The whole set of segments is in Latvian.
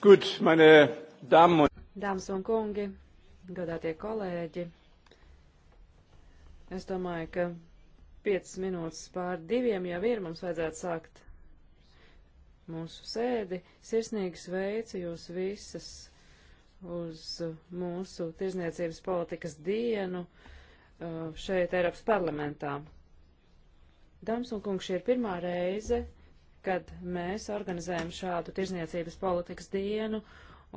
Gut, meine Damen und Dāmas un kungi, godātie kolēģi, es domāju, ka 5 minūtes pār diviem jau ir, mums vajadzētu sākt mūsu sēdi. Sirsnīgi sveicu jūs visas uz mūsu tirzniecības politikas dienu uh, šeit Eiropas parlamentā. Dāmas un kungi, šī ir pirmā reize, kad mēs organizējam šādu tirzniecības politikas dienu,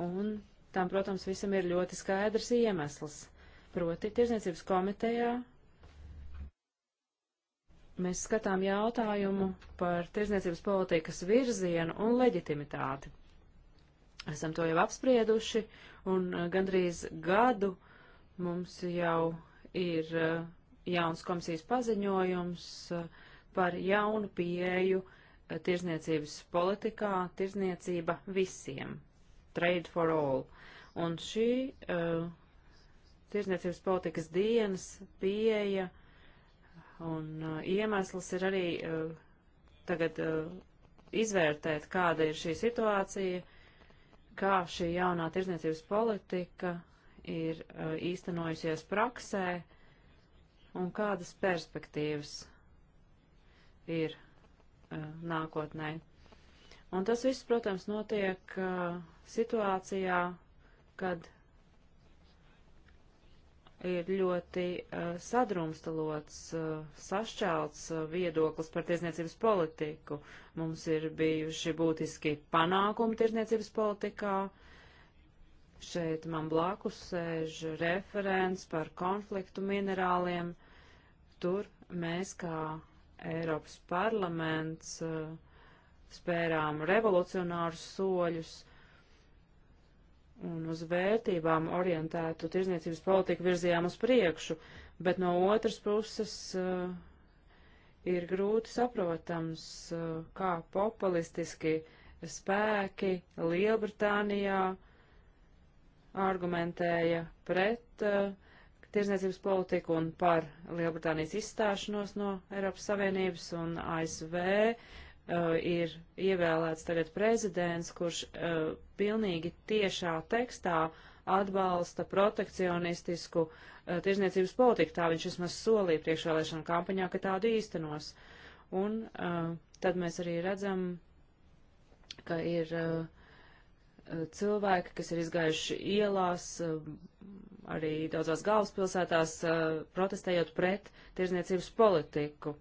un tam, protams, visam ir ļoti skaidrs iemesls. Proti, tirzniecības komitejā mēs skatām jautājumu par tirzniecības politikas virzienu un leģitimitāti. Esam to jau apsprieduši, un uh, gandrīz gadu mums jau ir uh, jauns komisijas paziņojums uh, par jaunu pieeju uh, tirzniecības politikā tirzniecība visiem, trade for all. Un šī uh, tirzniecības politikas dienas pieeja un uh, iemesls ir arī uh, tagad uh, izvērtēt, kāda ir šī situācija, kā šī jaunā tirzniecības politika ir uh, īstenojusies praksē un kādas perspektīvas ir Uh, nākotnē. Un tas viss, protams, notiek uh, situācijā, kad ir ļoti uh, sadrumstalots, sašķelts viedoklis par tirzniecības politiku. Mums ir bijuši būtiski panākumi tirzniecības politikā. Šeit man blakus sēž referents par konfliktu minerāliem. Tur mēs kā Eiropas parlaments eh, spērām revolucionārus soļus un uz vērtībām orientētu tirzniecības politiku virzījām uz priekšu, bet no otras puses uh, ir grūti saprotams, uh, kā populistiski spēki Lielbritānijā argumentēja pret uh, tirzniecības politiku un par Lielbritānijas izstāšanos no Eiropas Savienības un ASV uh, ir ievēlēts tagad prezidents, kurš uh, pilnīgi tiešā tekstā atbalsta protekcionistisku uh, tirzniecības politiku. Tā viņš vismaz solīja priekšvēlēšana kampaņā, ka tādu īstenos. Un uh, tad mēs arī redzam, ka ir uh, cilvēki, kas ir izgājuši ielās, eh, arī daudzās galvaspilsētās eh, protestējot pret tirzniecības politiku.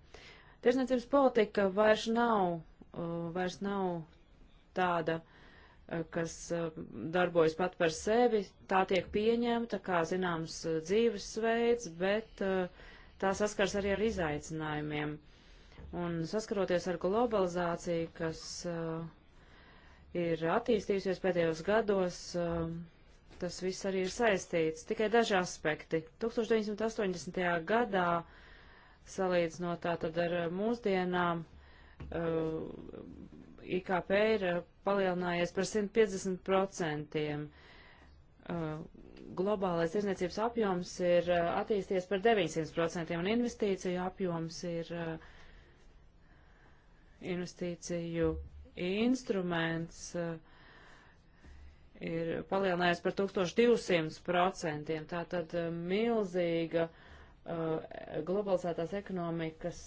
Tirzniecības politika vairs nav, eh, vairs nav tāda, kas darbojas pat par sevi, tā tiek pieņemta kā zināms dzīvesveids, bet tā saskars arī ar izaicinājumiem. Un saskaroties ar globalizāciju, kas uh, ir attīstījusies pēdējos gados, um, tas viss arī ir saistīts. Tikai daži aspekti. 1980. gadā, salīdzinot tātad ar mūsdienām, uh, IKP ir uh, palielinājies par 150%. Uh, globālais izniecības apjoms ir attīstījies par 900% un investīciju apjoms ir investīciju instruments eh, ir palielinājies par 1200 procentiem. Tā tad eh, milzīga eh, globalizētās ekonomikas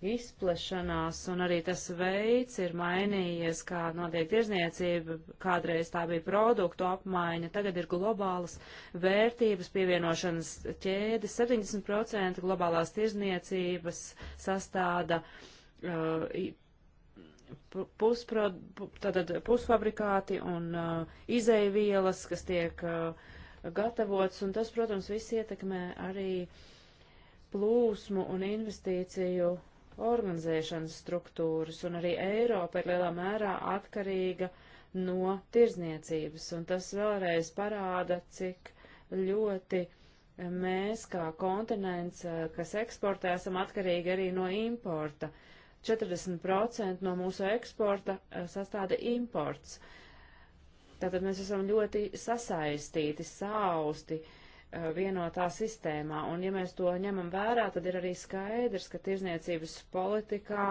izplešanās, un arī tas veids ir mainījies, kā notiek tirzniecība, kādreiz tā bija produktu apmaiņa, tagad ir globālas vērtības pievienošanas ķēde, 70% globālās tirzniecības sastāda uh, puspro, tātad pusfabrikāti un uh, izēvielas, kas tiek uh, gatavots, un tas, protams, viss ietekmē arī plūsmu un investīciju organizēšanas struktūras, un arī Eiropa ir lielā mērā atkarīga no tirzniecības, un tas vēlreiz parāda, cik ļoti mēs kā kontinents, uh, kas eksportē, esam atkarīgi arī no importa. Uh, 40% no mūsu eksporta eh, sastāda imports. Tātad mēs esam ļoti sasaistīti, sausti eh, vienotā sistēmā, un ja mēs to ņemam vērā, tad ir arī skaidrs, ka tirzniecības politikā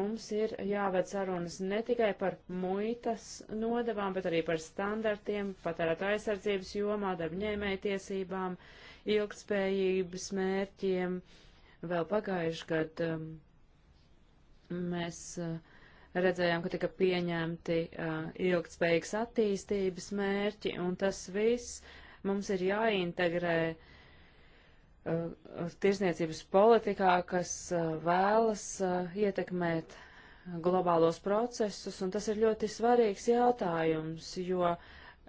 mums ir jāved sarunas ne tikai par muitas nodevām, bet arī par standartiem, patērēt aizsardzības jomā, darbņēmēja tiesībām, ilgtspējības mērķiem. Vēl pagājuši gadu um, Mēs eh, redzējām, ka tika pieņemti eh, ilgtspējīgas attīstības mērķi, un tas viss mums ir jāintegrē eh, tirsniecības politikā, kas vēlas ietekmēt globālos procesus, un tas ir ļoti svarīgs jautājums, jo uh,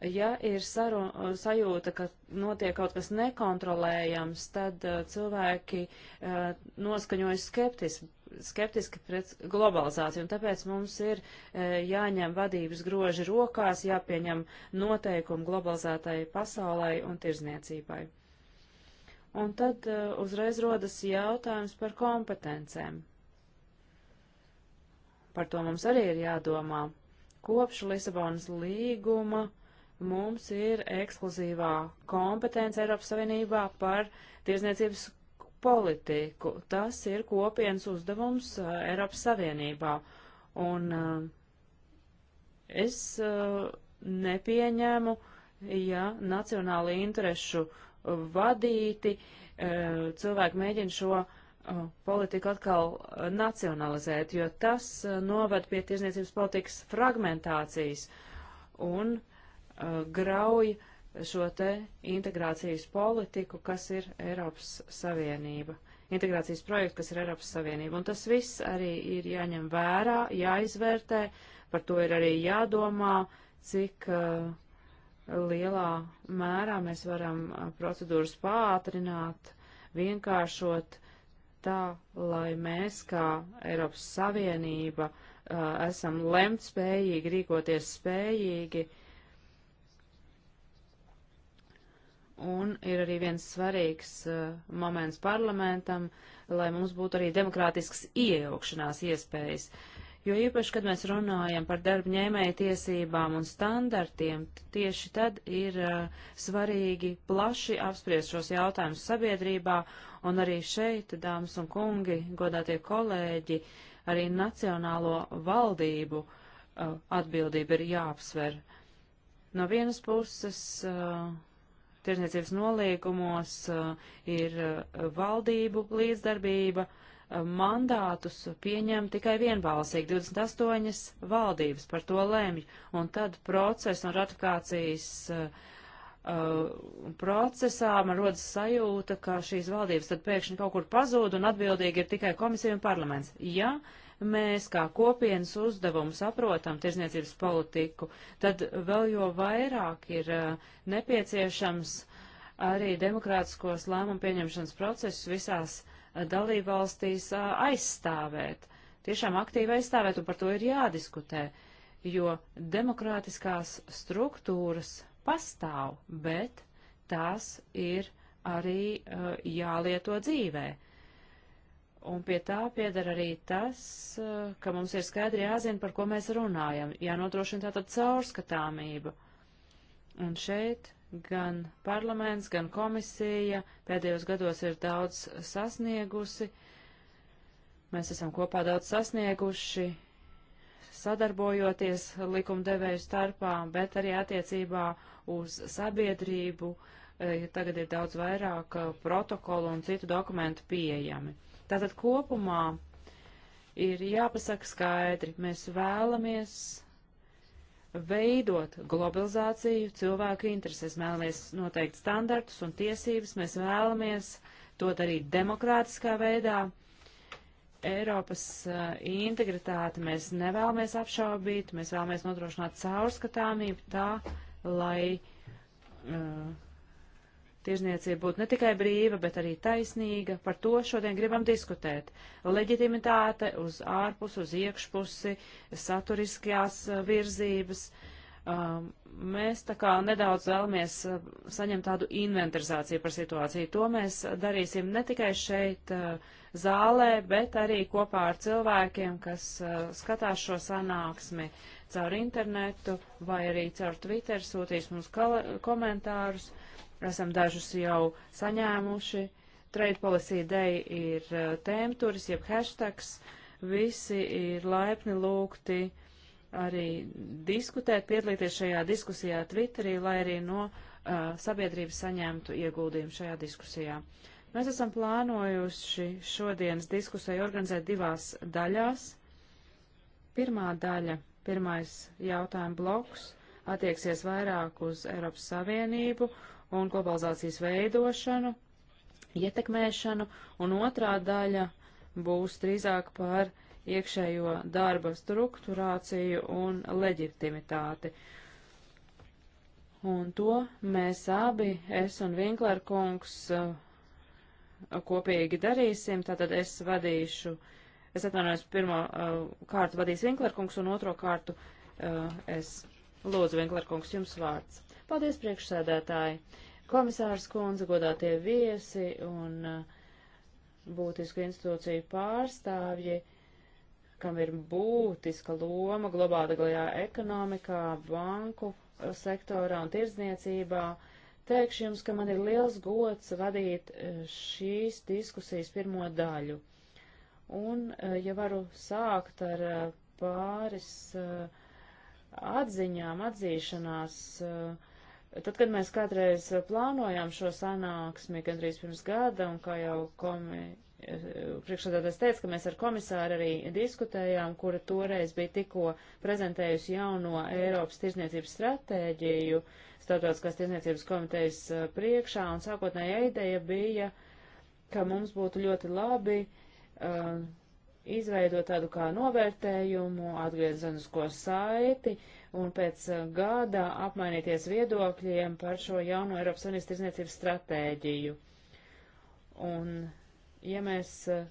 Ja ir saru, sajūta, ka notiek kaut kas nekontrolējams, tad uh, cilvēki uh, noskaņojas skeptiski, skeptiski pret globalizāciju, un tāpēc mums ir uh, jāņem vadības groži rokās, jāpieņem noteikumi globalizētai pasaulē un tirzniecībai. Un tad uh, uzreiz rodas jautājums par kompetencēm. Par to mums arī ir jādomā. Kopš Lisabonas līguma mums ir ekskluzīvā kompetence Eiropas Savienībā par tirzniecības politiku. Tas ir kopienas uzdevums uh, Eiropas Savienībā. Un uh, es uh, nepieņēmu, ja nacionāli interešu vadīti uh, cilvēki mēģina šo uh, politiku atkal uh, nacionalizēt, jo tas noved pie tirzniecības politikas fragmentācijas. Un Uh, grauj šo te integrācijas politiku, kas ir Eiropas Savienība, integrācijas projektu, kas ir Eiropas Savienība. Un tas viss arī ir jāņem vērā, jāizvērtē, par to ir arī jādomā, cik uh, lielā mērā mēs varam uh, procedūras pātrināt, vienkāršot tā, lai mēs kā Eiropas Savienība uh, esam lemt spējīgi, rīkoties spējīgi, uh, Un ir arī viens svarīgs uh, moments parlamentam, lai mums būtu arī demokrātisks iejaukšanās iespējas. Jo īpaši, kad mēs runājam par darba ņēmēja tiesībām un standartiem, tieši tad ir uh, svarīgi plaši apspriest šos jautājumus sabiedrībā, un arī šeit, dāmas un kungi, godātie kolēģi, arī nacionālo valdību uh, atbildība ir jāapsver. No vienas puses. Uh, tirzniecības nolīgumos eh, ir eh, valdību līdzdarbība. Eh, mandātus pieņem tikai vienbalsīgi 28 valdības par to lemj, un tad process un ratifikācijas uh, procesā man rodas sajūta, ka šīs valdības tad pēkšņi kaut kur pazūd un atbildīgi ir tikai komisija un parlaments. Ja mēs kā kopienas uzdevumu saprotam tirzniecības politiku, tad vēl jo vairāk ir eh, nepieciešams arī demokrātiskos lēmumu pieņemšanas procesus visās eh, dalībvalstīs eh, aizstāvēt. Tiešām aktīvi aizstāvēt, un par to ir jādiskutē, jo demokrātiskās struktūras pastāv, bet tās ir arī uh, jālieto dzīvē. Uh, Un pie tā piedara arī tas, eh, ka mums ir skaidri jāzina, par ko mēs runājam, jānodrošina tātad caurskatāmība. Un šeit gan parlaments, gan komisija pēdējos gados ir daudz sasniegusi. Mēs esam kopā daudz sasnieguši, sadarbojoties likumdevēju starpā, bet arī attiecībā uz sabiedrību. Eh, tagad ir daudz vairāk eh, protokolu un citu dokumentu pieejami. Tātad kopumā ir jāpasaka skaidri, mēs vēlamies veidot globalizāciju cilvēku interesēs, vēlamies noteikt standartus un tiesības, mēs vēlamies to darīt demokrātiskā veidā. Eiropas uh, eh, integritāti mēs nevēlamies apšaubīt, mēs vēlamies nodrošināt caurskatāmību tā, lai uh, tirzniecība būtu ne tikai brīva, bet arī taisnīga. Par to šodien gribam diskutēt. Leģitimitāte uz ārpus, uz iekšpusi, saturiskajās eh, virzības. Um, mēs tā kā nedaudz vēlamies eh, saņemt tādu inventarizāciju par situāciju. To mēs darīsim ne tikai šeit eh, zālē, bet arī kopā ar cilvēkiem, kas skatās šo sanāksmi caur internetu vai arī caur Twitter, sūtīs mums komentārus esam dažus jau saņēmuši. Trade Policy Day ir uh, tēmturis, jeb hashtags. Visi ir laipni lūgti arī diskutēt, piedalīties šajā diskusijā Twitterī, lai arī no uh, sabiedrības saņemtu ieguldījumu šajā diskusijā. Mēs esam plānojuši šodienas diskusiju organizēt divās daļās. Pirmā daļa, pirmais jautājuma bloks attieksies vairāk uz Eiropas Savienību un globalizācijas veidošanu, ietekmēšanu, un otrā daļa būs drīzāk par iekšējo darba strukturāciju un leģitimitāti. Un to mēs abi, es un Vinklēr kungs, uh, kopīgi darīsim. Tātad es vadīšu, es atvainojos, pirmo uh, kārtu vadīs Vinklēr kungs un otro kārtu uh, es. Lūdzu, Vinklēr kungs, jums vārds. Paldies, priekšsēdētāji! Komisārs kundze, godātie viesi un uh, būtisku institūciju pārstāvji, kam ir būtiska loma globālajā ekonomikā, banku uh, sektorā un tirdzniecībā. Teikšu jums, ka man ir liels gods vadīt uh, šīs diskusijas pirmo daļu. Un, ja varu sākt ar pāris atziņām, atzīšanās, uh, Tad, kad mēs kādreiz plānojām šo sanāksmi, gandrīz pirms gada, un kā jau komi, priekšsādātājs teica, ka mēs ar komisāru arī diskutējām, kura toreiz bija tikko prezentējusi jauno Eiropas tirzniecības stratēģiju Startautiskās tirzniecības komitejas priekšā, un sākotnējā ideja bija, ka mums būtu ļoti labi uh, izveidot tādu kā novērtējumu, atgriezenisko saiti un pēc uh, gada apmainīties viedokļiem par šo jauno Eiropas Savienības tirzniecības stratēģiju. Un, ja mēs uh,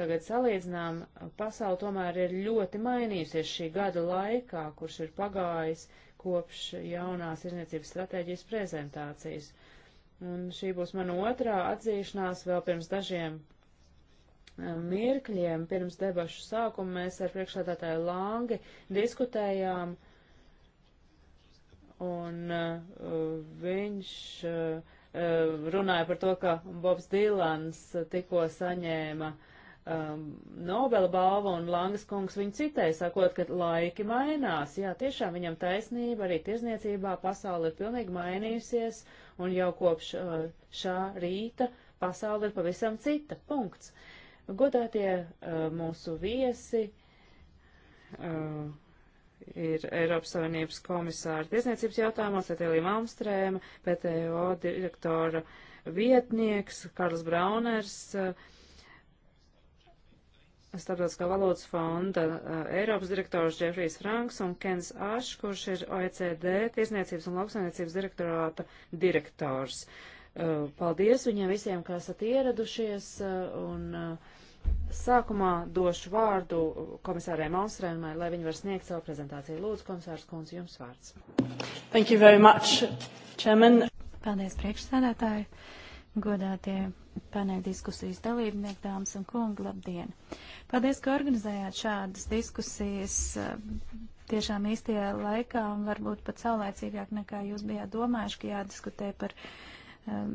tagad salīdzinām, pasauli tomēr ir ļoti mainījusies šī gada laikā, kurš ir pagājis kopš jaunās tirzniecības stratēģijas prezentācijas. Un šī būs mana otrā atzīšanās vēl pirms dažiem mirkļiem pirms debašu sākuma mēs ar priekšādātāju Langi diskutējām, un uh, viņš uh, uh runāja par to, ka Bobs Dīlans tikko saņēma um, Nobela balvu, un Langas kungs viņu citēja, sakot, ka laiki mainās. Jā, tiešām viņam taisnība, arī tirzniecībā pasaule ir pilnīgi mainījusies, un jau kopš uh, šā rīta pasaule ir pavisam cita. Punkts. Uh, Godātie eh, mūsu viesi eh, ir Eiropas Savienības komisāra tiesniecības jautājumos, Etelija Malmstrēma, PTO direktora vietnieks Karls Brauners, eh, Starptautiskā valodas fonda Eiropas direktors Džefrijs Franks un Kens Aš, kurš ir OECD tiesniecības un lauksainiecības direktorāta direktors. Paldies viņiem visiem, kas esat ieradušies un uh, Sākumā došu vārdu komisārai Malmstrēmai, lai viņi var sniegt savu prezentāciju. Lūdzu, komisārs Kunz, jums vārds. Thank you very much, Chairman. Paldies, priekšsēdētāji, godātie paneļa diskusijas dalībnieki, dāmas un kungi, labdien! Paldies, ka organizējāt šādas diskusijas eh, tiešām īstajā laikā un varbūt pat saulēcīgāk nekā jūs bijāt domājuši, ka jādiskutē par um,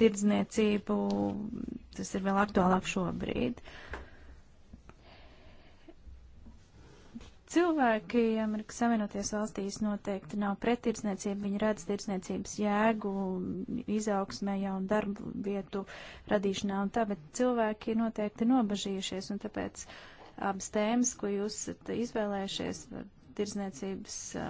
tirdzniecību, tas ir vēl aktuālāk šobrīd. Cilvēki Amerikas Savienoties valstīs noteikti nav pret tirdzniecību, viņi redz tirdzniecības jēgu, izaugsmē jau un darbu vietu radīšanā un tā, bet cilvēki ir noteikti nobažījušies un tāpēc abas tēmas, ko jūs esat izvēlējušies, tirzniecības eh,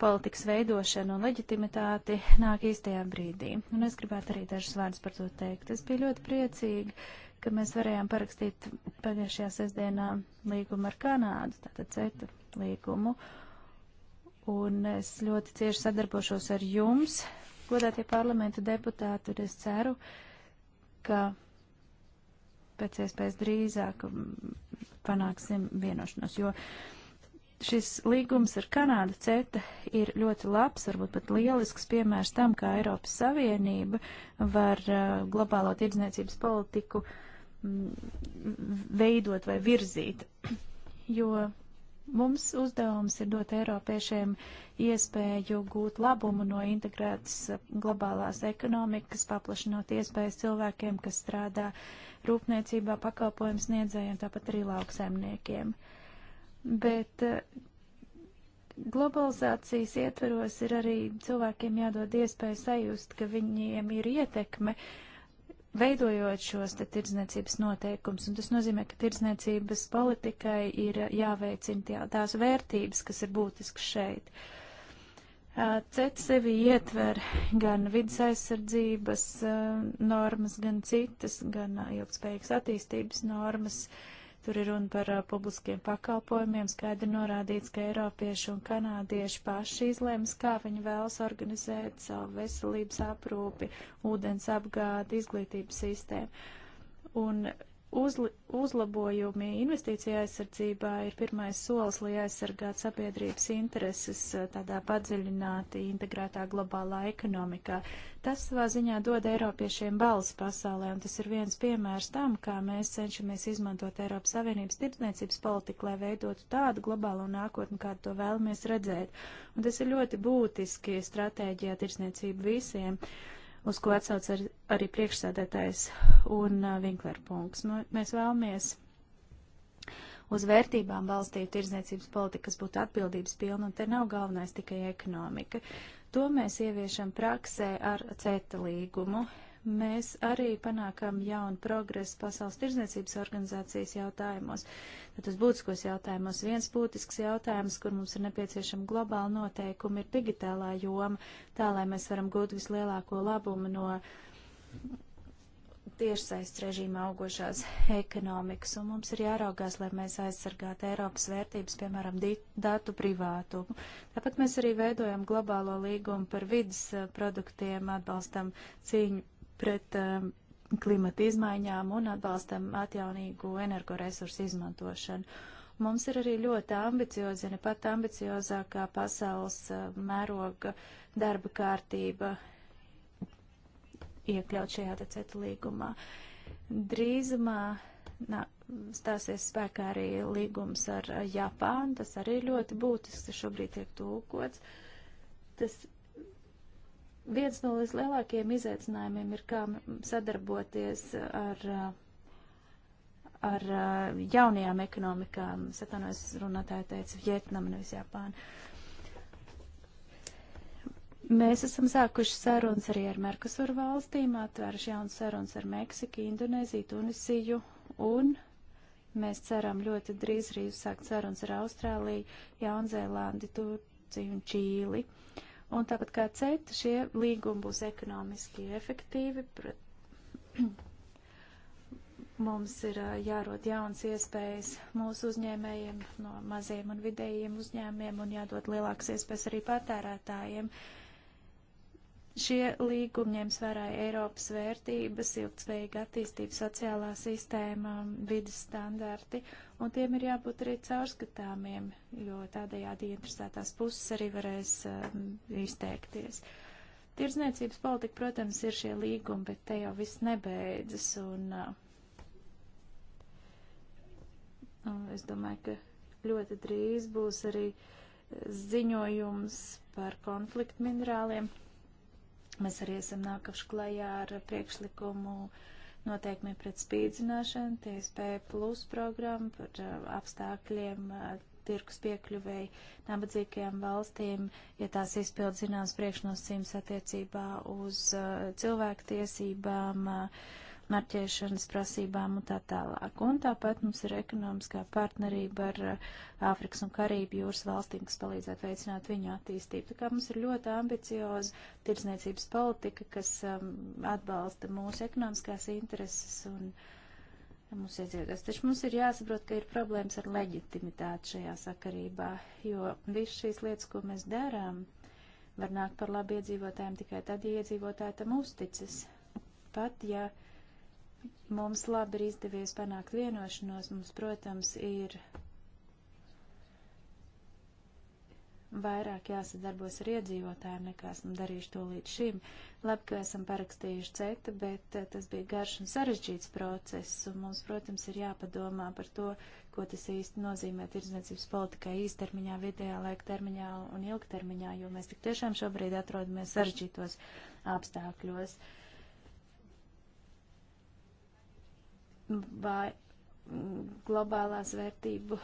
politikas veidošanu un leģitimitāti nāk īstajā brīdī. Un es gribētu arī dažus vārdus par to teikt. Es biju ļoti priecīga, ka mēs varējām parakstīt pagājušajā sestdienā līgumu ar Kanādu, tātad CETA līgumu. Un es ļoti cieši sadarbošos ar jums, godātie parlamenta deputāti, un es ceru, ka pēc iespējas drīzāk mm, panāksim vienošanos, jo uh, šis līgums ar Kanādu CETA ir ļoti labs, varbūt pat lielisks piemērs tam, kā Eiropas Savienība var uh, globālo tirdzniecības politiku mm, veidot vai virzīt. Jo mums uzdevums ir dot Eiropiešiem iespēju gūt labumu no integrētas uh, globālās ekonomikas, paplašinot iespējas cilvēkiem, kas strādā rūpniecībā, pakalpojums niedzējiem, tāpat arī lauksaimniekiem. Uh, bet eh, globalizācijas ietveros ir arī cilvēkiem jādod iespēja sajust, ka viņiem ir ietekme, veidojot šos te tirdzniecības noteikums, un tas nozīmē, ka tirdzniecības politikai ir jāveicina tā, tās vērtības, kas ir būtiskas šeit. Eh, CET sevi ietver gan vidas aizsardzības eh, normas, gan citas, gan ilgspējīgas attīstības normas. Uh, Tur ir runa par uh, publiskiem pakalpojumiem, skaidri norādīts, ka Eiropieši un Kanādieši paši izlēms, kā viņi vēlas organizēt savu veselības aprūpi, ūdens apgādi, izglītības sistēmu. Un Uzli, uzlabojumi investīcija aizsardzībā ir pirmais solis, lai aizsargātu sabiedrības intereses tādā padziļināti integrētā globālā ekonomikā. Tas savā ziņā dod Eiropiešiem balsi pasaulē, un tas ir viens piemērs tam, kā mēs cenšamies izmantot Eiropas Savienības tirdzniecības politiku, lai veidotu tādu globālo nākotni, kādu to vēlamies redzēt. Un tas ir ļoti būtiski stratēģijā tirdzniecība visiem. Uh, uz ko atsauc ar, arī priekšsēdētājs un uh, Vinklerpunkts. Mēs vēlamies uz vērtībām balstītu tirdzniecības politiku, kas būtu atbildības pilna, un te nav galvenais tikai ekonomika. To mēs ieviešam praksē ar CETA līgumu mēs arī panākam jaunu progresu pasaules tirdzniecības organizācijas jautājumos. Tad uz būtiskos jautājumos viens būtisks jautājums, kur mums ir nepieciešama globāla noteikuma, ir digitālā joma, tā lai mēs varam gūt vislielāko labumu no tiešsaist režīmā augošās ekonomikas, un mums ir jāraugās, lai mēs aizsargātu Eiropas vērtības, piemēram, datu privātumu. Tāpat mēs arī veidojam globālo līgumu par vidas eh, produktiem, atbalstam cīņu pret um, klimata izmaiņām un atbalstam atjaunīgu energoresursu izmantošanu. Mums ir arī ļoti ambiciozi, ne pat ambiciozākā pasaules uh, mēroga darba kārtība iekļaut šajā te cetu līgumā. Drīzumā nā, stāsies spēkā arī līgums ar uh, Japānu, tas arī ļoti būtisks, tas šobrīd tiek tūkots. Tas Viens no vislielākajiem izaicinājumiem ir, kā sadarboties ar, ar jaunajām ekonomikām. Satanojas runātāja teica Vietnama, nevis Japāna. Mēs esam sākuši sarunas arī ar Merkusur valstīm, atvēruši jaunas sarunas ar Meksiku, Indonēziju, Tunisiju un mēs ceram ļoti drīz arī sākt sarunas ar Austrāliju, Jaunzēlandi, Turciju un Čīli. Uh, Un tāpat kā CETA, šie līgumi būs ekonomiski efektīvi. Mums ir jārod jauns iespējas mūsu uzņēmējiem no maziem un vidējiem uzņēmiem un jādod lielākas iespējas arī patērētājiem. Uh, Šie līgumi ņems vērā Eiropas vērtības, ilgtspējīga attīstība, sociālā sistēma, vidas standarti, un tiem ir jābūt arī caurskatāmiem, jo tādējādi interesētās puses arī varēs um, izteikties. Tirzniecības politika, protams, ir šie līgumi, bet te jau viss nebeidzas, un, uh, un es domāju, ka ļoti drīz būs arī ziņojums par konfliktu minerāliem Mēs arī esam nākuši klajā ar priekšlikumu noteikumiem pret spīdzināšanu, TSP plus programmu par uh, apstākļiem uh, tirkus piekļuvēji nabadzīgajām valstīm, ja tās izpild zināmas priekšnosacījums attiecībā uz uh, cilvēku tiesībām, uh, marķēšanas prasībām un tā tālāk. Un tāpat mums ir ekonomiskā partnerība ar uh, Āfrikas un Karību jūras valstīm, kas palīdzētu veicināt viņu attīstību. Tā kā mums ir ļoti ambicioza tirdzniecības politika, kas um, atbalsta mūsu ekonomiskās intereses un mūsu iedzīvotājs. Taču mums ir jāsaprot, ka ir problēmas ar leģitimitāti šajā sakarībā, jo viss šīs lietas, ko mēs darām, var nākt par labu iedzīvotājiem tikai tad, ja iedzīvotāji tam uzticas. Pat ja uh, Mums labi ir izdevies panākt vienošanos, mums, protams, ir vairāk jāsadarbos ar iedzīvotājiem, nekā esam darījuši to līdz šim. Labi, ka esam parakstījuši CETA, bet eh, tas bija garš un sarežģīts process, un mums, protams, ir jāpadomā par to, ko tas īsti nozīmē tirdzniecības politikai īstermiņā, vidējā laika termiņā un ilgtermiņā, jo mēs tik tiešām šobrīd atrodamies sarežģītos apstākļos. Uh, vai mm, globālās vērtību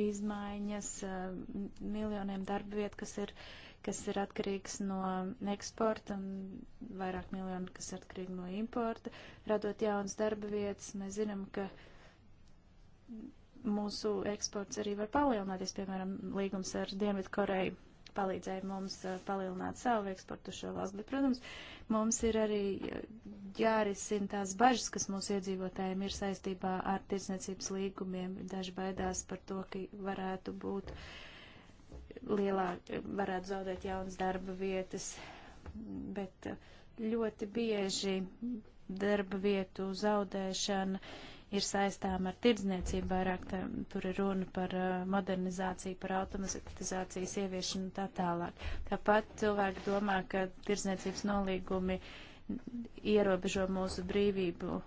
izmaiņas, eh, miljoniem darba viet, kas ir, kas ir atkarīgs no eksporta un vairāk miljonu, kas ir atkarīgi no importa, radot jaunas darba vietas. Mēs zinām, ka mūsu eksports arī var palielināties, piemēram, līgums ar Dienvidu Koreju palīdzēja mums eh, palielināt savu eksportu šo valstu, bet, protams, Mums ir arī jārisina tās bažas, kas mūsu iedzīvotājiem ir saistībā ar tirsniecības līgumiem. Daži baidās par to, ka varētu būt lielāk, varētu zaudēt jaunas darba vietas, bet ļoti bieži darba vietu zaudēšana ir saistām ar tirdzniecību, vairāk tā, tur ir runa par uh, modernizāciju, par automatizācijas ieviešanu un tā tālāk. Tāpat cilvēki domā, ka tirdzniecības nolīgumi ierobežo mūsu brīvību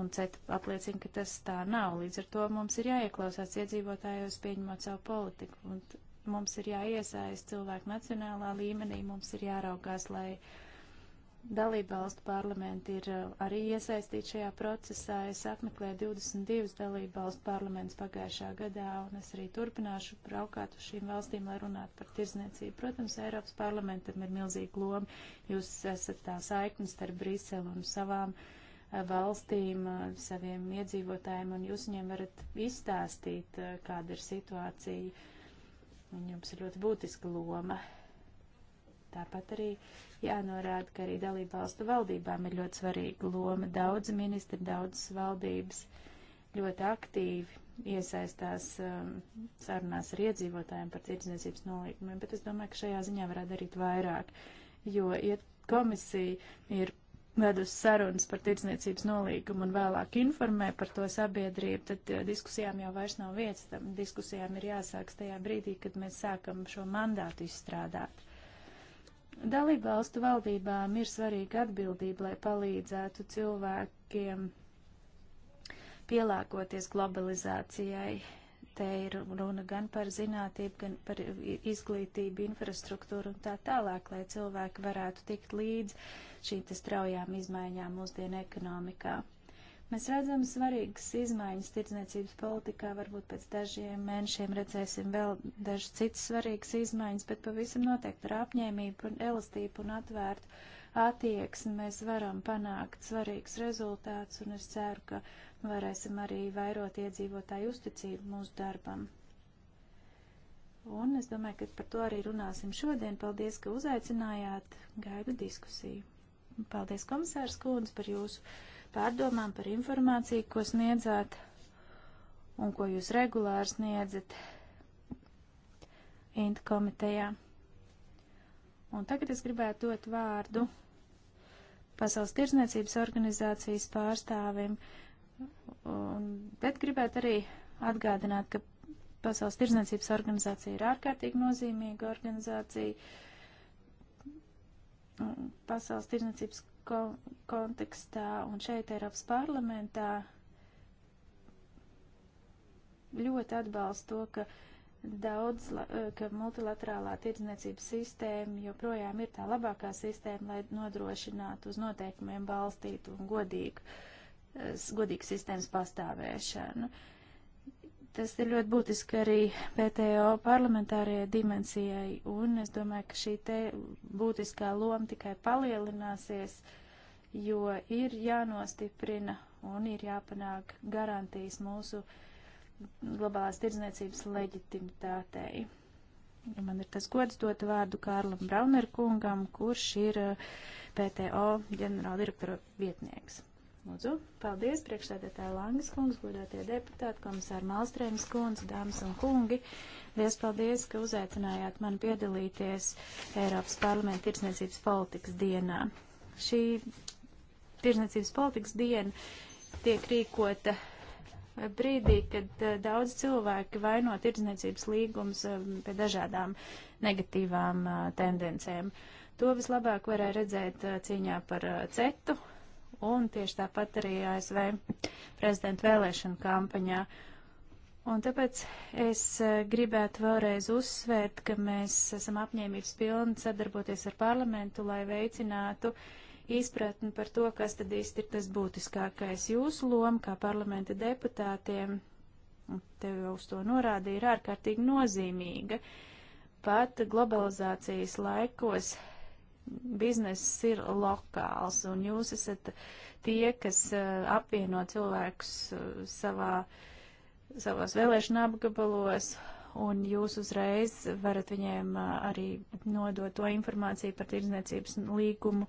un cita apliecina, ka tas tā nav. Līdz ar to mums ir jāieklausās iedzīvotājos pieņemot savu politiku un mums ir jāiesaist cilvēku nacionālā līmenī, mums ir jāraugās, lai. Uh, Dalībvalstu parlamenti ir uh, arī iesaistīti šajā procesā. Es apmeklēju 22 dalībvalstu parlamentus pagājušā gadā, un es arī turpināšu braukāt uz šīm valstīm, lai runātu par tirzniecību. Protams, Eiropas parlamentam ir milzīga loma. Jūs esat tā saiknes starp Briselu un savām uh, valstīm, uh, saviem iedzīvotājiem, un jūs viņiem varat izstāstīt, kāda ir situācija. Un jums ir ļoti būtiska loma. Tāpat arī uh, Jānorāda, ka arī dalību valstu valdībām ir ļoti svarīga loma. Daudzi ministri, daudzas valdības ļoti aktīvi iesaistās um, sarunās ar iedzīvotājiem par tirdzniecības nolīgumiem, bet es domāju, ka šajā ziņā varētu darīt vairāk, jo iet komisija ir vedus sarunas par tirdzniecības nolīgumu un vēlāk informē par to sabiedrību, tad uh, diskusijām jau vairs nav vietas. Tam diskusijām ir jāsāks tajā brīdī, kad mēs sākam šo mandātu izstrādāt. Dalībvalstu valdībām ir svarīga atbildība, lai palīdzētu cilvēkiem pielāgoties globalizācijai. Te ir runa gan par zinātību, gan par izglītību, infrastruktūru un tā tālāk, lai cilvēki varētu tikt līdz šīm straujām izmaiņām mūsdienu ekonomikā. Mēs redzam svarīgas izmaiņas tirdzniecības politikā, varbūt pēc dažiem mēnešiem redzēsim vēl dažas citas svarīgas izmaiņas, bet pavisam noteikti ar apņēmību, elastību un atvērtu attieksmi mēs varam panākt svarīgs rezultāts, un es ceru, ka varēsim arī vairot iedzīvotāju uzticību mūsu darbam. Un es domāju, ka par to arī runāsim šodien. Paldies, ka uzaicinājāt. Gaidu diskusiju. Paldies, komisārs Kūns, par jūsu pārdomām par informāciju, ko sniedzāt un ko jūs regulāri sniedzat Inta komitejā. Un tagad es gribētu dot vārdu Pasaules tirsniecības organizācijas pārstāvim, un, bet gribētu arī atgādināt, ka Pasaules tirsniecības organizācija ir ārkārtīgi nozīmīga organizācija. Pasaules tirsniecības ko kontekstā un šeit Eiropas parlamentā ļoti atbalsta to, ka daudz, eh, ka multilaterālā tirdzniecības sistēma joprojām ir tā labākā sistēma, lai nodrošinātu uz noteikumiem balstītu un godīgu, eh, godīgu sistēmas pastāvēšanu. Uh, Tas ir ļoti būtiski arī PTO parlamentārajai dimensijai, un es domāju, ka šī te būtiskā loma tikai palielināsies, jo ir jānostiprina un ir jāpanāk garantijas mūsu globālās tirdzniecības leģitimitātei. Man ir tas gods dot vārdu Kārlam Braunerkungam, kurš ir eh, PTO ģenerāldirektora vietnieks. Lūdzu, paldies, priekšstādētāja Langas kungs, godātie deputāti, komisāri Malstrēmas kungs, dāmas un kungi. Lies paldies, ka uzaicinājāt mani piedalīties Eiropas parlamenta tirsniecības politikas dienā. Šī tirsniecības politikas diena tiek rīkota brīdī, kad eh, daudz cilvēki vaino tirsniecības līgums eh, pie dažādām negatīvām eh, tendencēm. To vislabāk varēja redzēt cīņā par cetu un tieši tāpat arī ASV prezidenta vēlēšana kampaņā. Un tāpēc es eh, gribētu vēlreiz uzsvērt, ka mēs esam apņēmības pilni sadarboties ar parlamentu, lai veicinātu izpratni par to, kas tad īsti ir tas būtiskākais jūsu loma kā parlamenta deputātiem. Tev jau uz to norādīja, ir ārkārtīgi nozīmīga. Pat globalizācijas laikos biznesis ir lokāls, un jūs esat tie, kas eh, apvieno cilvēkus eh, savā, savos vēlēšana apgabalos, un jūs uzreiz varat viņiem eh, arī nodot to informāciju par tirdzniecības līgumu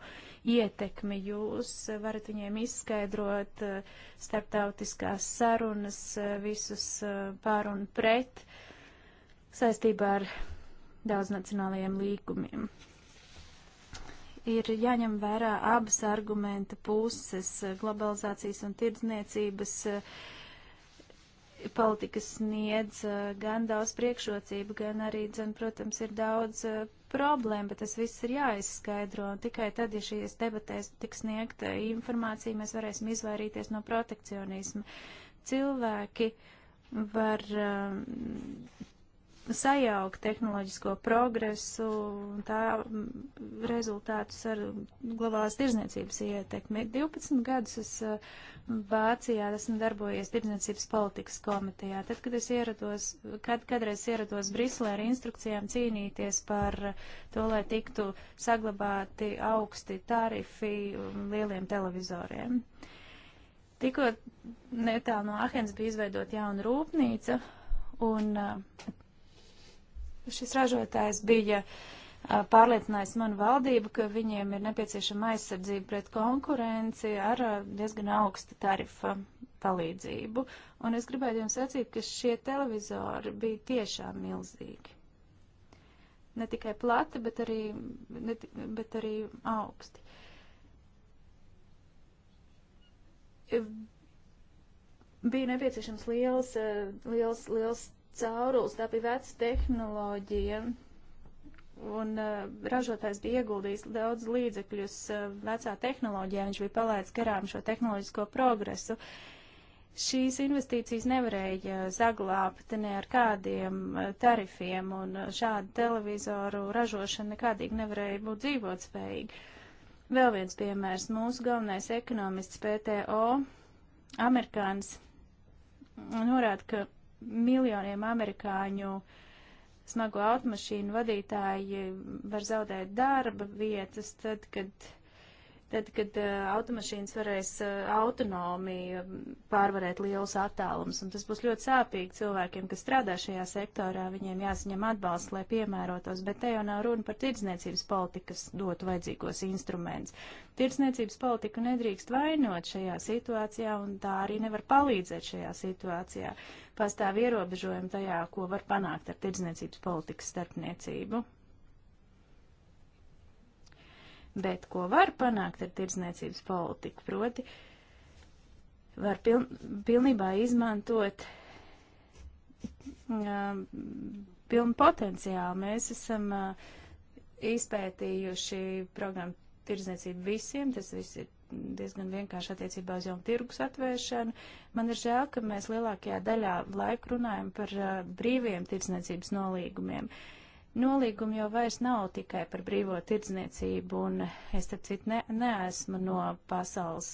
ietekmi. Jūs varat viņiem izskaidrot starptautiskās sarunas, visus pār un pret saistībā ar daudznacionālajiem līgumiem ir jāņem vērā abas argumenta puses - globalizācijas un tirdzniecības eh, politikas sniedz eh, gan daudz priekšrocību, gan arī, dzen, protams, ir daudz eh, problēma, bet tas viss ir jāizskaidro. Un tikai tad, ja šīs debatēs tiks sniegta informācija, mēs varēsim izvairīties no protekcionisma. Cilvēki var um, sajaukt tehnoloģisko progresu un tā rezultātus ar globālās tirdzniecības ietekmi. 12 gadus es uh, Vācijā esmu darbojies tirdzniecības politikas komitejā. Tad, kad es ierados, kad, kadreiz ierados Briselē ar instrukcijām cīnīties par to, lai tiktu saglabāti augsti tarifi lieliem televizoriem. Tikko netālu no Ahens bija izveidot jauna rūpnīca, un uh, Šis ražotājs bija pārliecinājis manu valdību, ka viņiem ir nepieciešama aizsardzība pret konkurenci ar diezgan augsta tarifa palīdzību. Un es gribētu jums sacīt, ka šie televizori bija tiešām milzīgi. Ne tikai plati, bet arī, ne, bet arī augsti. Bija nepieciešams liels, liels, liels caurules, tā bija veca tehnoloģija. Un uh, ražotājs bija ieguldījis daudz līdzekļus uh, vecā tehnoloģijā, viņš bija palaidis garām šo tehnoloģisko progresu. Šīs investīcijas nevarēja saglābt ne ar kādiem uh, tarifiem, un uh, šādu televizoru ražošana nekādīgi nevarēja būt dzīvotspējīga. Vēl viens piemērs. Mūsu galvenais ekonomists PTO, amerikānis, norāda, ka miljoniem amerikāņu smago automašīnu vadītāji var zaudēt darba vietas, tad, kad Tad, kad uh, automašīnas varēs uh, autonomi eh, pārvarēt lielus attālums, un tas būs ļoti sāpīgi cilvēkiem, kas strādā šajā sektorā, viņiem jāsaņem atbalsts, lai piemērotos, bet te jau nav runa par tirdzniecības politiku, kas dotu vajadzīgos instruments. Tirdzniecības politiku nedrīkst vainot šajā situācijā, un tā arī nevar palīdzēt šajā situācijā. Pastāv ierobežojumi tajā, ko var panākt ar tirdzniecības politikas starpniecību. Bet ko var panākt ar tirdzniecības politiku? Proti, var piln, pilnībā izmantot um, pilnu potenciālu. Mēs esam uh, izpētījuši programmu tirdzniecību visiem, tas viss ir diezgan vienkārši attiecībā uz jaunu tirgus atvēršanu. Man ir žēl, ka mēs lielākajā daļā laika runājam par uh, brīviem tirdzniecības nolīgumiem. Uh, Nolīgumi jau vairs nav tikai par brīvo tirdzniecību, un es, starp citu, ne, neesmu no pasaules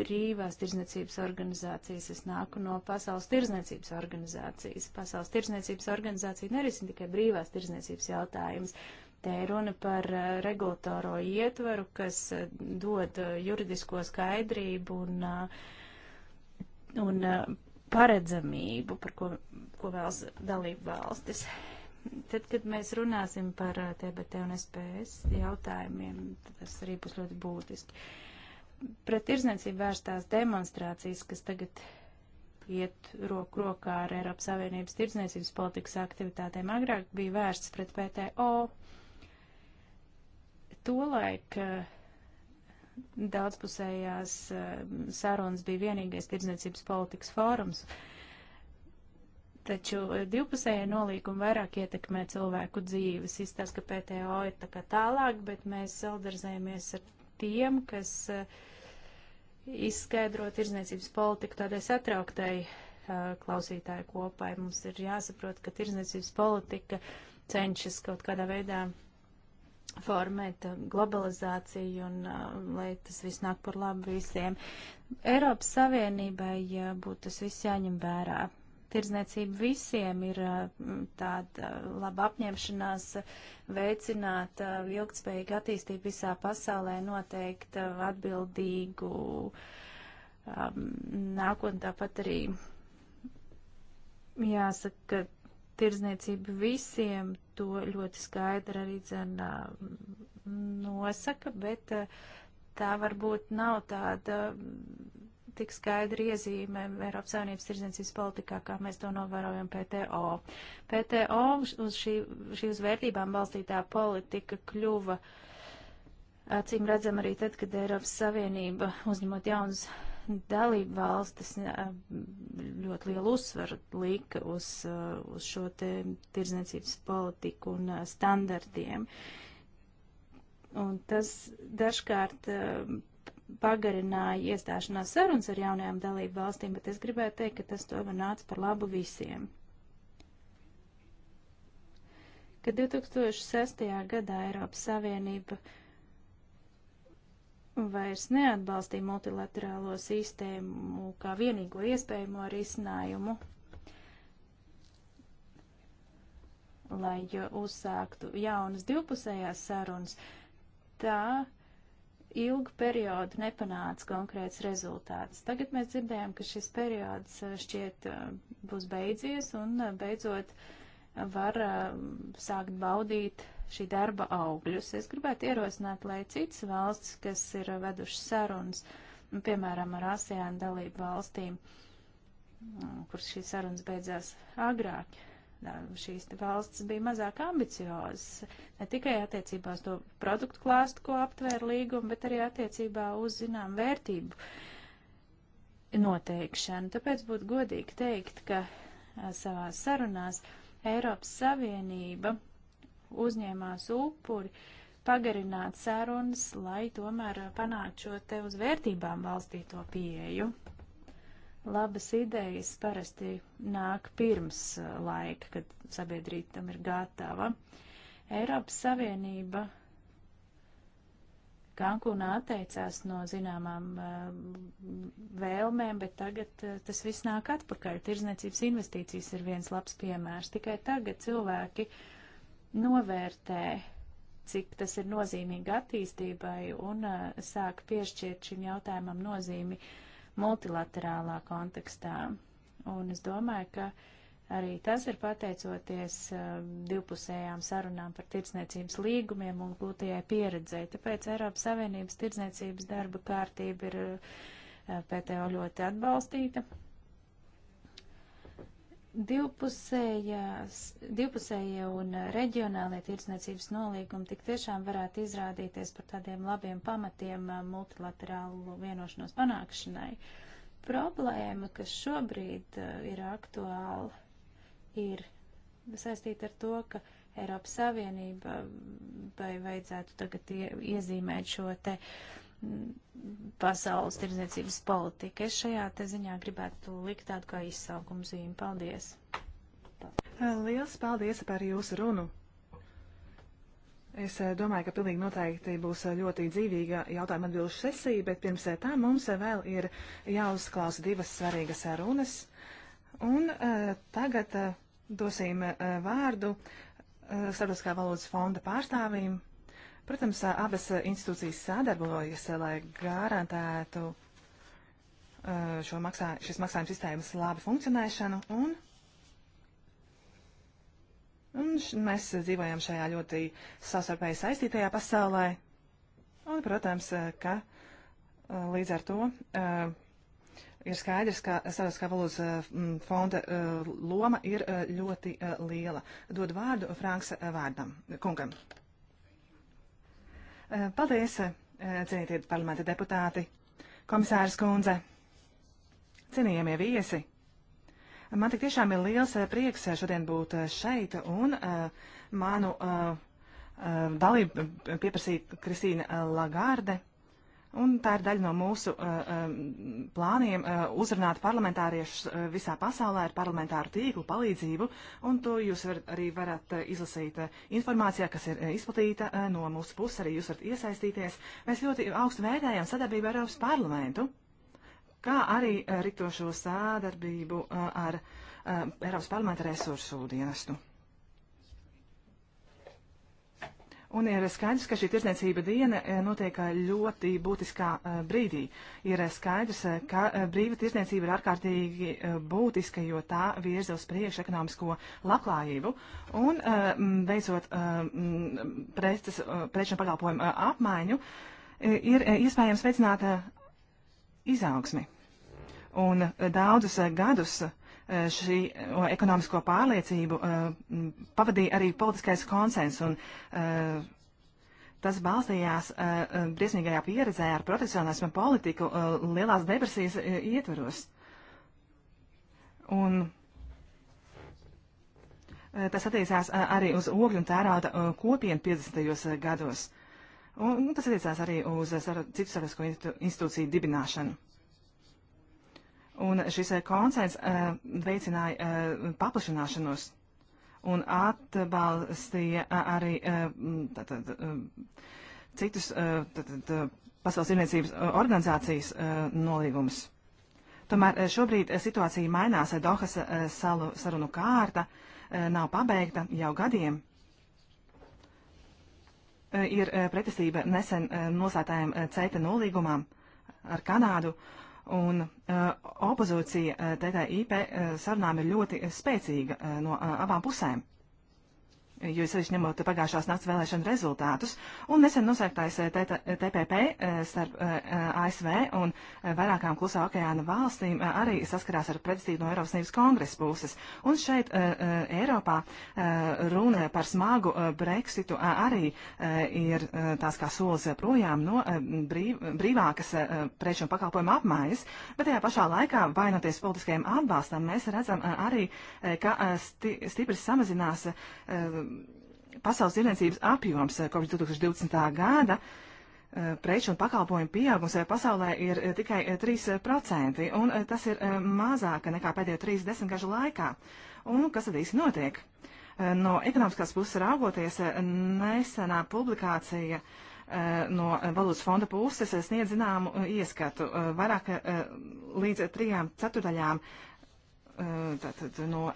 brīvās tirdzniecības organizācijas, es nāku no pasaules tirdzniecības organizācijas. Pasaules tirdzniecības organizācija nerisina tikai brīvās tirdzniecības jautājumus. Te ir runa par uh, eh, regulatoro ietvaru, kas uh, dod uh, juridisko skaidrību un, un paredzamību, par ko, ko vēlas dalību valstis. Tad, kad mēs runāsim par TBT uh, un SPS jautājumiem, tas arī būs ļoti būtiski. Pret tirdzniecību vērstās demonstrācijas, kas tagad iet roku rokā ar Eiropas Savienības tirdzniecības politikas aktivitātēm, agrāk bija vērsts pret PTO. Tolaik uh, daudzpusējās uh, sarunas bija vienīgais tirdzniecības politikas fórums. Uh, Taču e, divpusējie nolīgumi vairāk ietekmē cilvēku dzīves. Izstāst, ka PTO ir tā kā tālāk, bet mēs saldarzējamies ar tiem, kas e, izskaidro tirzniecības politiku tādai satrauktai e, klausītāju kopai. Mums ir jāsaprot, ka tirzniecības politika cenšas kaut kādā veidā formēt globalizāciju un lai tas viss nāk par labu visiem. Eiropas Savienībai būtu tas viss jāņem vērā tirdzniecība visiem ir tāda laba apņemšanās veicināt ilgtspējīgu attīstību visā pasaulē, noteikt atbildīgu nākotnē tāpat arī jāsaka, ka tirdzniecība visiem to ļoti skaidri arī dzena nosaka, bet tā varbūt nav tāda tik skaidri iezīme Eiropas Savienības tirdzniecības politikā, kā mēs to novērojam PTO. PTO uz šī, šī uz vērtībām balstītā politika kļuva acīm redzam arī tad, kad Eiropas Savienība uzņemot jaunas dalību valstis ļoti lielu uzsvaru lika uz, uz šo te tirdzniecības politiku un standartiem. Un tas dažkārt pagarināja iestāšanās sarunas ar jaunajām dalību valstīm, bet es gribētu teikt, ka tas to var nāca par labu visiem. Kad 2006. gadā Eiropas Savienība vairs neatbalstīja multilaterālo sistēmu kā vienīgo iespējamo risinājumu, lai uzsāktu jaunas divpusējās sarunas, tā ilgu periodu nepanāca konkrēts rezultāts. Tagad mēs dzirdējam, ka šis periods eh, šķiet eh, būs beidzies un eh, beidzot var sākt baudīt šī darba augļus. Es gribētu ierosināt, lai citas valsts, kas ir vedušas sarunas, nu, piemēram, ar ASEAN dalību valstīm, mm, kuras šīs sarunas beidzās agrāk, šīs valsts bija mazāk ambiciozas, ne tikai attiecībā uz to produktu klāstu, ko aptvēra līguma, bet arī attiecībā uz, zinām, vērtību noteikšanu. Tāpēc būtu godīgi teikt, ka savās sarunās Eiropas Savienība uzņēmās upuri pagarināt sarunas, lai tomēr panāktu šo te uz vērtībām valstīto pieeju labas idejas parasti nāk pirms uh, laika, kad sabiedrība tam ir gatava. Eiropas Savienība Kankūnā atteicās no zināmām uh, vēlmēm, bet tagad uh, tas viss nāk atpakaļ. Tirzniecības investīcijas ir viens labs piemērs. Tikai tagad cilvēki novērtē, cik tas ir nozīmīgi attīstībai un sāk piešķirt šim jautājumam nozīmi uh, multilaterālā kontekstā. Un es domāju, ka arī tas ir pateicoties uh, divpusējām sarunām par tirdzniecības līgumiem un gūtajai pieredzei. Tāpēc Eiropas Savienības tirdzniecības darba kārtība ir uh, eh, PTO ļoti atbalstīta. Divpusējās, divpusējie un reģionālie tirdzniecības nolīgumi tik tiešām varētu izrādīties par tādiem labiem pamatiem multilaterālu vienošanos panākšanai. Problēma, kas šobrīd ir aktuāla, ir saistīta ar to, ka Eiropas Savienība vai vajadzētu tagad ie, iezīmēt šo te uh, pasaules tirdzniecības politika. Es šajā te ziņā gribētu likt tādu kā izsaukumu zīmi. Paldies! Liels paldies par jūsu runu! Es eh, domāju, ka pilnīgi noteikti būs eh, ļoti dzīvīga jautājuma atbilžu sesija, bet pirms eh, tam mums vēl ir jāuzklausa divas svarīgas runas. Un uh, tagad uh, dosim uh, vārdu Starptautiskā valodas fonda pārstāvīm Protams, abas institūcijas sadarbojas, lai garantētu šo maksā, šis maksājuma sistēmas labu funkcionēšanu un Un mēs dzīvojam šajā ļoti savstarpēji saistītajā pasaulē. Un, protams, ka līdz ar to uh, ir skaidrs, ka Starptautiskā valūtas fonda uh, loma ir uh, ļoti liela. Dod vārdu Franks vārdam, kungam. Eh, paldies, eh, cienītie parlamenta deputāti, komisārs kundze, cienījamie viesi. Man tik tiešām ir liels eh, prieks šodien būt šeit un manu dalību pieprasīja Kristīna Lagarde. Un tā ir daļa no mūsu uh, um, plāniem uh, uzrunāt parlamentāriešus uh, visā pasaulē ar parlamentāru tīklu palīdzību, un to jūs var, arī varat uh, izlasīt uh, informācijā, kas ir uh, izplatīta uh, no mūsu puses, arī jūs varat iesaistīties. Mēs ļoti augstu vērtējam sadarbību ar Eiropas parlamentu, kā arī uh, riktošo sadarbību uh, ar uh, Eiropas parlamenta resursu dienestu. Un ir skaidrs, ka šī tirdzniecība diena eh, notiek eh, ļoti būtiskā eh, brīdī. Ir skaidrs, ka brīva tirdzniecība ir ārkārtīgi būtiska, jo tā virza uz priekšu ekonomisko labklājību. Un beidzot preces, preču un pakalpojumu apmaiņu, ir iespējams veicināt izaugsmi. Un daudzus gadus uh, Eh, šī ekonomisko pārliecību eh, pavadīja arī politiskais konsens. Un, eh, Tas balstījās briesmīgajā pieredzē ar protekcionismu politiku lielās depresijas ietveros. Un tas attiecās arī uz ogļu un tērauda kopienu 50. gados. Un nu, tas attiecās arī uz citu sabiedrisko institūciju dibināšanu. Un šis eh, koncents eh, veicināja eh, paplašināšanos un atbalstīja arī tātad, citus tātad, pasaules tirniecības organizācijas nolīgumus. Tomēr šobrīd situācija mainās, Dohas salu sarunu kārta nav pabeigta jau gadiem. Ir pretestība nesen noslēgtājiem CETA nolīgumam ar Kanādu, Un uh, opozīcija uh, TTIP uh, sarunām ir ļoti spēcīga uh, no uh, abām pusēm jo es arī ņemot pagājušās nakts vēlēšanu rezultātus, un nesen noslēgtais eh, TPP eh, eh, starp ASV un vairākām klusā okeāna valstīm arī saskarās ar pretestību no Eiropas Savienības kongresa puses. Un šeit Eiropā runa par smagu Brexitu arī ir tās kā solis projām no brīv, brīvākas preču un pakalpojumu apmaiņas, bet tajā pašā laikā vainoties politiskajiem atbalstam, mēs redzam arī, ka sti, stipri samazinās pasaules tirdzniecības apjoms eh, kopš 2020. gada eh, preču un pakalpojumu pieaugums eh, pasaulē ir tikai 3%, un tas ir mazāka nekā pēdējo 30 gažu laikā. Un kas tad īsti notiek? No ekonomiskās puses raugoties, nesenā publikācija no valūtas fonda puses sniedz zināmu ieskatu vairāk līdz trijām ceturdaļām tātad, no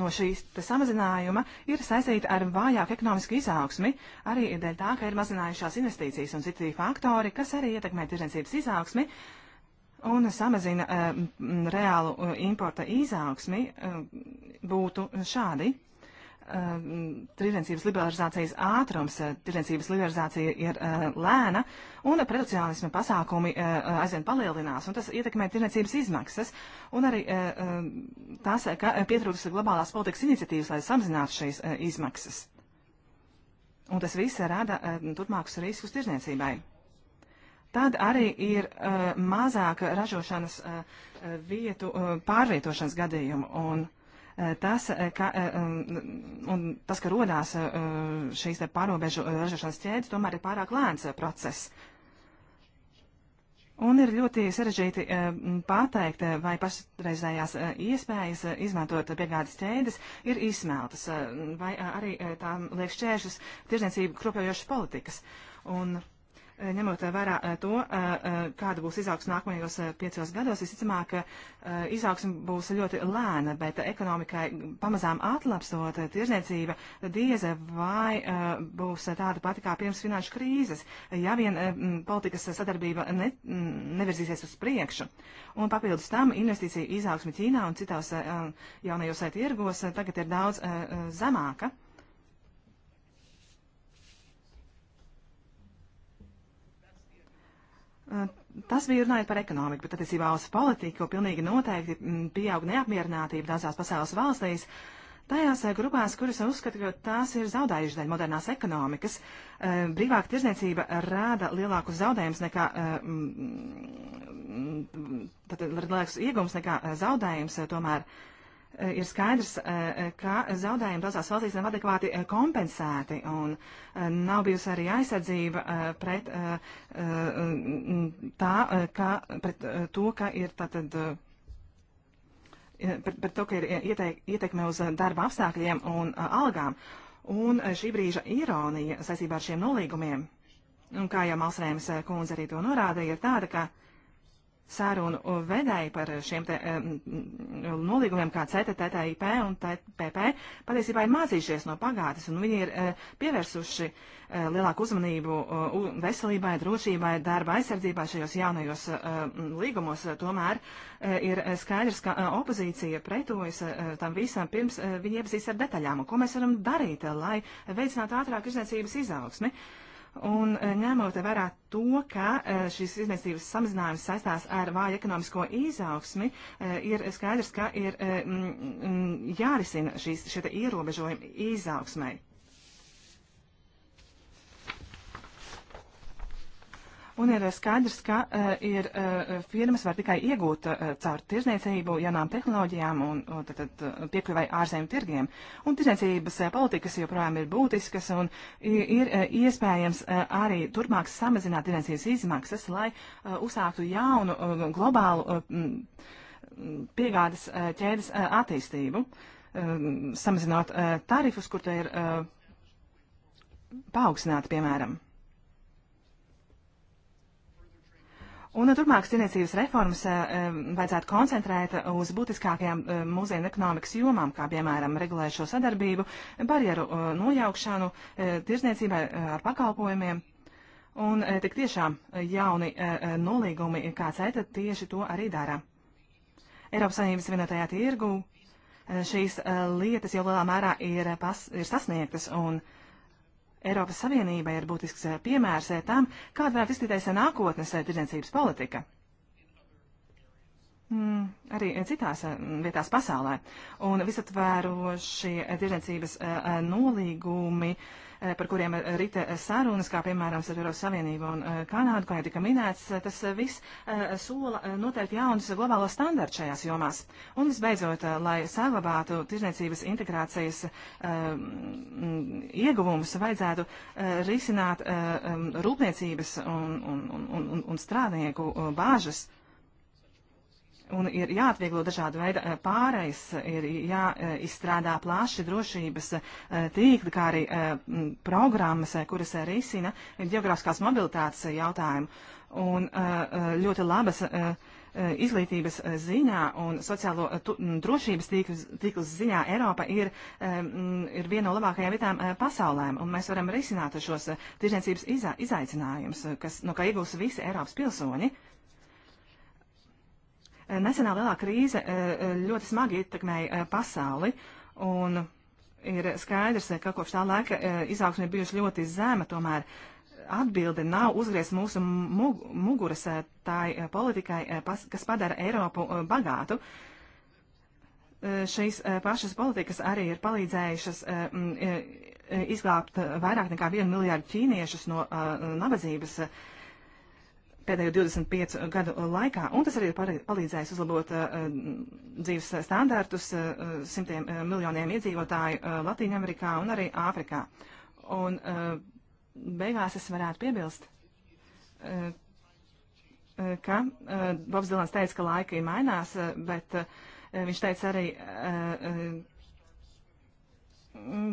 no šīs samazinājuma ir saistīta ar vājāku ekonomisku izaugsmi, arī dēļ tā, ka ir mazinājušās investīcijas un citi faktori, kas arī ietekmē tirdzniecības izaugsmi un samazina uh, reālu uh, importa izaugsmi, uh, būtu šādi um, tirdzniecības liberalizācijas ātrums, uh, tirdzniecības liberalizācija ir uh, lēna, un protekcionisma pasākumi uh, uh, aizvien palielinās, un tas ietekmē tirdzniecības izmaksas, un arī uh, um, tas, ka uh, pietrūks globālās politikas iniciatīvas, lai samazinātu šīs uh, izmaksas. Un tas viss rada uh, turpmākus riskus tirdzniecībai. Tad arī ir uh, mazāk ražošanas uh, vietu uh, pārvietošanas gadījumu. Un, uh, tas, eh, ka, eh, um, un tas, ka rodās eh, šīs pārobežu ražošanas ķēdes, tomēr ir pārāk lēns process. Un ir ļoti sarežģīti pateikt, vai pašreizējās iespējas izmantot piegādes ķēdes ir izsmeltas, vai arī tām liek šķēršas tirdzniecību kropļojošas politikas. Un ņemot vērā eh, to, eh, eh, kāda būs izaugsme nākamajos piecos gados, visticamāk, izaugsme būs ļoti lēna, bet ekonomikai pamazām atlapstot tirzniecība dieze vai būs tāda pati kā pirms finanšu krīzes, ja vien politikas sadarbība ne, nevirzīsies uz priekšu. Un papildus tam investīcija izaugsme Ķīnā un citās jaunajos tirgos tagad ir daudz zemāka. Eh, tas bija runājot par ekonomiku, bet attiecībā uz politiku pilnīgi noteikti mm, pieaug neapmierinātība daudzās pasaules valstīs. Tajās eh, grupās, kuras uzskata, ka tās ir zaudējušas daļu modernās ekonomikas, eh, brīvāk tirzniecība rāda lielākus zaudējumus nekā, tātad mm, mm, lielākus iegums nekā zaudējums, tomēr uh, E, ir skaidrs, e, e, ka zaudējumi daudzās valstīs nav adekvāti kompensēti un nav bijusi arī aizsardzība pret, tā, ka, pret to, ka ir tātad. Par, par to, ka ir ieteik, ieteikme uz darba apstākļiem un algām. Un šī brīža ironija saistībā ar šiem nolīgumiem, un kā jau Malsrēmas kundze arī to norādīja, ir tāda, ka uh, sārunu vedēji par šiem te, um, nolīgumiem, kā CETA, TTIP un TPP, patiesībā ir mācījušies no pagātnes, un viņi ir uh, pievērsuši uh, lielāku uzmanību uh, veselībai, drošībai, darba aizsardzībā šajos jaunajos uh, līgumos. Tomēr uh, ir skaidrs, ka uh, opozīcija pretojas uh, tam visam pirms uh, viņi iepazīst ar detaļām, un ko mēs varam darīt, uh, lai veicinātu ātrāk izniecības izaugsmi. Uh, Un e, ņemot vērā to, ka e, šīs izniecības samazinājums saistās ar vāju ekonomisko izaugsmi, e, ir skaidrs, ka ir jārisina šīs šie ierobežojumi izaugsmai. Un ir skaidrs, ka uh, ir uh, firmas var tikai iegūt uh, caur tirzniecību, jaunām tehnoloģijām un uh, tad, tad, piekļuvai ārzemju tirgiem. Un tirzniecības uh, politikas joprojām ir būtiskas un ir uh, iespējams uh, arī turpmāk samazināt tirzniecības izmaksas, lai uh, uzsāktu jaunu uh, globālu uh, piegādes uh, ķēdes uh, attīstību, uh, samazinot uh, tarifus, kur tie ir uh, paaugstināti, piemēram. Un eh, turpmākas tirniecības reformas eh, vajadzētu koncentrēt uz būtiskākajām eh, muzeja ekonomikas jomām, kā piemēram regulējušo sadarbību, barjeru nojaukšanu, tirzniecībai ar pakalpojumiem. Un tik tiešām jauni nolīgumi, kā CETA, tieši to arī dara. Eiropas Savienības vienotajā tirgu šīs lietas jau lielā mērā ir, pas, ir sasniegtas un sasniegtas Eiropas Savienībai ir būtisks eh, piemērs eh, tam, kāda varētu izskatīties eh, nākotnes tirdzniecības politika. Mm, arī citās mm, vietās pasaulē. Un visatvērošie tirdzniecības nolīgumi uh, Eh, par kuriem rita sarunas, kā piemēram ar Eiropas Savienību un eh, Kanādu, kā jau tika minēts, eh, tas viss sola noteikti jaunus globālo standartu šajās jomās. Un visbeidzot, lai saglabātu tirzniecības integrācijas ieguvumus, vajadzētu risināt rūpniecības un, un, un, un, un strādnieku bāžas un ir jāatvieglo dažādu veidu eh, pārejas, ir jāizstrādā eh, plaši drošības eh, tīkli, kā arī programmas, kuras risina geogrāfiskās mobilitātes jautājumu. Un ļoti labas izglītības ziņā un sociālo tu, drošības tīklus, tīklus ziņā Eiropa ir, ir viena no labākajām vietām pasaulēm, un mēs varam risināt šos tirzniecības iza, izaicinājumus, kas, no kā iegūs visi Eiropas pilsoņi. Uh, Eh, nesenā lielā krīze eh, eh, ļoti smagi ietekmēja pasauli. Un ir skaidrs, ka kopš tā laika izaugsme ir bijusi ļoti zema, tomēr atbilde nav uzgriezt mūsu mug muguras tai politikai, kas padara Eiropu bagātu. Šīs pašas politikas arī ir palīdzējušas izglābt vairāk nekā vienu miljārdu ķīniešus no nabadzības. Uh, pēdējo 25 gadu laikā, un tas arī ir palīdzējis uzlabot uh, uh dzīves standārtus uh, uh, simtiem uh, miljoniem iedzīvotāju uh, Latīņamerikā un arī Āfrikā. Un uh, beigās es varētu piebilst, uh, uh ka uh, Bobs Dilans teica, ka laika ir mainās, uh, bet uh, viņš teica arī, uh,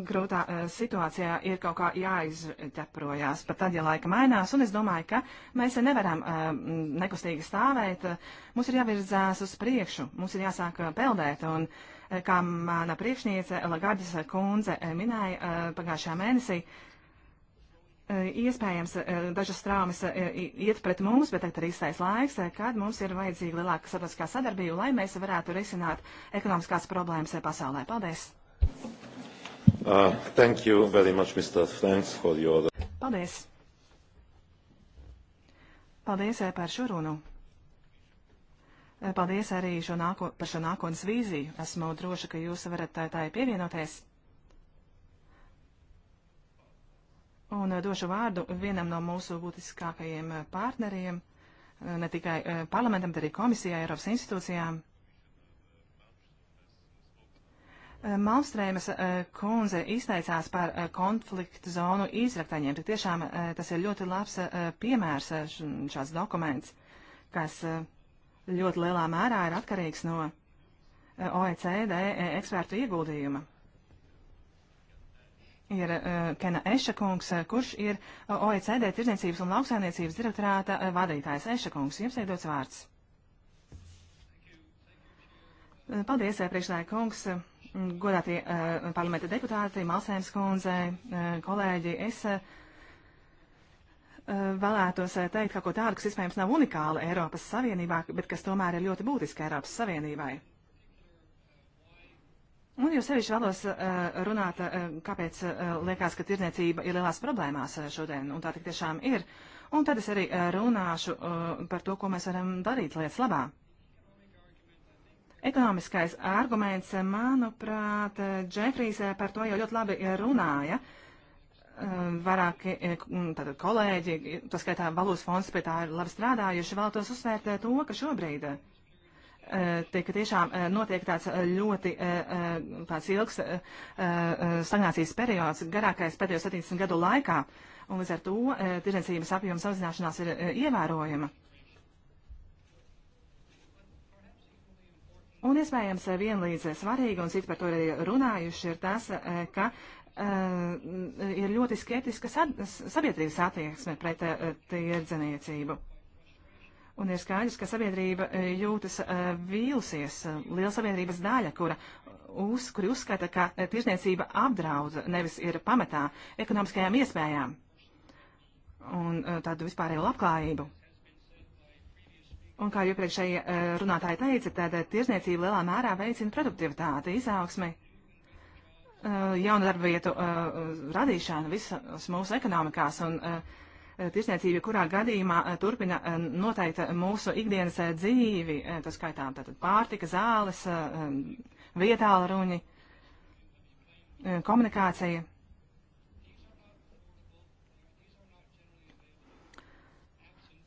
grūtā e, situācijā ir kaut kā jāizķeprojās, pat tad, ja laika mainās, un es domāju, ka mēs nevaram e, nekustīgi stāvēt, mums ir jāvirzās uz priekšu, mums ir jāsāk peldēt, un e, kā mana priekšniece Lagardas kundze minēja pagājušā mēnesī, iespējams dažas traumas iet pret mums, bet tagad ir īstais laiks, kad mums ir vajadzīga lielāka sabiedriskā sadarbība, lai mēs varētu risināt ekonomiskās problēmas pasaulē. Paldies! Thank you. Uh, thank you very much, Mr. Franks, for your... Paldies. Paldies eh, par šo runu. Eh, paldies arī šo nāko, par šo nākotnes vīziju. Esmu droša, ka jūs varat tā, eh, tā pievienoties. Un došu vārdu vienam no mūsu būtiskākajiem partneriem, ne tikai parlamentam, bet arī komisijai, Eiropas institūcijām. Eh, Malmstrēmas eh, kundze izteicās par eh, konfliktu zonu izraktaņiem. Tik tiešām tas ir ļoti labs piemērs šāds dokuments, kas ļoti lielā mērā ir atkarīgs no OECD ekspertu ieguldījuma. Ir Kena Ešakungs, kurš ir OECD tirdzniecības un lauksainiecības direktorāta vadītājs. Ešakungs, jums iedots vārds. Paldies, priekšlēkungs. kungs godātie uh, parlamenta deputāti, Malsēms kundze, uh, kolēģi, es uh, vēlētos teikt kaut ko tādu, kas iespējams nav unikāla Eiropas Savienībā, bet kas tomēr ir ļoti būtiska Eiropas Savienībai. Un jau sevišķi vēlos runāt, kāpēc liekas, ka tirniecība ir lielās problēmās šodien, un tā tik tiešām ir. Un tad es arī runāšu par to, ko mēs varam darīt lietas labā. Ekonomiskais arguments, manuprāt, Džefrīs par to jau ļoti labi runāja. Ehm, vairāki e, tātad, kolēģi, to skaitā valūtas fonds pie tā ir labi strādājuši, vēlētos uzsvērt e, to, ka šobrīd e, tika tiešām notiek tāds ļoti tāds ilgs stagnācijas periods, garākais pēdējo 70 gadu laikā, un līdz ar to tirdzniecības apjoms samazināšanās ir ievērojama. Un iespējams eh, vienlīdz eh, svarīgi, un citi par to arī runājuši, ir tas, eh, ka uh, ir ļoti skeptiska sabiedrības attieksme pret uh, tirdzniecību. Un ir skaidrs, ka sabiedrība jūtas uh, vīlusies, liela sabiedrības daļa, kura uz, kuri uzskata, ka tirdzniecība apdraud, nevis ir pamatā ekonomiskajām iespējām un tādu vispārēju labklājību. Un kā iepriekšēji eh, runātāji teica, tad eh, tirzniecība lielā mērā veicina produktivitāti, izaugsmi, eh, jaunu darba vietu radīšanu visas mūsu ekonomikās. Un tirsniecība, kurā gadījumā turpina noteikt mūsu ikdienas dzīvi, tas skaitām tātad pārtika, zāles, vietāla ruņi, komunikācija.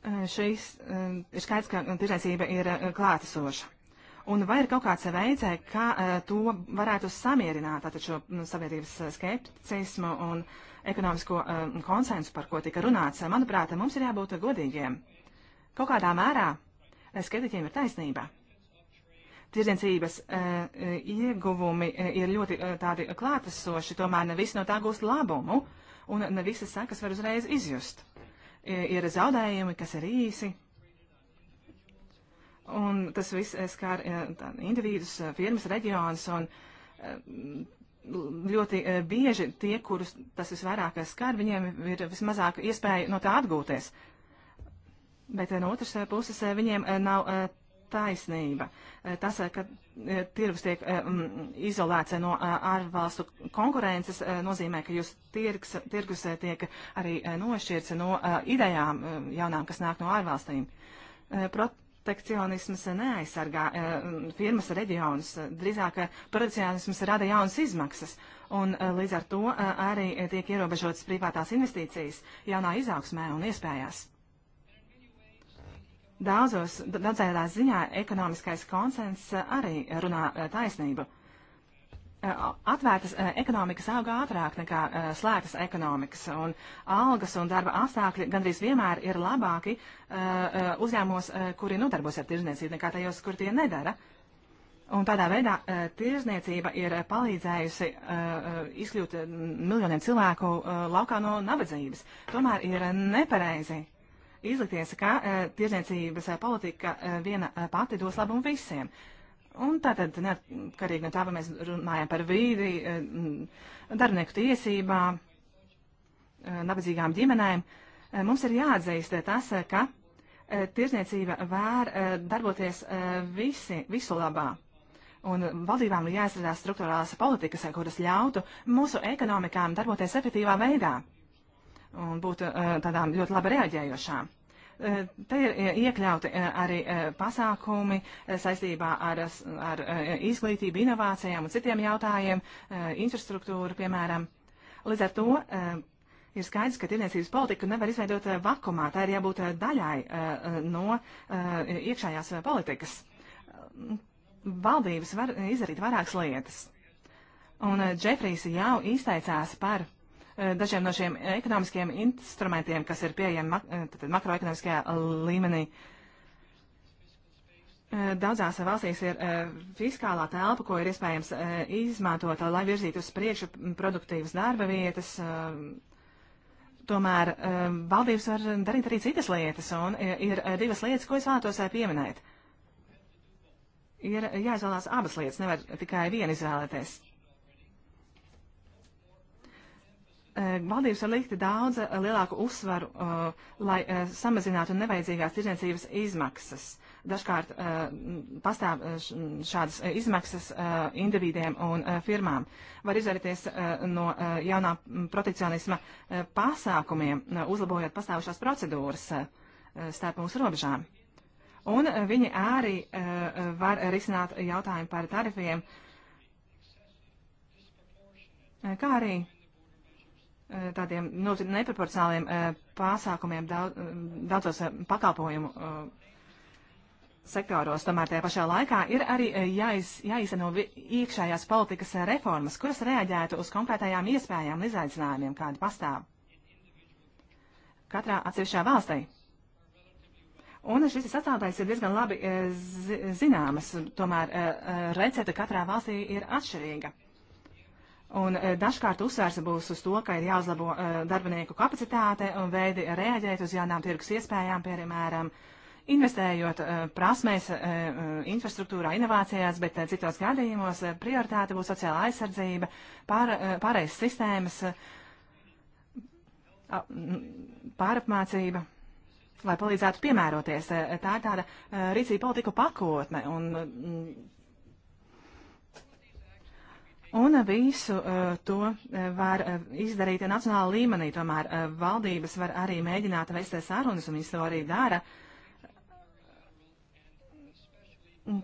Eh, šīs eh, ir skaidrs, ka eh, tirdzniecība ir klātesoša. Un vai ir kaut kāds veids, kā to varētu samierināt, tātad šo nu, sabiedrības skepticismu un ekonomisko konsensu, par ko tika runāts? Manuprāt, mums ir jābūt godīgiem. Kaut kādā mērā skeptiķiem ir taisnība. Tirdzniecības ieguvumi ir ļoti tādi klātesoši, tomēr ne visi no tā gūst labumu, un ne visas sekas var uzreiz izjust ir zaudējumi, kas ir īsi. Un tas viss eh, skar eh, individus, eh, firmas, reģionus un ļoti bieži tie, kurus tas visvairāk skar, viņiem ir vismazāk iespēja no tā atgūties. Bet no otras puses viņiem nav taisnība. Eh, tas, eh, ka eh, tirgus tiek mm, izolēts no ārvalstu konkurences, nozīmē, ka jūs tirgs, tirgus tiek arī nošķirts no idejām jaunām, kas nāk no ārvalstīm. Protekcionisms neaizsargā mm, firmas reģionus, drīzāk protekcionisms rada jaunas izmaksas, un līdz ar to arī tiek ierobežotas privātās investīcijas jaunā izaugsmē un iespējās. Daudzos, daudzējā ziņā ekonomiskais konsens eh, arī runā eh, taisnību. Eh, atvērtas ekonomikas aug ātrāk nekā slēgtas ekonomikas, un algas un darba apstākļi gandrīz vienmēr ir labāki uzņēmumos, kuri nodarbojas ar tirzniecību, nekā tajos, kur tie nedara. Un tādā veidā tirzniecība ir palīdzējusi izkļūt miljoniem cilvēku laukā no nabadzības. Tomēr ir nepareizi izlikties, ka eh, tirdzniecības eh, politika eh, viena pati dos labumu visiem. Un tātad, neatkarīgi no tā, vai mēs runājam par vīdi, darbinieku tiesībām, nabadzīgām ģimenēm, mums ir jāatzīst tas, ka tirzniecība vēr darboties visi, visu labā. Un valdībām ir jāizstrādā struktūrālās politikas, kuras ļautu mūsu ekonomikām darboties efektīvā veidā un būtu eh, tādām ļoti labi reaģējošām. Eh, te ir eh, iekļauti arī pasākumi saistībā ar, ar izglītību, inovācijām un citiem jautājiem, infrastruktūru, piemēram. Līdz ar to ir skaidrs, ka tirniecības politiku nevar izveidot vakumā. Tā ir jābūt daļai no iekšējās politikas. Valdības var izdarīt vairākas lietas. Un Džefrijs jau izteicās par Eh, dažiem no šiem ekonomiskiem instrumentiem, kas ir pieejami mak eh, makroekonomiskajā līmenī. Eh, daudzās valstīs ir fiskālā telpa, ko ir iespējams izmantot, lai virzītu uz priekšu produktīvas darba vietas. Tomēr valdības var darīt arī citas lietas, un ir divas lietas, ko es vēlētos pieminēt. Ir jāizvēlās abas lietas, nevar tikai vienu izvēlēties. Eh, valdības var likt daudz eh, lielāku uzsvaru, eh, lai samazinātu nevajadzīgās tirdzniecības izmaksas. Dažkārt pastāv šādas izmaksas individiem un firmām. Var izvairīties no jaunā protekcionisma pasākumiem, uzlabojot pastāvušās procedūras starp mūsu robežām. Un viņi arī var risināt jautājumu par tarifiem, kā arī Eh, tādiem nu, neproporcionāliem eh, pasākumiem daudz, eh, daudzos pakalpojumu sektoros. Tomēr tajā pašā laikā ir arī jāiz, jāizseno iekšējās politikas reformas, kuras reaģētu uz konkrētajām iespējām un izaicinājumiem, kādi pastāv katrā atsevišķā valstī. Un šis sastāvdaļas ir diezgan labi zināmas, tomēr recepte katrā valstī ir atšķirīga. Un eh, dažkārt uzsvērs būs uz to, ka ir jāuzlabo uh, darbinieku kapacitāte un veidi reaģēt uz jaunām tirgus iespējām, piemēram, investējot uh, prasmēs, uh, infrastruktūrā, inovācijās, bet citos gadījumos prioritāte būs sociāla aizsardzība, pār, pārējais sistēmas, pārapmācība, lai palīdzētu piemēroties. Tā ir tāda rīcība politiku pakotne, un Un visu uh, to eh, var uh, izdarīt nacionāla līmenī, tomēr uh, valdības var arī mēģināt vēstē sarunas, un viņas to arī dara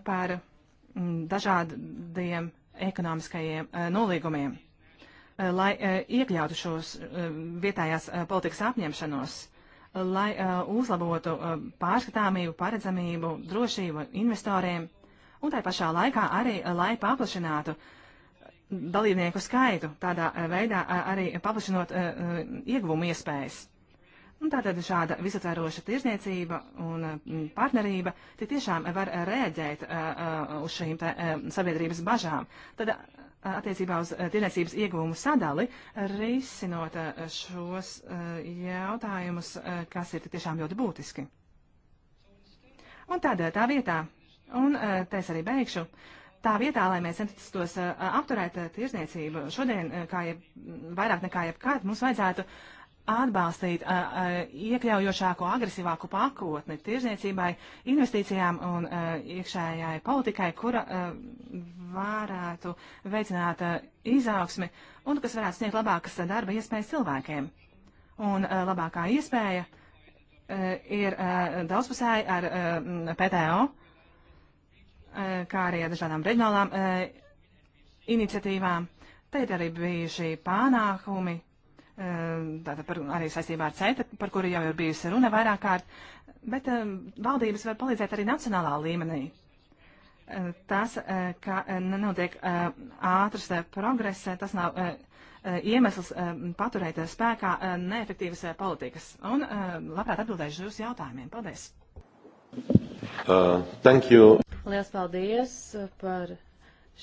par mm, dažādiem ekonomiskajiem nolīgumiem, lai iekļautu šos vietējās politikas apņemšanos, lai uzlabotu pārskatāmību, paredzamību, drošību investoriem, un tai pašā laikā arī, lai paplašinātu uh, dalībnieku skaitu, tādā eh, veidā eh, arī paplašinot eh, ieguvumu iespējas. Un tātad šāda visatvēroša tirzniecība un partnerība tik tiešām var reaģēt uz šīm sabiedrības bažām. Tad attiecībā uz tirniecības ieguvumu sadali, risinot šos jautājumus, kas ir tiešām ļoti būtiski. Un tādā tā vietā, un te es arī beigšu, tā vietā, lai mēs centītos uh, uh, apturēt uh, tirzniecību, šodien, kā jeb, mm, vairāk nekā jebkad, mums vajadzētu atbalstīt a, a, iekļaujošāko, agresīvāku pakotni tirzniecībai, investīcijām un a, iekšējai politikai, kura varētu veicināt izaugsmi un kas varētu sniegt labākas darba iespējas cilvēkiem. Un labākā iespēja ir daudzpusēji ar mm, PTO Eh, kā arī ar dažādām reģionālām eh, iniciatīvām. Te ir arī bijuši panākumi, eh, tātad par, arī saistībā ar CETA, par kuru jau ir bijusi runa vairāk kārt, bet valdības var palīdzēt arī nacionālā līmenī. Tas, ka nenotiek ātras progresa, tas nav iemesls paturēt spēkā neefektīvas politikas. Un labprāt atbildēšu uz jautājumiem. Paldies! Uh, thank you. Lielas paldies par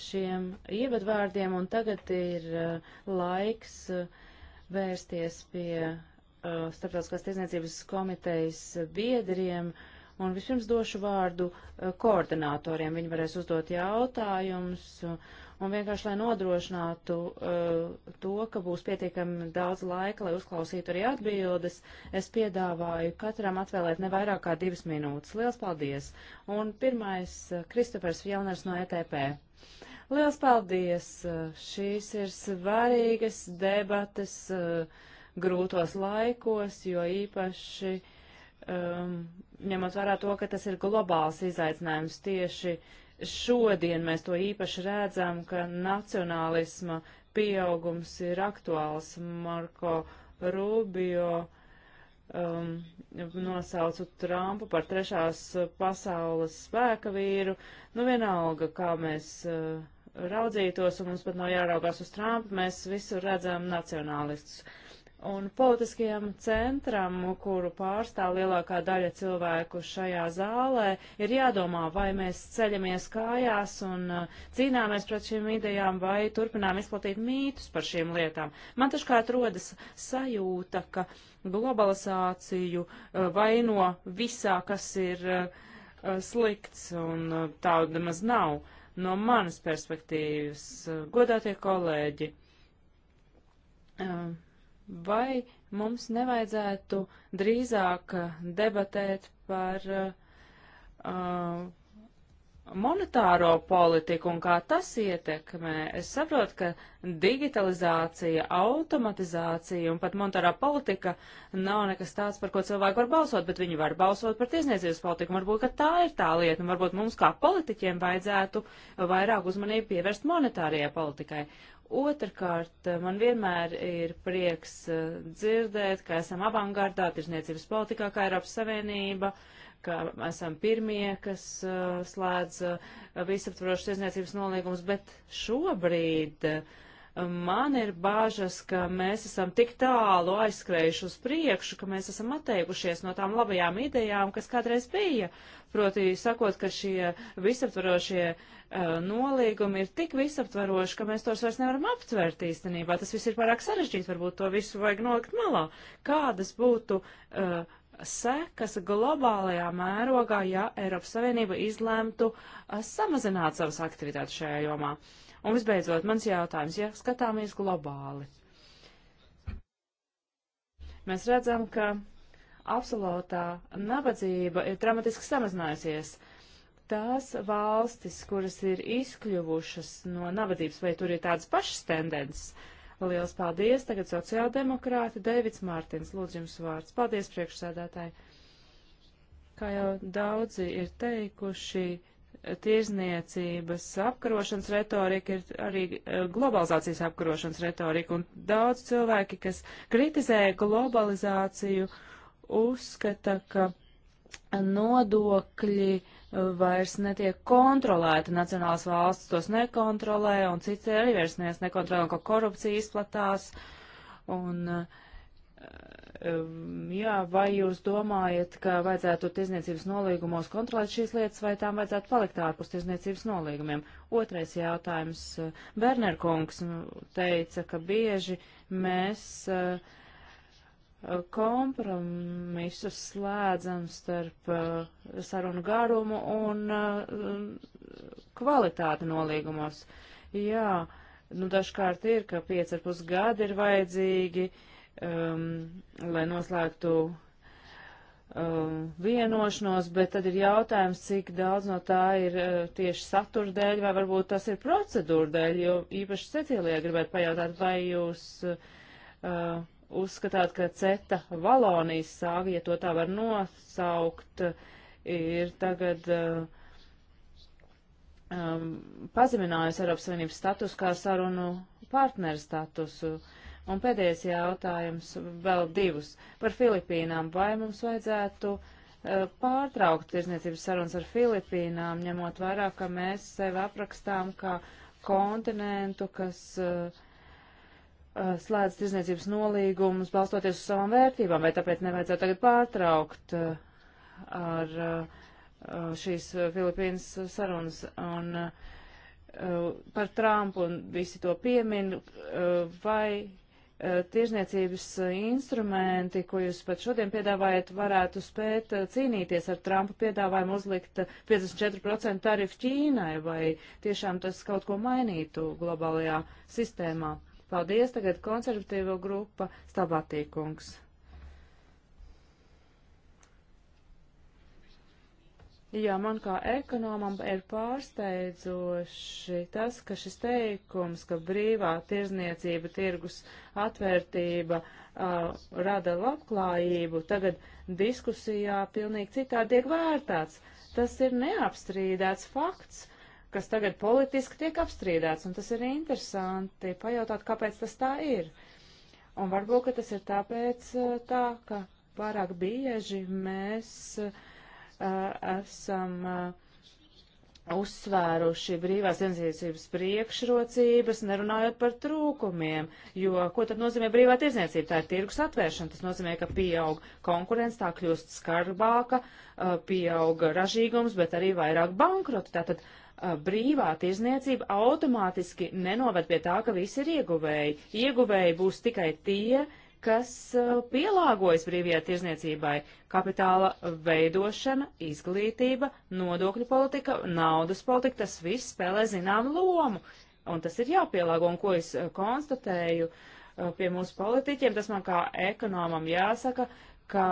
šiem ievadvārdiem, un tagad ir uh, laiks uh, vērsties pie uh, Starptautiskās tiesniecības komitejas biedriem, un vispirms došu vārdu uh, koordinātoriem. Viņi varēs uzdot jautājumus. Uh, un vienkārši, lai nodrošinātu uh, to, ka būs pietiekami daudz laika, lai uzklausītu arī atbildes, es piedāvāju katram atvēlēt ne vairāk kā divas minūtes. Liels paldies! Un pirmais uh, - Kristofers Fjellners no ETP. Liels paldies! Uh, šīs ir svarīgas debates uh, grūtos laikos, jo īpaši um, ņemot vērā to, ka tas ir globāls izaicinājums tieši uh, Šodien mēs to īpaši redzam, ka nacionālisma pieaugums ir aktuāls. Marko Rubio um, nosaucu Trumpu par trešās pasaules spēka vīru. Nu vienalga, kā mēs uh, raudzītos, un mums pat nav jāraugās uz Trumpu, mēs visur redzam nacionālistus. Uh, Un politiskajam centram, kuru pārstāv lielākā daļa cilvēku šajā zālē, ir jādomā, vai mēs ceļamies kājās un uh, cīnāmies pret šīm idejām, vai turpinām izplatīt mītus par šīm lietām. Man taškārt rodas sajūta, ka globalizāciju uh, vaino visā, kas ir uh, slikts, un tāda maz nav no manas perspektīvas. Godātie kolēģi! Uh, vai mums nevajadzētu drīzāk eh, debatēt par uh, monetāro politiku un kā tas ietekmē. Es saprotu, ka digitalizācija, automatizācija un pat monetārā politika nav nekas tāds, par ko cilvēki var balsot, bet viņi var balsot par tiesniecības politiku. Varbūt, ka tā ir tā lieta, un varbūt mums kā politiķiem vajadzētu vairāk uzmanību pievērst monetārajai politikai. Otrakārt, man vienmēr ir prieks eh, dzirdēt, ka esam avangardā tirsniecības politikā, kā Eiropas Savienība, ka esam pirmie, kas eh, slēdz eh, visaptvarošas tirsniecības nolīgumus, bet šobrīd uh, Man ir bāžas, ka mēs esam tik tālu aizskrējuši uz priekšu, ka mēs esam atteikušies no tām labajām idejām, kas kādreiz bija. Proti, sakot, ka šie visaptvarošie uh, nolīgumi ir tik visaptvaroši, ka mēs tos vairs nevaram aptvert īstenībā. Tas viss ir pārāk sarežģīti, varbūt to visu vajag nolikt malā. Kādas būtu uh, sekas globālajā mērogā, ja Eiropas Savienība izlemtu uh, samazināt savas aktivitātes šajā jomā? Uh, Un visbeidzot, mans jautājums, ja skatāmies globāli, mēs redzam, ka absolūtā nabadzība ir dramatiski samazinājusies. Tās valstis, kuras ir izkļuvušas no nabadzības, vai tur ir tādas pašas tendences? Lielas paldies! Tagad sociāldemokrāti Dēvids Mārtins, lūdzu jums vārds. Paldies, priekšsēdētāji! Kā jau daudzi ir teikuši, tirzniecības apkarošanas retorika ir arī eh, globalizācijas apkarošanas retorika, un daudz cilvēki, kas kritizē globalizāciju, uzskata, ka nodokļi eh, vairs netiek kontrolēti, nacionālās valsts tos nekontrolē, un citi arī vairs nekontrolē, ka korupcija izplatās, un uh, jā, vai jūs domājat, ka vajadzētu tirzniecības nolīgumos kontrolēt šīs lietas, vai tām vajadzētu palikt ārpus tirzniecības nolīgumiem? Otrais jautājums. Bernerkungs nu, teica, ka bieži mēs eh, kompromisus slēdzam starp eh, sarunu garumu un eh, kvalitāti nolīgumos. Jā, nu dažkārt ir, ka 5,5 gadi ir vajadzīgi. Uh, um, lai noslēgtu um, vienošanos, bet tad ir jautājums, cik daudz no tā ir uh, tieši satura dēļ, vai varbūt tas ir procedūra dēļ, jo īpaši Cecilijai gribētu pajautāt, vai jūs uh, uzskatāt, ka CETA Valonijas sāga, ja to tā var nosaukt, ir tagad uh, um, pazeminājusi Eiropas Savienības status kā sarunu partneru statusu. Uh, Un pēdējais jautājums, vēl divus, par Filipīnām. Vai mums vajadzētu uh, pārtraukt tirzniecības sarunas ar Filipīnām, ņemot vairāk, ka mēs sevi aprakstām kā kontinentu, kas uh, slēdz tirzniecības nolīgumus, balstoties uz savām vērtībām, vai tāpēc nevajadzētu tagad pārtraukt ar šīs Filipīnas sarunas. Un par Trumpu un visi to piemin, vai Eh, tirzniecības eh, instrumenti, ko jūs pat šodien piedāvājat, varētu spēt eh, cīnīties ar Trumpa piedāvājumu uzlikt 54% tarifu Ķīnai, vai tiešām tas kaut ko mainītu globālajā sistēmā? Paldies, tagad konservatīvo grupa Stabatīkungs. Jā, man kā ekonomam ir pārsteidzoši tas, ka šis teikums, ka brīvā tirzniecība, tirgus atvērtība uh, rada labklājību, tagad diskusijā pilnīgi citādi tiek vērtēts. Tas ir neapstrīdēts fakts, kas tagad politiski tiek apstrīdēts, un tas ir interesanti pajautāt, kāpēc tas tā ir. Un varbūt, ka tas ir tāpēc tā, ka pārāk bieži mēs. Uh, esam uzsvēruši brīvās tirdzniecības priekšrocības, nerunājot par trūkumiem, jo ko tad nozīmē brīvā tirdzniecība? Tā ir tirgus atvēršana, tas nozīmē, ka pieaug konkurence, tā kļūst skarbāka, pieaug ražīgums, bet arī vairāk bankrotu. Tātad brīvā tirdzniecība automātiski nenoved pie tā, ka visi ir ieguvēji. Ieguvēji būs tikai tie, kas eh, pielāgojas brīvajā tirzniecībai - kapitāla veidošana, izglītība, nodokļu politika, naudas politika, tas viss spēlē zināmu lomu. Un tas ir jāpielāgo, un ko es eh, konstatēju eh, pie mūsu politiķiem, tas man kā ekonomam jāsaka, ka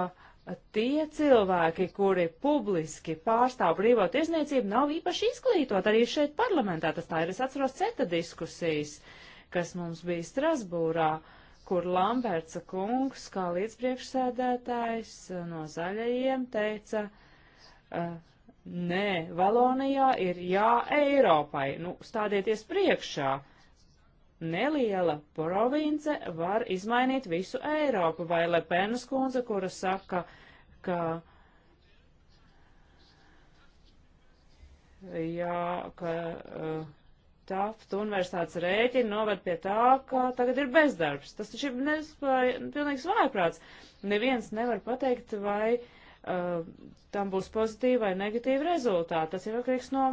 tie cilvēki, kuri publiski pārstāv brīvo tirzniecību, nav īpaši izglītot arī šeit parlamentā. Tas tā ir, es atceros CETA diskusijas, kas mums bija Strasbūrā. Uh, kur Lamberts kungs, kā līdzpriekšsēdētājs eh, no zaļajiem, teica, uh, nē, Valonijā ir jā Eiropai, nu, stādieties priekšā. Neliela province var izmainīt visu Eiropu, vai Lepenas kundze, kura saka, ka. Jā, ka uh, Tafta universitātes rēķini noved pie tā, ka tagad ir bezdarbs. Tas taču ir nespēj, pilnīgs vājprāts. Neviens nevar pateikt, vai uh, tam būs pozitīva vai negatīva rezultāta. Tas ir atkarīgs no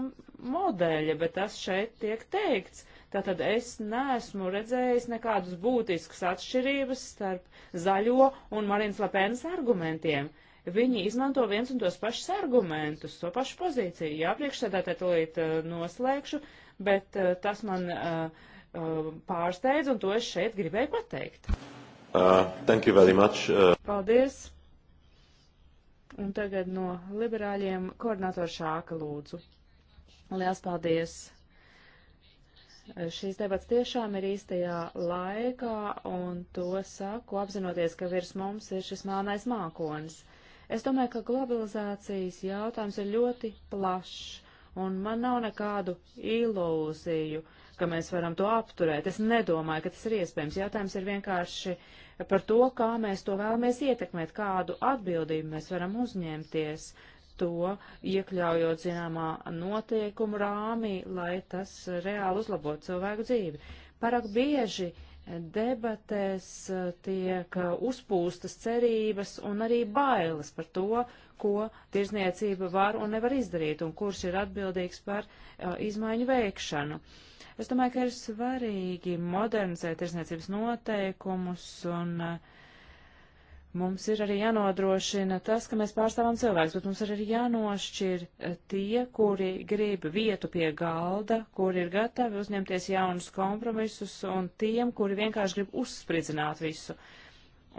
modeļa, bet tas šeit tiek teikts. Tātad es neesmu redzējis nekādus būtiskas atšķirības starp zaļo un Marīnas Lapēnas argumentiem. Viņi izmanto viens un tos pašus argumentus, to pašu pozīciju. Jā, priekšsēdētāji tolīt uh, noslēgšu. Uh, bet uh, tas man uh, uh, pārsteidz, un to es šeit gribēju pateikt. Uh, thank you very much. Uh... Paldies. Un tagad no liberāļiem koordinātors Šāka lūdzu. Liels paldies! Šīs debats tiešām ir īstajā laikā, un to saku apzinoties, ka virs mums ir šis melnais mākonis. Es domāju, ka globalizācijas jautājums ir ļoti plašs, Un man nav nekādu ilūziju, ka mēs varam to apturēt. Es nedomāju, ka tas ir iespējams. Jautājums ir vienkārši par to, kā mēs to vēlamies ietekmēt, kādu atbildību mēs varam uzņemties to, iekļaujot zināmā notiekumu rāmī, lai tas reāli uzlabotu cilvēku dzīvi. Parāk bieži debatēs eh, tiek eh, uzpūstas cerības un arī bailes par to, ko tirzniecība var un nevar izdarīt, un kurš ir atbildīgs par uh, izmaiņu veikšanu. Es domāju, ka ir svarīgi modernizēt tirzniecības noteikumus, un uh, mums ir arī jānodrošina tas, ka mēs pārstāvam cilvēkus, bet mums ir arī jānošķir tie, kuri grib vietu pie galda, kuri ir gatavi uzņemties jaunus kompromisus, un tiem, kuri vienkārši grib uzspridzināt visu. Uh,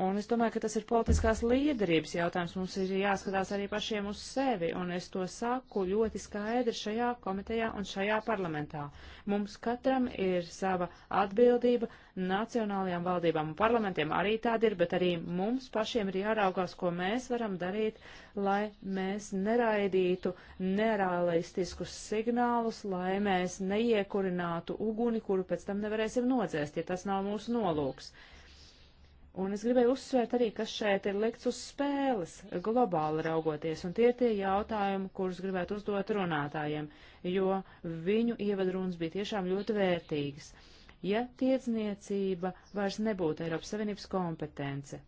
Un es domāju, ka tas ir politiskās līderības jautājums. Mums ir jāskatās arī pašiem uz sevi, un es to saku ļoti skaidri šajā komitejā un šajā parlamentā. Mums katram ir sava atbildība, nacionālajām valdībām un parlamentiem arī tāda ir, bet arī mums pašiem ir jāraugās, ko mēs varam darīt, lai mēs neraidītu nerealistiskus signālus, lai mēs neiekurinātu uguni, kuru pēc tam nevarēsim nodzēst, ja tas nav mūsu nolūks Un es gribēju uzsvērt arī, kas šeit ir likts uz spēles, globāli raugoties, un tie ir tie jautājumi, kurus gribētu uzdot runātājiem, jo viņu ievadrunas bija tiešām ļoti vērtīgas. Ja tiedzniecība vairs nebūtu Eiropas Savienības kompetence,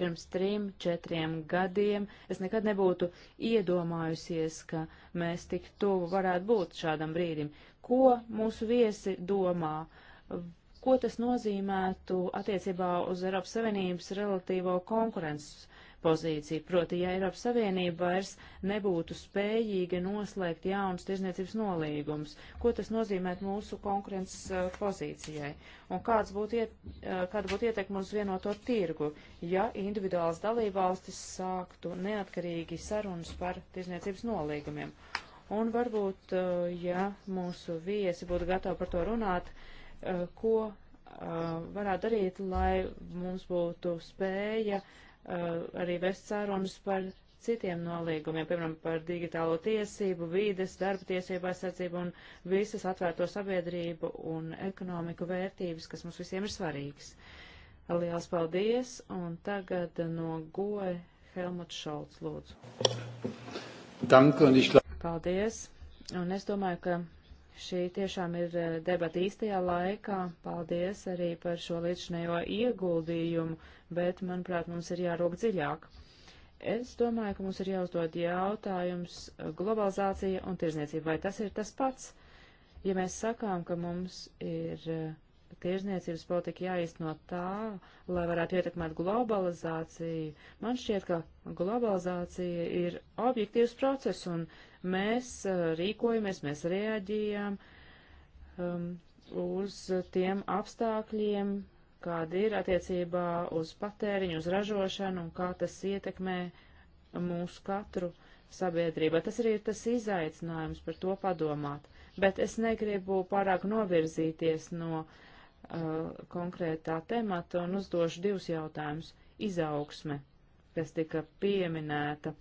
pirms trim, četriem gadiem es nekad nebūtu iedomājusies, ka mēs tik tuvu varētu būt šādam brīdim. Ko mūsu viesi domā? ko tas nozīmētu attiecībā uz Eiropas Savienības relatīvo konkurences pozīciju. Proti, ja Eiropas Savienība vairs nebūtu spējīga noslēgt jaunas tirzniecības nolīgumus, ko tas nozīmē mūsu konkurences uh, pozīcijai? Un kāds būtu iet, uh, kāda būtu ietekma uz vienoto tirgu, ja individuāls dalībvalstis sāktu neatkarīgi sarunas par tirzniecības nolīgumiem? Un varbūt, uh, ja mūsu viesi būtu gatavi par to runāt, uh, Eh, ko eh, varētu darīt, lai mums būtu spēja eh, arī vest sārunas par citiem nolīgumiem, piemēram, par digitālo tiesību, vīdes, darba tiesību aizsardzību un visas atvērto sabiedrību un ekonomiku vērtības, kas mums visiem ir svarīgas. Lielas paldies, un tagad no goja Helmuts Šolts, lūdzu. Paldies, un es domāju, ka Šī tiešām ir eh, debata īstajā laikā. Paldies arī par šo līdzinējo ieguldījumu, bet, manuprāt, mums ir jārūk dziļāk. Es domāju, ka mums ir jāuzdod jautājums eh, globalizācija un tirzniecība. Vai tas ir tas pats? Ja mēs sakām, ka mums ir uh, tiežniecības politika jāizno tā, lai varētu ietekmēt globalizāciju. Man šķiet, ka globalizācija ir objektīvs process, un mēs uh, rīkojamies, mēs reaģējam um, uz tiem apstākļiem, kāda ir attiecībā uz patēriņu, uz ražošanu, un kā tas ietekmē mūsu katru sabiedrībā. Tas arī ir tas izaicinājums par to padomāt. Bet es negribu pārāk novirzīties no uh, uh, konkrētā temata un uzdošu divus jautājumus. Izaugsme, kas tika pieminēta.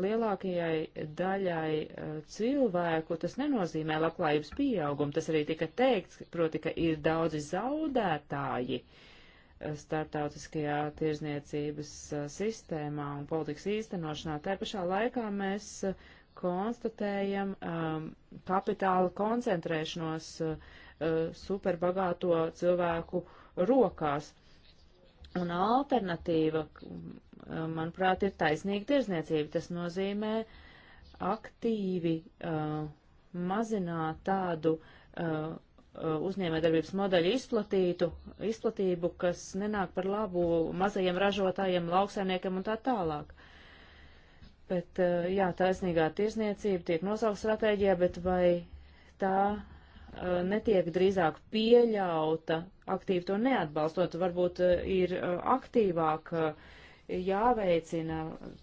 Lielākajai daļai uh, cilvēku tas nenozīmē labklājības pieaugumu. Tas arī tika teikts, proti, ka ir daudzi zaudētāji uh, starptautiskajā tirzniecības uh, sistēmā un politikas īstenošanā. Tā pašā laikā mēs uh, konstatējam um, kapitāla koncentrēšanos uh, Eh, superbagāto cilvēku rokās. Un alternatīva, eh, manuprāt, ir taisnīga tirzniecība. Tas nozīmē aktīvi uh, mazināt tādu uh, uzņēmējdarbības modeļu izplatītu, izplatību, kas nenāk par labu mazajiem ražotājiem, lauksaimniekiem un tā tālāk. Bet, uh, jā, taisnīgā tirzniecība tiek nosaukt stratēģijā, bet vai tā Eh, netiek drīzāk pieļauta, aktīvi to neatbalstot, varbūt eh, ir eh, aktīvāk jāveicina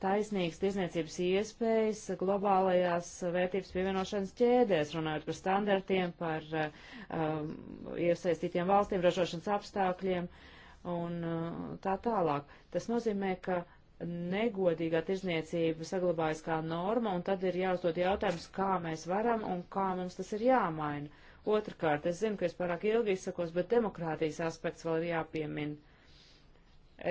taisnīgas tiesniecības iespējas globālajās vērtības pievienošanas ķēdēs, runājot par standartiem, par um, iesaistītiem valstīm, ražošanas apstākļiem un tā tālāk. Tas nozīmē, ka negodīgā tirzniecība saglabājas kā norma, un tad ir jāuzdod jautājums, kā mēs varam un kā mums tas ir jāmaina. Otrakārt, es zinu, ka es pārāk ilgi izsakos, bet demokrātijas aspekts vēl ir jāpiemin.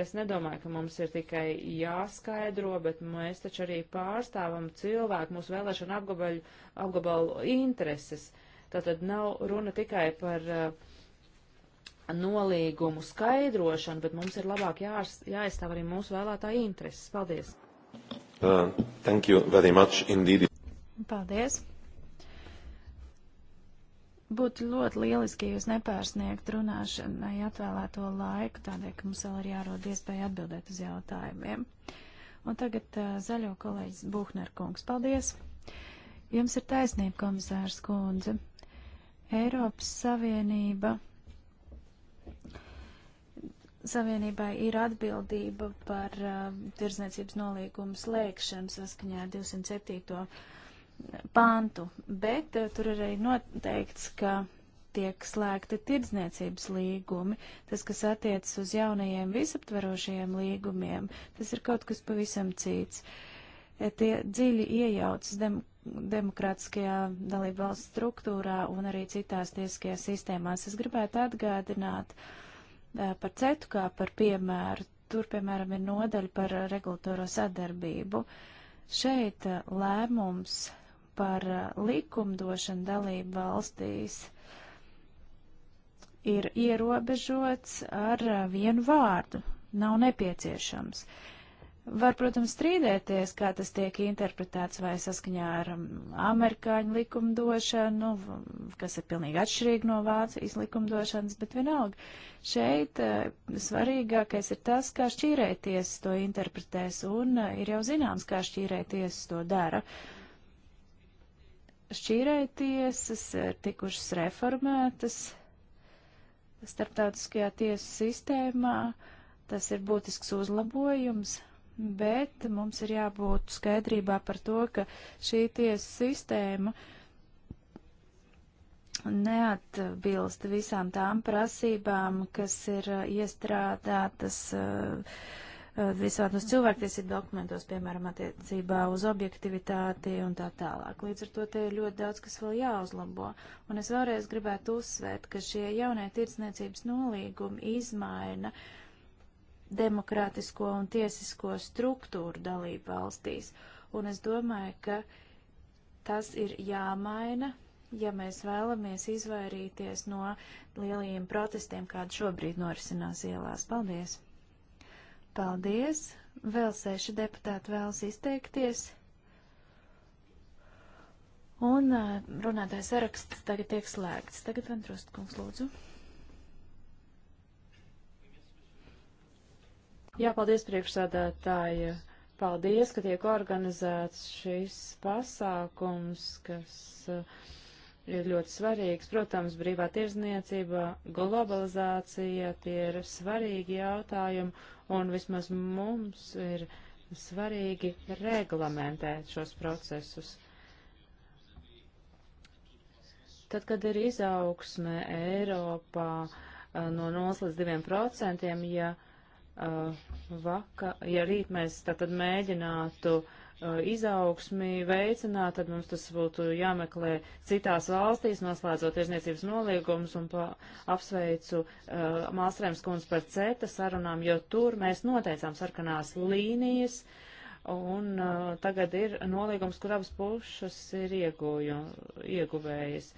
Es nedomāju, ka mums ir tikai jāskaidro, bet mēs taču arī pārstāvam cilvēku, mūsu vēlēšanu apgabaļu, apgabalu intereses. Tātad nav runa tikai par uh, nolīgumu skaidrošanu, bet mums ir labāk jās, jāaizstāv arī mūsu vēlētāju intereses. Paldies! Uh, thank you very much indeed. Paldies! Būtu ļoti lieliski, ja jūs nepārsniegt runāšanai atvēlēto laiku, tādēļ, ka mums vēl ir jārod iespēja atbildēt uz jautājumiem. Un tagad uh, zaļo kolēģis Buhner kungs. Paldies! Jums ir taisnība, komisārs kundze. Eiropas Savienība. Savienībai ir atbildība par uh, tirzniecības nolīgumu slēgšanu saskaņā ar 207 pantu, bet eh, tur arī noteikts, ka tiek slēgti tirdzniecības līgumi, tas, kas attiecas uz jaunajiem visaptverošajiem līgumiem, tas ir kaut kas pavisam cits. Eh, tie dziļi iejaucas dem demokrātiskajā dalību valsts struktūrā un arī citās tiesiskajās sistēmās. Es gribētu atgādināt eh, par cetu kā par piemēru. Tur, piemēram, ir nodaļa par regulatoro sadarbību. Šeit lēmums par uh, likumdošanu dalību valstīs ir ierobežots ar uh, vienu vārdu, nav nepieciešams. Var, protams, strīdēties, kā tas tiek interpretēts vai saskaņā ar um, amerikāņu likumdošanu, kas ir pilnīgi atšķirīgi no Vācijas likumdošanas, bet vienalga. Šeit uh, svarīgākais ir tas, kā šķīrēties to interpretēs, un ir jau zināms, kā šķīrēties to dara. Uh, šķīrējtiesas ir eh, tikušas reformētas starptautiskajā tiesu sistēmā. Tas ir būtisks uzlabojums, bet mums ir jābūt skaidrībā par to, ka šī tiesa sistēma neatbilst visām tām prasībām, kas ir eh, iestrādātas uh, Eh, visādos cilvēktiesību dokumentos, piemēram, attiecībā uz objektivitāti un tā tālāk. Līdz ar to te ir ļoti daudz, kas vēl jāuzlabo. Un es vēlreiz gribētu uzsvērt, ka šie jaunie tirdzniecības nolīgumi izmaina demokrātisko un tiesisko struktūru dalību valstīs. Un es domāju, ka tas ir jāmaina, ja mēs vēlamies izvairīties no lielajiem protestiem, kādi šobrīd norisinās ielās. Paldies! Paldies! Vēl seši deputāti vēlas izteikties. Un uh, runātais saraksts tagad tiek slēgts. Tagad Ventrust kungs lūdzu. Jā, paldies priekšsādātāji. Paldies, ka tiek organizēts šis pasākums, kas uh, ir ļoti svarīgs. Protams, brīvā tirzniecība, globalizācija, tie ir svarīgi jautājumi, un vismaz mums ir svarīgi reglamentēt šos procesus. Tad, kad ir izaugsme Eiropā eh, no 0 līdz 2 procentiem, ja, eh, vaka, ja rīt mēs tātad mēģinātu uh, Uh, izaugsmi veicināt, tad mums tas būtu jāmeklē citās valstīs, noslēdzot tirzniecības noliegumus un pa, apsveicu uh, Māstrēms kundz par CETA sarunām, jo tur mēs noteicām sarkanās līnijas un uh, tagad ir noliegums, kur abas pušas ir ieguju, ieguvējas.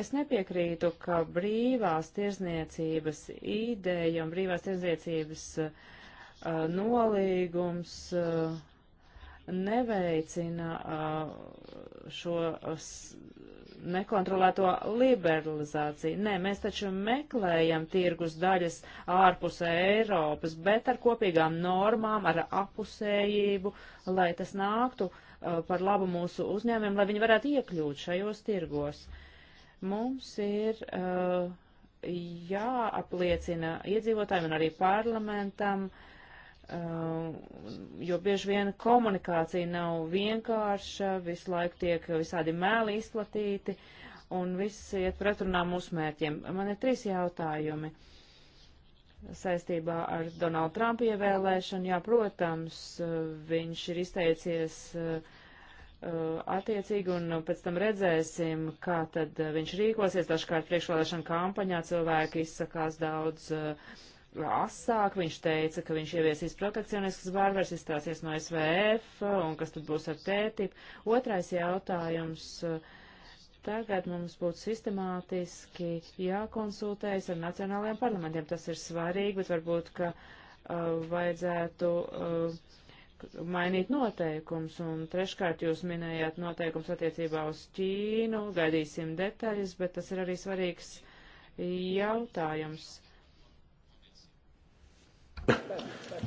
Es nepiekrītu, ka brīvās tirzniecības ideja un brīvās tirzniecības uh, nolīgums uh, neveicina šo nekontrolēto liberalizāciju. Nē, mēs taču meklējam tirgus daļas ārpus Eiropas, bet ar kopīgām normām, ar apusējību, lai tas nāktu par labu mūsu uzņēmiem, lai viņi varētu iekļūt šajos tirgos. Mums ir uh, jāapliecina iedzīvotājiem un arī parlamentam uh, Um, jo bieži vien komunikācija nav vienkārša, visu laiku tiek visādi mēli izplatīti, un viss iet pretrunā mūsu mērķiem. Man ir trīs jautājumi saistībā ar Donaldu Trumpu ievēlēšanu. Jā, protams, viņš ir izteicies uh, attiecīgi, un pēc tam redzēsim, kā tad uh, viņš rīkosies. Dažkārt priekšvēlēšana kampaņā cilvēki izsakās daudz uh, asāk, viņš teica, ka viņš ieviesīs protekcioniskas bārvers, izstāsies no SVF un kas tad būs ar tētību. Otrais jautājums. Tagad mums būtu sistemātiski jākonsultējas ar nacionālajiem parlamentiem. Tas ir svarīgi, bet varbūt, ka uh, vajadzētu uh, mainīt noteikums. Un treškārt jūs minējāt noteikums attiecībā uz Ķīnu, gaidīsim detaļas, bet tas ir arī svarīgs jautājums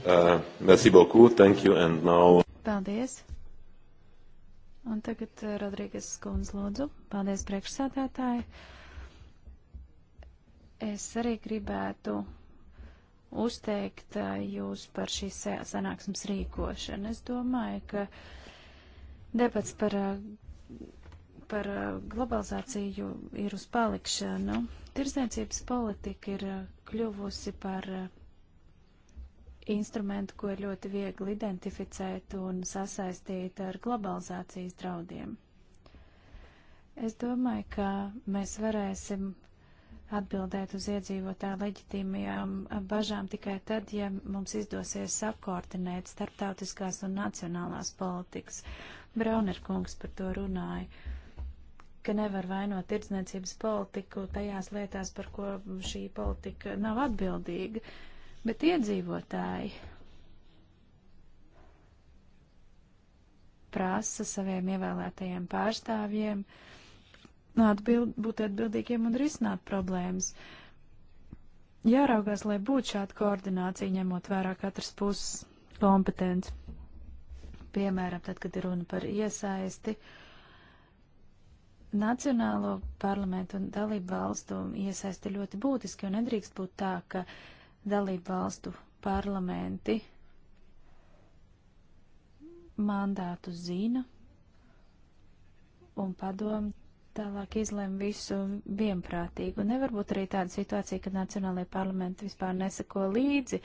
Uh, merci beaucoup, thank you, and now. Paldies. Un tagad uh, Rodrīgas skundz lūdzu. Paldies, priekšsēdētāji. Es arī gribētu uzteikt uh, jūs par šīs sanāksmes rīkošanu. Es domāju, ka debats par, uh, par globalizāciju ir uz palikšanu. Tirzniecības politika ir kļuvusi par instrumentu, ko ir ļoti viegli identificēt un sasaistīt ar globalizācijas draudiem. Es domāju, ka mēs varēsim atbildēt uz iedzīvotāju leģitīmajām bažām tikai tad, ja mums izdosies sakoordinēt starptautiskās un nacionālās politikas. Braunerkungs par to runāja. Uh, ka nevar vainot tirdzniecības politiku tajās lietās, par ko šī politika nav atbildīga. Bet iedzīvotāji prasa saviem ievēlētajiem pārstāvjiem atbild, būt atbildīgiem un risināt problēmas. Jāraugās, lai būtu šāda koordinācija, ņemot vērā katras puses kompetenci. Piemēram, tad, kad ir runa par iesaisti, nacionālo parlamentu un dalību valstu iesaisti ļoti būtiski, un nedrīkst būt tā, ka uh, dalību valstu parlamenti mandātu zina un padomu tālāk izlēma visu vienprātīgu. Nevar būt arī tāda situācija, ka nacionālajie parlamenti vispār nesako līdzi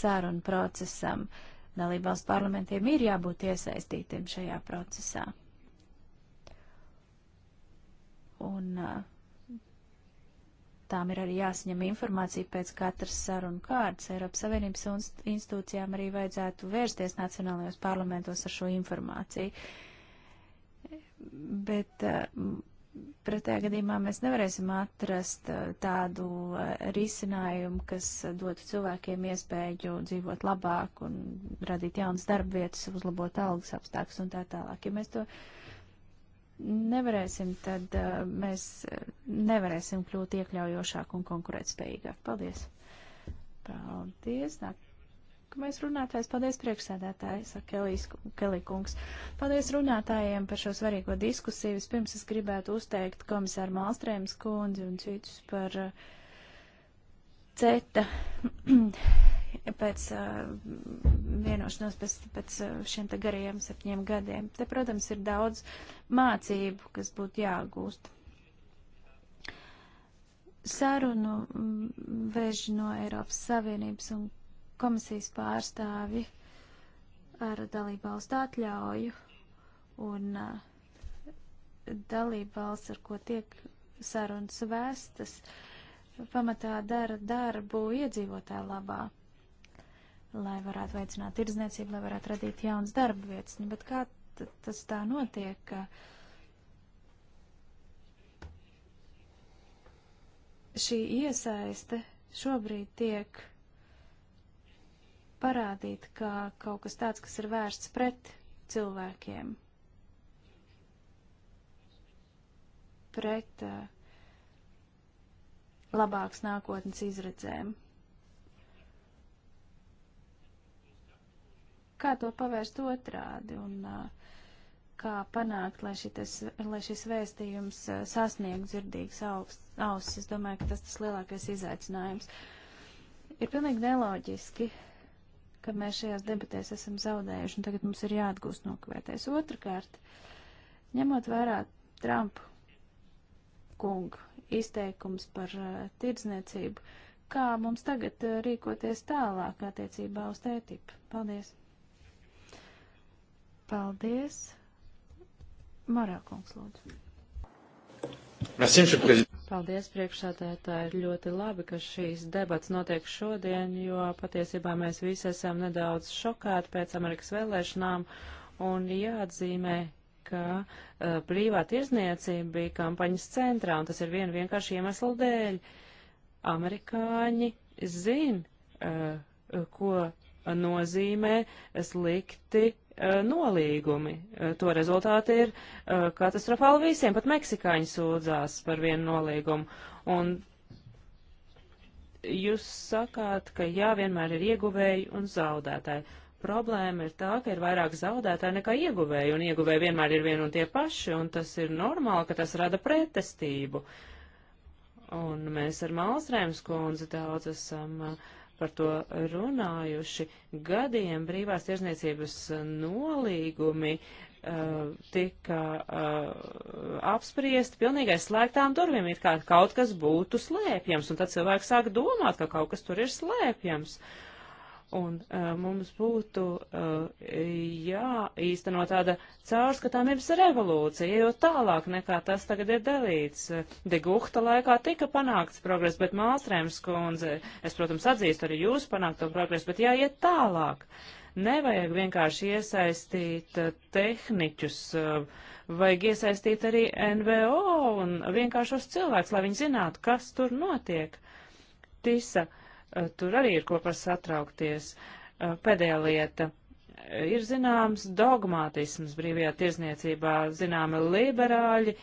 sārunu procesam. Dalībvalstu parlamentiem ir jābūt iesaistītiem šajā procesā. Un uh, tām ir arī jāsaņem informācija pēc katras sarunu kārtas. Eiropas Savienības institūcijām arī vajadzētu vērsties nacionālajos parlamentos ar šo informāciju. Bet eh, pretējā gadījumā mēs nevarēsim atrast eh, tādu eh, risinājumu, kas dotu cilvēkiem iespēju dzīvot labāk un radīt jaunas darbvietas, uzlabot algas apstākļus un tā tālāk. Ja mēs to uh, nevarēsim, tad mēs nevarēsim kļūt iekļaujošāk un konkurētspējīgāk. Paldies! Paldies! Nākamais runātājs, paldies priekšsēdētāji, saka Kelī kungs. Paldies runātājiem par šo svarīgo diskusiju. Vispirms es gribētu uzteikt komisāru Malstrēmas kundzi un citus par CETA pēc vienošanos pēc, pēc šiem te garajiem septiņiem gadiem. Te, protams, ir daudz mācību, kas būtu jāgūst. Sarunu mm, veži no Eiropas Savienības un komisijas pārstāvi ar dalību valstu atļauju un dalību valsts, ar ko tiek sarunas vēstas, pamatā dara darbu iedzīvotāju labāk lai varētu veicināt tirdzniecību, lai varētu radīt jaunas darba vietas. Nu, bet kā tas tā notiek, ka šī iesaiste šobrīd tiek parādīta kā kaut kas tāds, kas ir vērsts pret cilvēkiem, pret uh, labāks nākotnes izredzēm? kā to pavērst otrādi un uh, kā panākt, lai, šitas, lai šis vēstījums uh, sasniegtu dzirdīgas ausis. Es domāju, ka tas tas lielākais izaicinājums. Ir pilnīgi neloģiski, ka mēs šajās debatēs esam zaudējuši, un tagad mums ir jāatgūst nokavētais. Otrakārt, ņemot vērā Trumpu kungu izteikums par uh, tirdzniecību, kā mums tagad rīkoties tālāk attiecībā uz tētipu. Paldies! Paldies. Marākungs, lūdzu. Paldies, priekšsādētāji. Ļoti labi, ka šīs debats notiek šodien, jo patiesībā mēs visi esam nedaudz šokēti pēc Amerikas vēlēšanām un jāatzīmē, ka uh, brīvā tirzniecība bija kampaņas centrā, un tas ir viena vienkārši iemesla dēļ. Amerikāņi zin, uh, ko nozīmē slikti Eh, nolīgumi. Eh, to rezultāti ir eh, katastrofāli visiem, pat meksikāņi sūdzās par vienu nolīgumu. Un jūs sakāt, ka jā, vienmēr ir ieguvēji un zaudētāji. Problēma ir tā, ka ir vairāk zaudētāji nekā ieguvēji, un ieguvēji vienmēr ir vien un tie paši, un tas ir normāli, ka tas rada pretestību. Un mēs ar Malstrēms kundzi daudz esam uh, par to runājuši. Gadiem brīvās tirzniecības nolīgumi uh, tika uh, apspriesti pilnīgi aizslēgtām durvīm, it kā kaut kas būtu slēpjams, un tad cilvēks sāk domāt, ka kaut kas tur ir slēpjams. Uh, Un uh, mums būtu uh, jāīsteno tāda caurskatāmības revolūcija, jo tālāk nekā tas tagad ir dalīts. De Guhta laikā tika panākts progress, bet Mālstrēms kundze, es, protams, atzīstu arī jūs panākto progresu, bet jāiet tālāk. Nevajag vienkārši iesaistīt uh, tehniķus, uh, vajag iesaistīt arī NVO un vienkāršos cilvēks, lai viņi zinātu, kas tur notiek. Tisa. Uh, Eh, tur arī ir ko par satraukties. Eh, pēdējā lieta. Eh, ir zināms dogmātisms brīvajā tirzniecībā, zināmi liberāļi.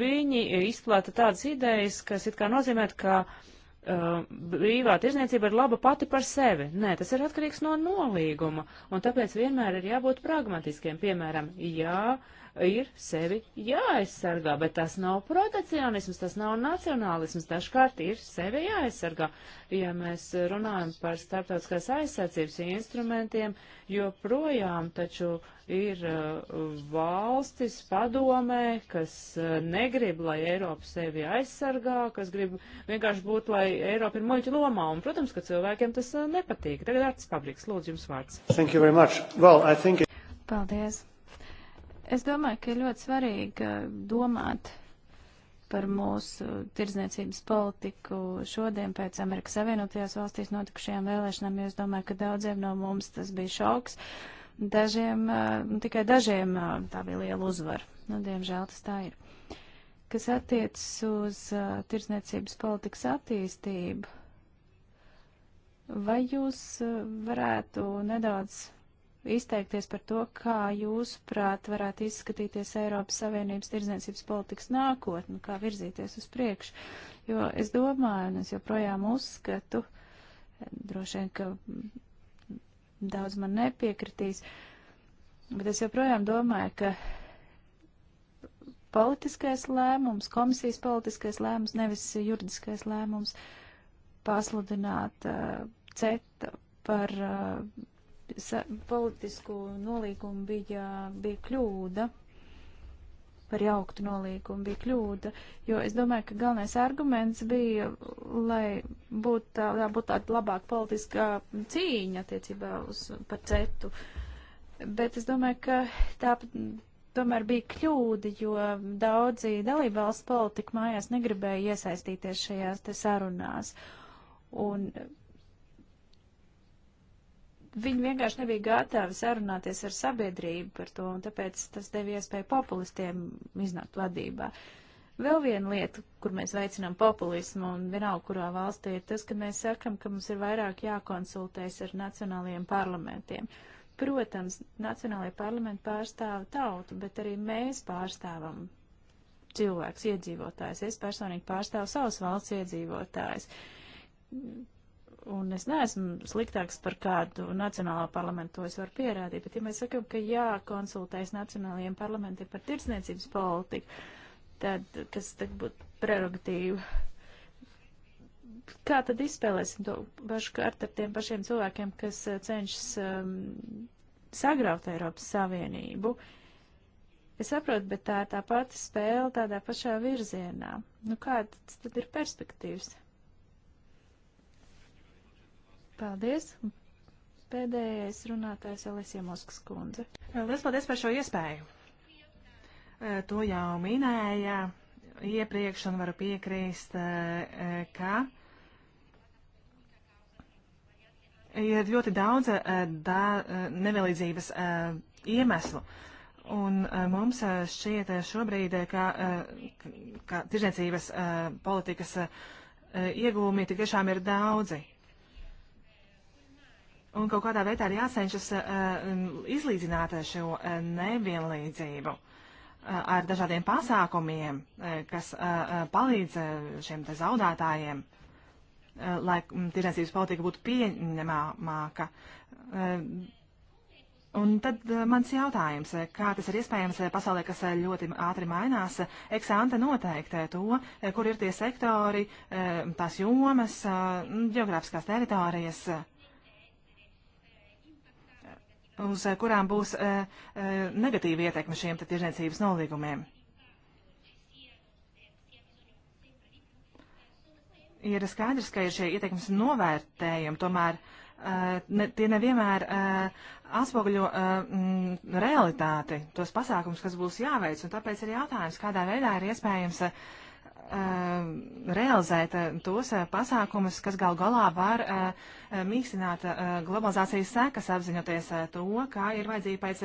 Viņi izplāta tādas idejas, kas it kā nozīmē, ka brīvā tirzniecība ir laba pati par sevi. Nē, tas ir atkarīgs no nolīguma, un tāpēc vienmēr ir jābūt pragmatiskiem. Piemēram, jā, ja ir sevi jāaizsargā, bet tas nav protekcionisms, tas nav nacionālisms, dažkārt ir sevi jāaizsargā. Ja mēs runājam par starptautiskās aizsardzības instrumentiem, joprojām taču ir uh, valstis padomē, kas uh, negrib, lai Eiropa sevi aizsargā, kas grib vienkārši būt, lai Eiropa ir muļķa lomā, un, protams, ka cilvēkiem tas uh, nepatīk. Tagad Arts Pabriks, lūdzu jums vārds. Well, think... Paldies. Es domāju, ka ir ļoti svarīgi eh, domāt par mūsu tirdzniecības politiku šodien pēc Amerikas Savienotajās valstīs notikušajām vēlēšanām, jo es domāju, ka daudziem no mums tas bija šoks. Dažiem, eh, nu, tikai dažiem eh, tā bija liela uzvara. Nu, diemžēl tas tā ir. Kas attiecas uz tirdzniecības politikas attīstību, vai jūs varētu nedaudz izteikties par to, kā jūs, prāt, varētu izskatīties Eiropas Savienības tirdzniecības politikas nākotni, kā virzīties uz priekšu. Jo es domāju, un es joprojām uzskatu, droši vien, ka daudz man nepiekritīs, bet es joprojām domāju, ka politiskais lēmums, komisijas politiskais lēmums, nevis juridiskais lēmums pasludināt uh, CETA par uh, politisku nolīgumu bija, bija kļūda par jauktu nolīgumu bija kļūda, jo es domāju, ka galvenais arguments bija, lai būtu tā, jābūt tāda labāka politiskā cīņa attiecībā uz par cetu. Bet es domāju, ka tā tomēr bija kļūda, jo daudzi dalībvalsts politika mājās negribēja iesaistīties šajās te sarunās. Un Viņi vienkārši nebija gatavi sarunāties ar sabiedrību par to, un tāpēc tas deva iespēju populistiem iznākt vadībā. Vēl viena lieta, kur mēs veicinām populismu un vienalga, kurā valstī, ir tas, ka mēs sakam, ka mums ir vairāk jākonsultējas ar nacionālajiem parlamentiem. Protams, nacionālajie parlamenti pārstāv tautu, bet arī mēs pārstāvam cilvēks, iedzīvotājs. Es personīgi pārstāvu savas valsts iedzīvotājs. Un es neesmu sliktāks par kādu nacionālā parlamentu, to es varu pierādīt, bet ja mēs sakam, ka jākonsultējas nacionālajiem parlamentiem par tirdzniecības politiku, tad kas tad būtu prerogatīva? Kā tad izspēlēsim to paškārt ar tiem pašiem cilvēkiem, kas eh, cenšas um, sagraut Eiropas Savienību? Es saprotu, bet tā ir tā pati spēle tādā pašā virzienā. Nu kāds tad ir perspektīvs? Paldies! Pēdējais runātājs Elisija Moskas kundze. Liels paldies par šo iespēju. E, to jau minēja iepriekš un varu piekrīst, e, e, ka ir ļoti daudz nevienlīdzības iemeslu. Un mums šķiet šobrīd, ka, ka tirzniecības politikas iegūmi tiešām ir daudzi un kaut kādā veidā arī jācenšas eh, um, izlīdzināt eh, šo eh, nevienlīdzību ar dažādiem pasākumiem, kas palīdz šiem te zaudētājiem, lai mm, tirdzniecības politika būtu pieņemamāka. Un tad mans jautājums, kā tas ir iespējams pasaulē, kas ļoti ātri mainās, eksāmena noteikti to, kur ir tie sektori, tās jomas, geogrāfiskās teritorijas, uz eh, kurām būs eh, eh, negatīva ietekme šiem tirdzniecības nolīgumiem. Ir skaidrs, ka ir šie ietekmes novērtējumi, tomēr ne, tie nevienmēr atspoguļo realitāti, tos pasākums, kas būs jāveic, un tāpēc ir jautājums, kādā veidā ir iespējams uh, Eh, realizēt eh, tos eh, pasākumus, kas gal galā var mīkstināt globalizācijas sekas, apzinoties to, kā ir vajadzība pēc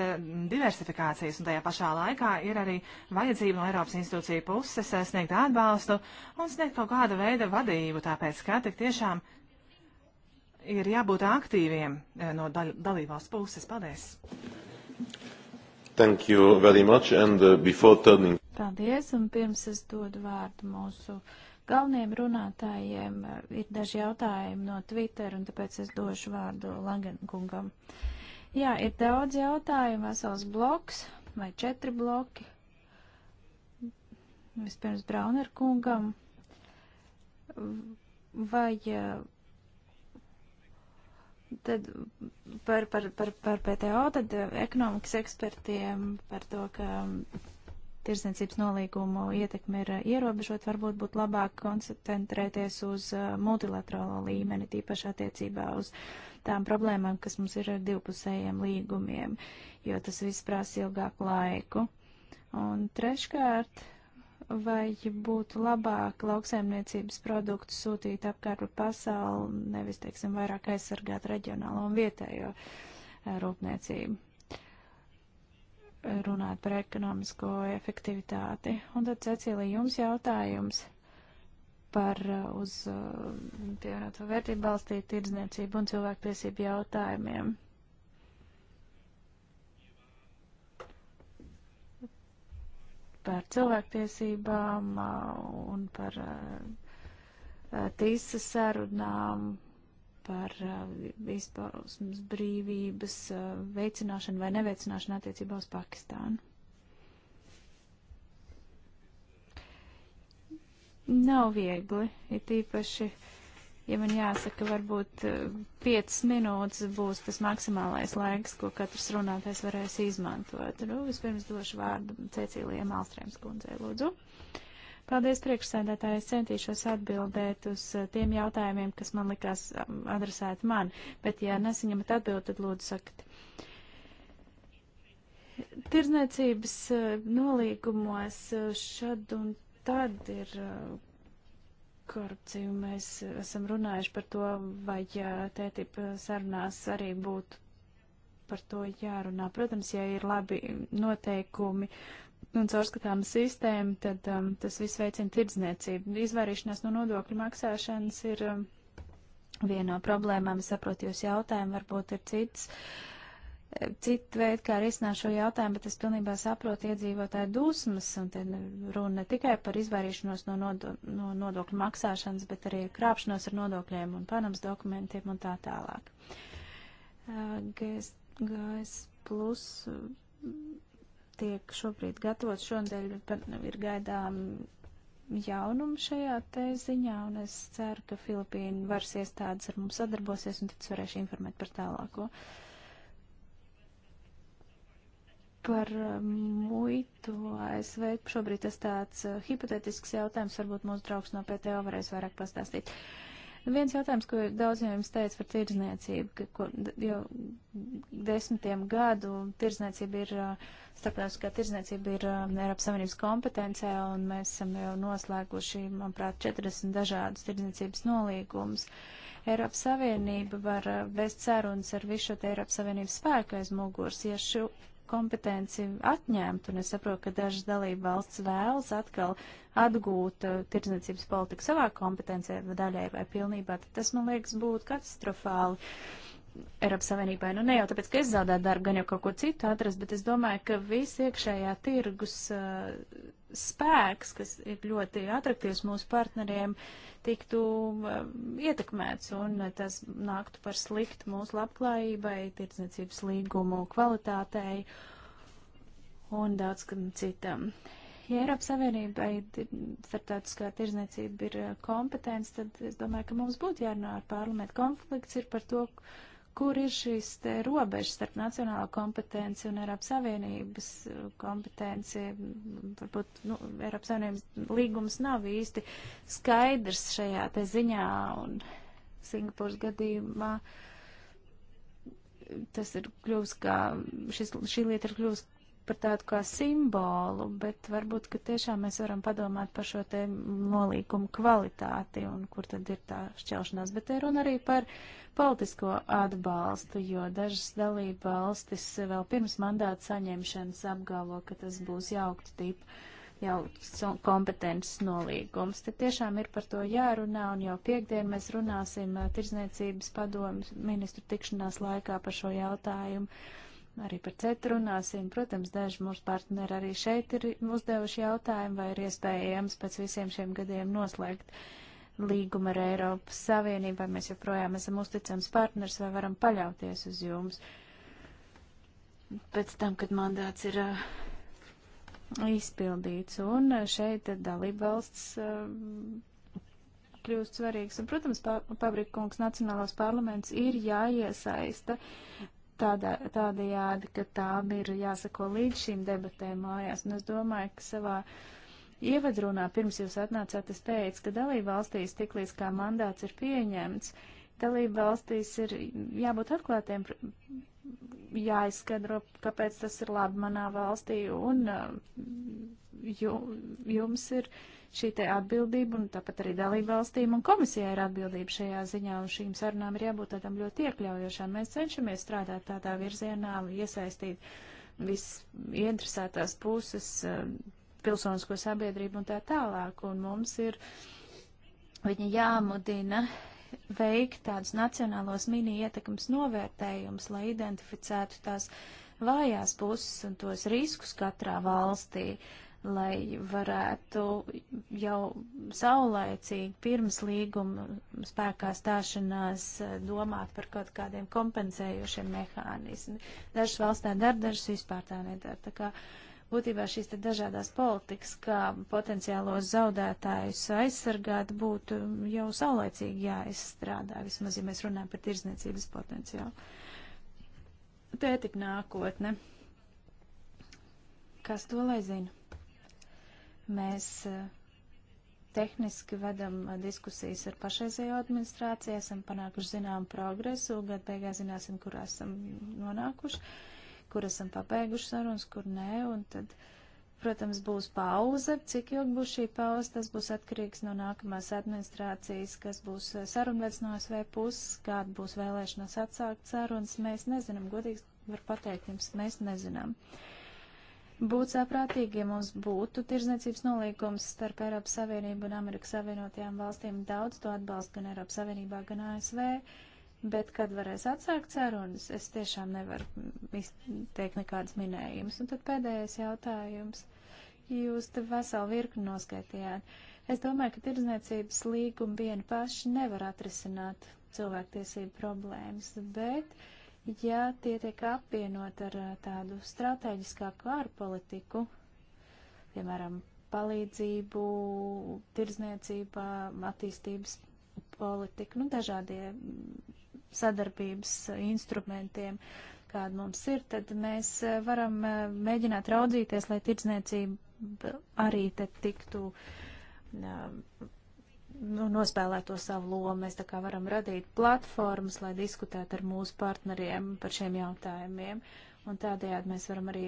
diversifikācijas, un tajā pašā laikā ir arī vajadzība no Eiropas institūciju puses sniegt atbalstu un sniegt kaut kādu veidu vadību, tāpēc, ka tik tiešām ir jābūt aktīviem no daļ, dalībvalsts puses. Paldies! Thank you very much, and uh, before turning Paldies, un pirms es dodu vārdu mūsu galvenajiem runātājiem, ir daži jautājumi no Twitter, un tāpēc es došu vārdu Langenkungam. Jā, ir daudz jautājumu, vesels bloks vai četri bloki. Vispirms Brauner kungam. Vai eh, tad par, par, par, par PTO, tad eh, ekonomikas ekspertiem, par to, ka tirsniecības nolīgumu ietekme ir eh, ierobežot, varbūt būtu labāk koncentrēties uz eh, multilaterālo līmeni, tīpaši attiecībā uz tām problēmām, kas mums ir ar divpusējiem līgumiem, jo tas viss prasa ilgāku laiku. Un treškārt, vai būtu labāk lauksaimniecības produktu sūtīt apkārt pa pasauli, nevis, teiksim, vairāk aizsargāt reģionālo un vietējo eh, rūpniecību? runāt par ekonomisko efektivitāti. Un tad, Cecīlija, jums jautājums par uh, uz uh, pievienoto vērtību balstītu tirdzniecību un cilvēktiesību jautājumiem. Par cilvēktiesībām uh, un par tīsas sarunām par eh, izpausmes brīvības eh, veicināšanu vai neveicināšanu attiecībā uz Pakistānu. Nav viegli, ir tīpaši, ja man jāsaka, varbūt 5 eh, minūtes būs tas maksimālais laiks, ko katrs runātais varēs izmantot. Nu, vispirms došu vārdu Cecīlijai Mālstrēms kundzei, lūdzu. Uh, Paldies, priekšsēdētāji. Es centīšos atbildēt uz eh, tiem jautājumiem, kas man likās um, adresēt man, bet ja nesaņemat atbildi, tad lūdzu sakat. Tirzniecības eh, nolīgumos eh, šad un tad ir korupcija, un mēs esam runājuši par to, vai tētip sarunās arī būtu par to jārunā. Protams, ja ir labi noteikumi un nu, caurskatāma sistēma, tad um, tas viss veicina tirdzniecību. Izvairīšanās no nodokļu maksāšanas ir um, viena no problēmām. Es saprotu jūs jautājumu, varbūt ir cits. Citu veidu, kā risināt šo jautājumu, bet es pilnībā saprotu iedzīvotāju dusmas, un te runa ne tikai par izvairīšanos no, nodo, no nodokļu maksāšanas, bet arī krāpšanos ar nodokļiem un panams dokumentiem un tā tālāk. Uh, GS, GS plus uh, tiek šobrīd gatavots. Šonadēļ ir gaidām jaunumi šajā te ziņā, un es ceru, ka Filipīnu varas iestādes ar mums sadarbosies, un tad varēšu informēt par tālāko. Par um, muitu ASV šobrīd tas tāds uh, hipotetisks jautājums, varbūt mūsu draugs no PTO varēs vairāk pastāstīt. Viens jautājums, ko daudziem jums teica par tirdzniecību, ka, ko, jo, desmitiem gadu tirdzniecība ir, starptautiskā tirdzniecība ir Eiropas Savienības kompetencē, un mēs esam jau noslēguši, manuprāt, 40 dažādus tirdzniecības nolīgumus. Eiropas Savienība var vest sarunas ar visu šo Eiropas Savienības spēku aiz muguras, ja šo kompetenci atņemt, un es saprotu, ka dažas dalība valsts vēlas atkal atgūt uh, tirdzniecības politiku savā kompetencē daļai vai pilnībā, tad tas, man liekas, būtu katastrofāli. Eiropas Savienībai. Nu, ne jau tāpēc, ka es zaudētu darbu, gan jau kaut ko citu atrast, bet es domāju, ka viss iekšējā tirgus uh, spēks, kas ir ļoti atraktīvs mūsu partneriem, tiktu uh, ietekmēts un uh, tas nāktu par sliktu mūsu labklājībai, tirdzniecības līgumu kvalitātei un daudz kam citam. Ja Eiropas Savienībai starptautiskā tirzniecība ir uh, kompetence, tad es domāju, ka mums būtu jārunā ar parlamentu. Konflikts ir par to, uh, kur ir šīs te robežas starp nacionālo kompetenci un Eiropas Savienības uh, kompetenci. Varbūt nu, Eiropas Savienības līgums nav īsti skaidrs šajā te ziņā un Singapūras gadījumā tas ir kļūst kā, šis, šī lieta ir kļūst par tādu kā simbolu, bet varbūt, ka tiešām mēs varam padomāt par šo te nolīkumu kvalitāti un kur tad ir tā šķelšanās. Bet te runa arī par uh, politisko atbalstu, jo dažas dalība valstis vēl pirms mandāta saņemšanas apgalvo, ka tas būs jauktu tipu jau kompetences nolīgums. Te tiešām ir par to jārunā, un jau piekdien mēs runāsim uh, Tirzniecības padomus ministru tikšanās laikā par šo jautājumu. Arī par CETU runāsim. Protams, daži mūsu partneri arī šeit ir uzdevuši jautājumu, vai ir iespējams pēc visiem šiem gadiem noslēgt uh, līguma ar Eiropas Savienību, vai mēs joprojām esam uzticams partners, vai varam paļauties uz jums. Pēc tam, kad mandāts ir uh, izpildīts, un šeit dalībvalsts uh, kļūst svarīgs. Un, protams, Pabrikungs Nacionālās parlaments ir jāiesaista tādā, tādajādi, ka tām ir jāsako līdz šīm debatēm mājās. Un es domāju, ka savā uh, Ievadrunā pirms jūs atnācāt, es teicu, ka dalība valstīs tiklīdz kā mandāts ir pieņemts, dalība valstīs ir jābūt atklātiem, jāizskadro, kāpēc tas ir labi manā valstī, un uh, jums ir šī te atbildība, un tāpat arī dalība valstīm un komisijai ir atbildība šajā ziņā, un šīm sarunām ir jābūt tādām ļoti iekļaujošām. Mēs cenšamies strādāt tādā virzienā, iesaistīt viss ieinteresētās puses, uh, pilsonisko sabiedrību un tā tālāk. Un mums ir viņa jāmudina veikt tādus nacionālos mini ietekmes novērtējumus, lai identificētu tās vājās puses un tos riskus katrā valstī, lai varētu jau saulēcīgi pirms līguma spēkā stāšanās domāt par kaut kādiem kompensējošiem mehānismiem. Dažas valsts tā dara, dažas vispār tā nedara. Tā kā, uh, Būtībā šīs te dažādās politikas, kā potenciālos zaudētājus aizsargāt, būtu jau saulaicīgi jāizstrādā, vismaz, ja mēs runājam par tirzniecības potenciālu. Tā ir tik nākotne. Kas to lai zina? Mēs eh, tehniski vedam eh, diskusijas ar pašreizējo administrāciju, esam panākuši zinām progresu, gadu beigās zināsim, kur esam nonākuši. Uh, kur esam pabeiguši sarunas, kur nē, un tad, protams, būs pauze. Cik ilgi būs šī pauze, tas būs atkarīgs no nākamās administrācijas, kas būs eh, sarunvedis no SV puses, kāda būs vēlēšanās atsākt sarunas. Mēs nezinām, godīgi var pateikt jums, mēs nezinām. Būt saprātīgiem ja mums būtu tirzniecības nolīgums starp Eiropas Savienību un Amerikas Savienotajām valstīm. Daudz to atbalsta gan Eiropas Savienībā, gan ASV. Uh, Bet, kad varēs atsākt sarunas, es tiešām nevaru izteikt nekādas minējumus. Un tad pēdējais jautājums. Jūs te veselu virkni noskaitījāt. Es domāju, ka tirdzniecības līguma viena paši nevar atrisināt cilvēktiesību problēmas, bet, ja tie tiek apvienot ar tādu strateģiskāku ārpolitiku, piemēram, palīdzību, tirdzniecībā, attīstības politiku, nu, dažādie sadarbības instrumentiem, kāda mums ir, tad mēs eh, varam eh, mēģināt raudzīties, lai tirdzniecība arī te tiktu eh, nu, nospēlēt to savu lomu. Mēs tā kā varam radīt platformas, lai diskutētu ar mūsu partneriem par šiem jautājumiem. Un tādējādi mēs varam arī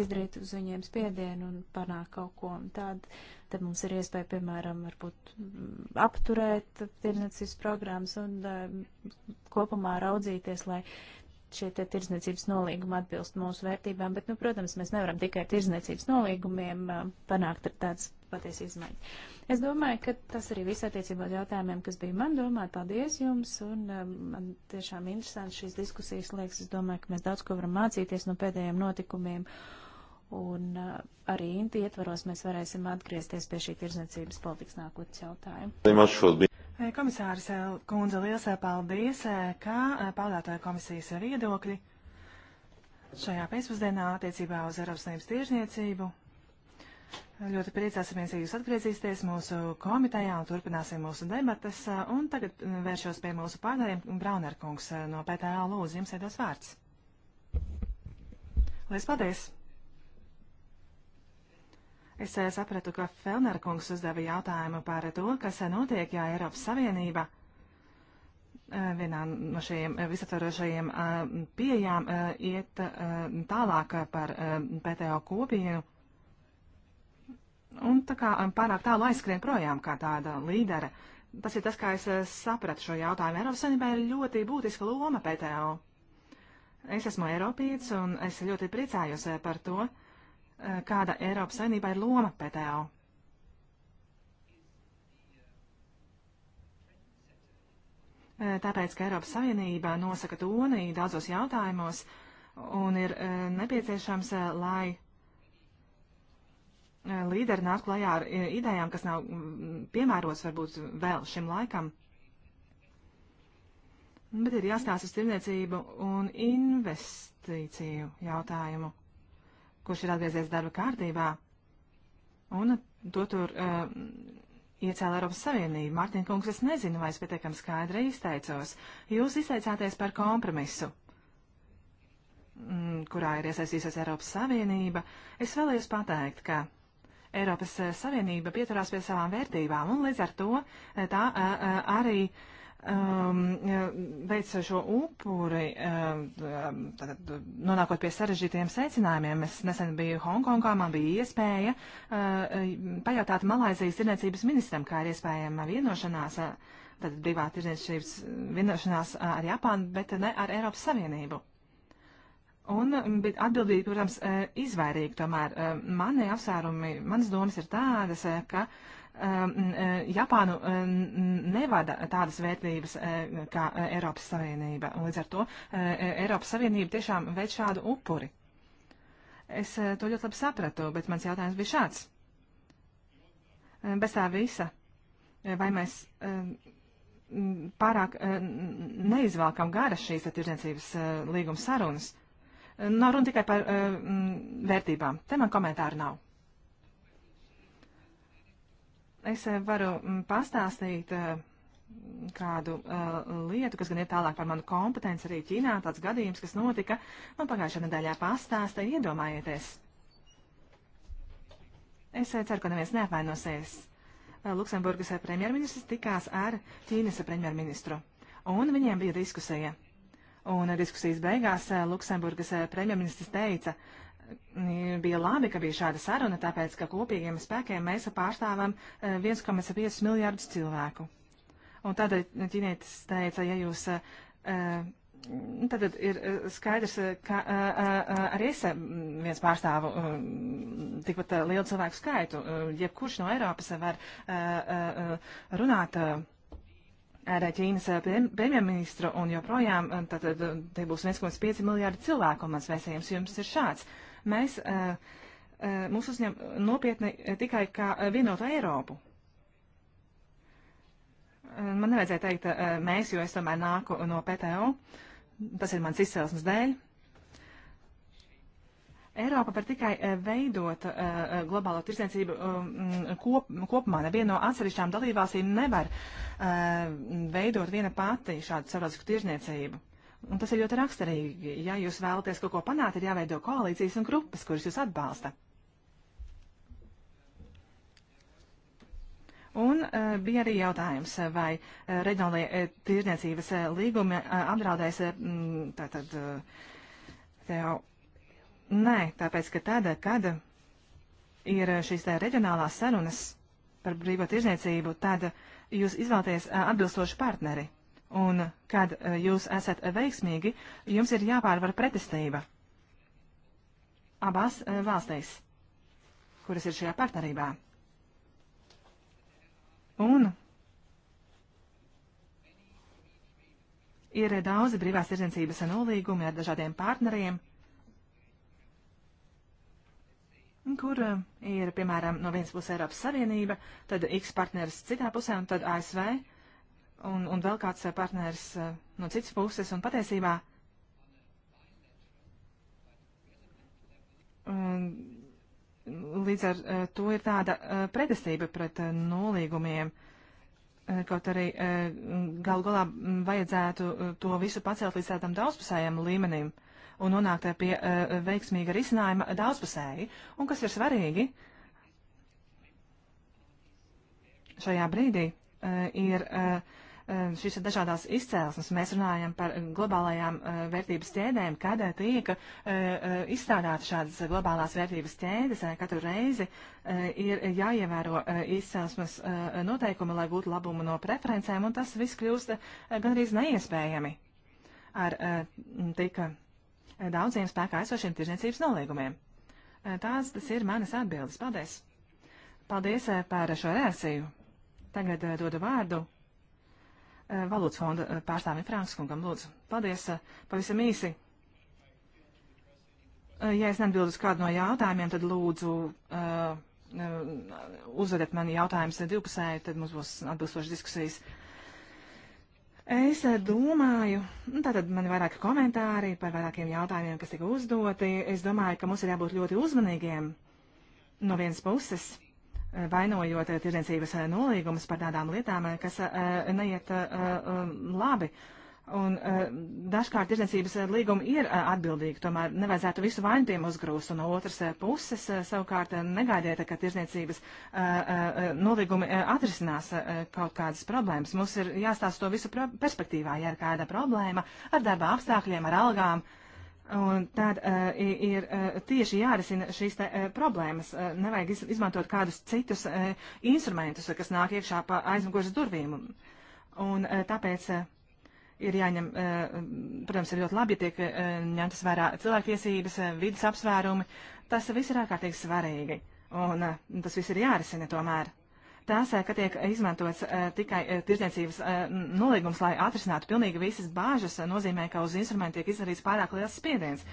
izdarīt uz viņiem spiedienu un panākt kaut ko. Tād, tad mums ir iespēja, piemēram, varbūt mm, apturēt tirdzniecības programmas un uh, kopumā raudzīties, lai šie te tirdzniecības nolīgumi atbilst mūsu vērtībām. Bet, nu, protams, mēs nevaram tikai tirdzniecības nolīgumiem uh, panākt tādas patiesi izmaiņas. Es domāju, ka tas arī viss attiecībā uz jautājumiem, kas bija man domāt. Paldies jums, un um, man tiešām interesanti šīs diskusijas liekas. Es domāju, ka mēs daudz ko varam mācīties no pēdējiem notikumiem. Uh, Un uh, arī Inti ietvaros mēs varēsim atgriezties pie šī tirzniecības politikas nākotnes jautājuma. Eh, komisārs eh, Kundze, liels eh, paldies, kā pārdātāja komisijas viedokļi šajā pēcpusdienā attiecībā uz Eiropas Savienības tirzniecību. Ļoti priecāsimies, ja jūs atgriezīsieties mūsu komitejā un turpināsim mūsu debatas. Un tagad vēršos pie mūsu pārdariem. Braunerkungs no PTA lūdzu, jums ir dos vārds. Liels paldies! Es eh, sapratu, ka Felner kungs uzdeva jautājumu par to, kas eh, notiek, ja Eiropas Savienība eh, vienā no šiem visatvarošajiem pieejām iet tālāk par PTO kopienu. Un tā kā pārāk tālu aizskrien projām kā tāda līdera. Tas ir tas, kā es sapratu šo jautājumu. Eiropas Savienībā ir ļoti būtiska loma PTO. Es esmu Eiropietis un es ļoti priecājos par to, Eh, kāda Eiropas saimnībā ir loma PTO. Eh, tāpēc, ka Eiropas Savienība nosaka toni daudzos jautājumos un ir eh, nepieciešams, lai līderi nāk klajā ar idejām, kas nav mm, piemērots varbūt vēl šim laikam. Bet ir jāstāsta uz tirniecību un investīciju jautājumu kurš ir atgriezies darba kārtībā, un to tur uh, iecēla Eiropas Savienība. Mārtiņa kungs, es nezinu, vai es pietiekami skaidri izteicos. Jūs izteicāties par kompromisu, mm, kurā ir iesaistīsies Eiropas Savienība. Es vēlējos pateikt, ka Eiropas eh, Savienība pieturās pie savām vērtībām, un līdz ar to eh, tā uh, uh, arī. Uh, um, veica šo upuri, um, um tad, nonākot pie sarežģītiem secinājumiem, es nesen biju Hongkongā, man bija iespēja uh, pajautāt Malaisijas tirniecības ministram, kā ir iespējama vienošanās, uh, tad brīvā tirniecības vienošanās uh, ar Japānu, bet ne ar Eiropas Savienību. Un um, atbildīgi, protams, uh, izvairīgi tomēr uh, mani apsvērumi, manas domas ir tādas, uh, ka uh, Um, uh, Japānu um, nevada tādas vērtības uh, kā uh, Eiropas Savienība. Un līdz ar to Eiropas Savienība tiešām veic šādu upuri. Es to ļoti labi sapratu, bet mans jautājums bija šāds. Bez tā visa, vai mēs um, pārāk neizvēlkam gara šīs tirdzniecības līguma sarunas? Nav runa tikai par vērtībām. Te man komentāru nav. Es eh, varu mm, pastāstīt eh, kādu uh, lietu, kas gan ir tālāk par manu kompetenci arī Ķīnā, tāds gadījums, kas notika, man pagājušajā nedēļā pastāsta, iedomājieties. Es ceru, ka neviens neapvainosies. Luksemburgas premjerministrs tikās ar Ķīnas premjerministru, un viņiem bija diskusija. Un diskusijas beigās Luksemburgas premjerministrs teica, uh, bija labi, ka bija šāda saruna, tāpēc, ka kopīgiem spēkiem mēs pārstāvam 1,5 e, miljārdus cilvēku. Un tādēļ e, ķinietis teica, ja jūs. E, tad ir skaidrs, ka arī es viens pārstāvu tikpat lielu cilvēku skaitu. Jebkurš no Eiropas var runāt ar Ķīnas premjerministru un joprojām tad, tie būs 1,5 miljārdi cilvēku, un mans vēstījums jums ir šāds. Uh, Mēs mūs uzņem nopietni tikai kā vienotu Eiropu. Man nevajadzēja teikt mēs, jo es tomēr nāku no PTO. Tas ir mans izcelsmes dēļ. Eiropa var tikai veidot uh, globālo tirdzniecību um, kop, kopumā. Neviena no atsevišķām dalībvalstīm nevar uh, veidot viena pati šādu starptautisku tirdzniecību. Un tas ir ļoti raksturīgi. Ja jūs vēlaties kaut ko panākt, ir jāveido koalīcijas un grupas, kuras jūs atbalsta. Un uh, bija arī jautājums, vai uh, e, reģionālajie uh, e, tirdzniecības uh, līgumi uh, apdraudēs uh, tātad uh, tev. Nē, tāpēc, ka tad, kad ir šīs tā reģionālās sarunas par brīvo tirdzniecību, tad jūs izvēlaties uh, atbilstošu partneri. Un, kad e, jūs esat veiksmīgi, jums ir jāpārvar pretestība abās e, valstīs, kuras ir šajā partnerībā. Un ir daudzi brīvās tirdzniecības nolīgumi ar dažādiem partneriem, kur e, ir, piemēram, no vienas puses Eiropas Savienība, tad X partneris citā pusē un tad ASV un, un vēl kāds eh, partners eh, no citas puses, un patiesībā eh, līdz ar to ir tāda pretestība pret nolīgumiem. Kaut arī galu galā mm, vajadzētu to visu pacelt līdz tādam daudzpusējam līmenim un nonākt pie veiksmīga risinājuma daudzpusēji. Un kas ir svarīgi šajā brīdī, ir uh, Eh, šīs ir dažādās izcēlesmes. Mēs runājam par globālajām eh, vērtības ķēdēm, kad tiek eh, izstrādāta šādas globālās vērtības ķēdes. Katru reizi ir jāievēro izcēlesmes noteikumi, lai gūtu labumu no preferencēm, un tas viss kļūst gandrīz neiespējami ar tik daudziem spēkā esošiem tirzniecības nolīgumiem. Tās tas ir manas atbildes. Paldies! Paldies par šo reakciju. Tagad dodu vārdu Eh, valūtas fonda eh, pārstāvim Frankskungam. Lūdzu, paldies eh, pavisam īsi. Ja es neatbildu uz kādu no jautājumiem, tad lūdzu uh, uzvediet mani jautājumus divpusēji, tad mums būs atbilstošas diskusijas. Es domāju, nu, tātad man ir vairāki komentāri par vairākiem jautājumiem, kas tika uzdoti. Es domāju, ka mums ir jābūt ļoti uzmanīgiem no vienas puses vainojot eh, tirdzniecības eh, nolīgumus par tādām lietām, eh, kas neiet labi. Un dažkārt tirdzniecības līgumi ir atbildīgi, tomēr nevajadzētu visu vainu tiem uzgrūst. Un no otras puses, savukārt, negaidiet, ka tirdzniecības nolīgumi atrisinās kaut kādas problēmas. Mums ir jāstāsta to visu perspektīvā, ja ir kāda problēma ar darba apstākļiem, ar algām Un tad uh, ir uh, tieši jārisina šīs te, uh, problēmas. Uh, nevajag iz, izmantot kādus citus uh, instrumentus, kas nāk iekšā pa aizmugušas durvīm. Un uh, tāpēc uh, ir jāņem, uh, protams, ir ļoti labi, ja tiek uh, ņemtas vērā cilvēktiesības, uh, vidas apsvērumi. Tas viss ir ārkārtīgi svarīgi. Un uh, tas viss ir jārisina tomēr tās, ka tiek izmantots eh, tikai eh, tirdzniecības eh, nolīgums, lai atrisinātu pilnīgi visas bāžas, nozīmē, ka uz instrumentu tiek izdarīts pārāk liels spiediens,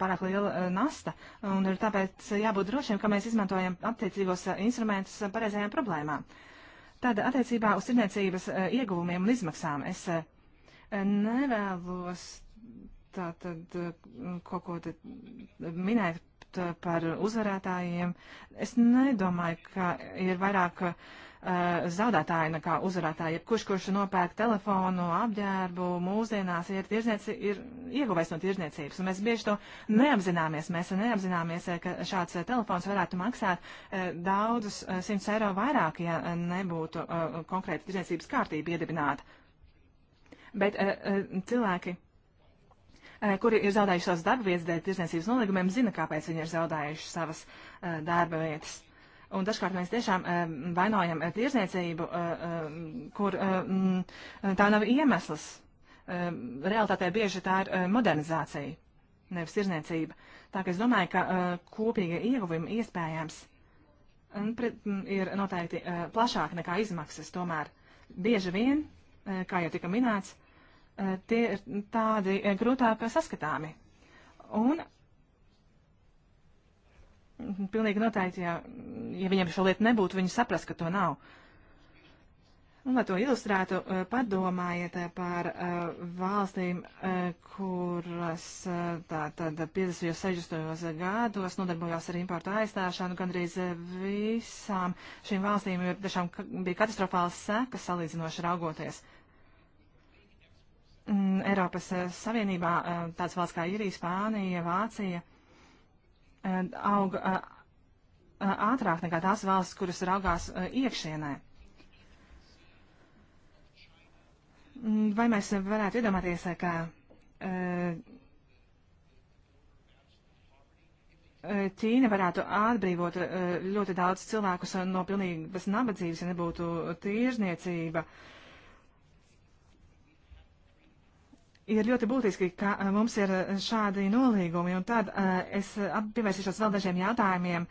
pārāk liela nasta, un ir tāpēc jābūt drošiem, ka mēs izmantojam attiecīgos instrumentus pareizajām problēmām. Tad attiecībā uz tirdzniecības ieguvumiem un izmaksām es nevēlos tātad kaut ko minēt kļūt eh, par uzvarētājiem. Es nedomāju, ka ir vairāk uh, zaudētāji nekā uzvarētāji. Jebkurš, kurš nopērk telefonu, apģērbu, mūsdienās ir, tirznieci, ir ieguvējis no tirzniecības. Un mēs bieži to neapzināmies. Mēs neapzināmies, eh, ka šāds telefons varētu maksāt uh, daudzus simts eiro vairāk, ja nebūtu uh, konkrēta tirzniecības kārtība iedibināta. Bet cilvēki Eh, kuri ir zaudējuši savas darba vietas dēļ tirsniecības nolīgumiem, zina, kāpēc viņi ir zaudējuši savas eh, darba vietas. Un dažkārt mēs tiešām eh, vainojam tirsniecību, kur mm, tā nav iemesls. Realtātē bieži tā ir modernizācija, nevis tirsniecība. Tā ka es domāju, ka kopīga ieguvuma iespējams mm, mm, ir noteikti plašāka nekā izmaksas. Tomēr bieži vien, kā jau tika minēts, Eh, tie ir tādi eh, grūtāk saskatāmi. Un pilnīgi noteikti, ja, ja viņiem šo lietu nebūtu, viņi saprast, ka to nav. Un, lai to ilustrētu, eh, padomājiet par valstīm, kuras tātad 50. un 60. gados nodarbojās ar importu aizstāšanu. Gandrīz visām šīm valstīm tiešām bija katastrofāls sekas salīdzinoši raugoties. Uh, Mm, Eiropas eh, Savienībā eh, tāds valsts kā Irija, Spānija, Vācija eh, aug ātrāk nekā tās valsts, kuras raugās iekšienē. Mm, vai mēs varētu iedomāties, ka Ķīna varētu atbrīvot ļoti daudz cilvēkus no pilnīgas nabadzības, ja nebūtu tīrzniecība? Uh, ir ļoti būtiski, ka eh, mums ir eh, šādi nolīgumi, un tad eh, es pievērsīšos vēl dažiem jautājumiem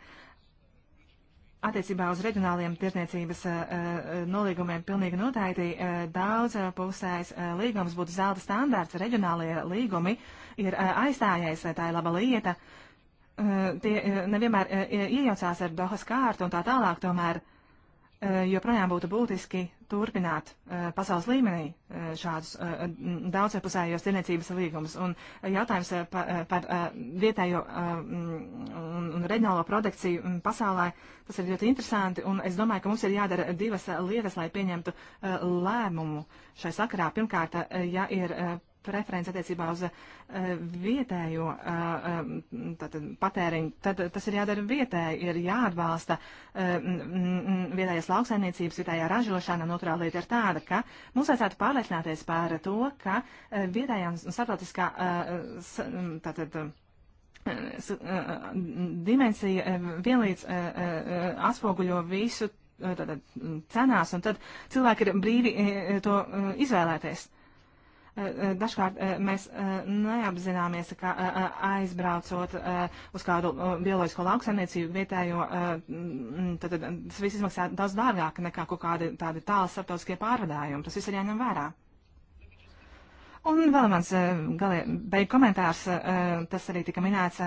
attiecībā uz reģionāliem tirdzniecības nolīgumiem. Pilnīgi noteikti daudz pusēs līgums būtu zelta standārts, reģionālie līgumi ir aizstājies, tā ir laba lieta. Tie nevienmēr iejaucās ar Dohas kārtu un tā tālāk, tomēr. Uh, Eh, joprojām būtu būtiski turpināt eh, pasaules līmenī eh, šādus daudzpusējos tirniecības līgumus. Un jautājums par, par vietējo un, un reģionālo produkciju mm, pasaulē, tas ir ļoti interesanti, un es domāju, ka mums ir jādara divas lietas, lai pieņemtu lēmumu šai sakarā. Pirmkārt, ja ir preferenci attiecībā uz eh, vietējo eh, eh, tātad, patēriņu, tad tas ir jādara vietēji, ir jāatbalsta vietējās lauksaimniecības, vietējā ražošana. Un otrā lieta ir tāda, ka mums vajadzētu pārliecināties par to, ka vietējā un starptautiskā tātad, dimensija vienlīdz atspoguļo visu tātad, cenās, un tad cilvēki ir brīvi to izvēlēties. Eh, eh, dažkārt eh, mēs neapzināmies, ka aizbraucot uz kādu bioloģisko lauksaimniecību vietējo, tad tas viss izmaksā daudz dārgāk nekā kaut kādi tādi tāli starptautiskie pārvadājumi. Tas viss ir jāņem vērā. Un vēl mans beigu komentārs, tas arī tika minēts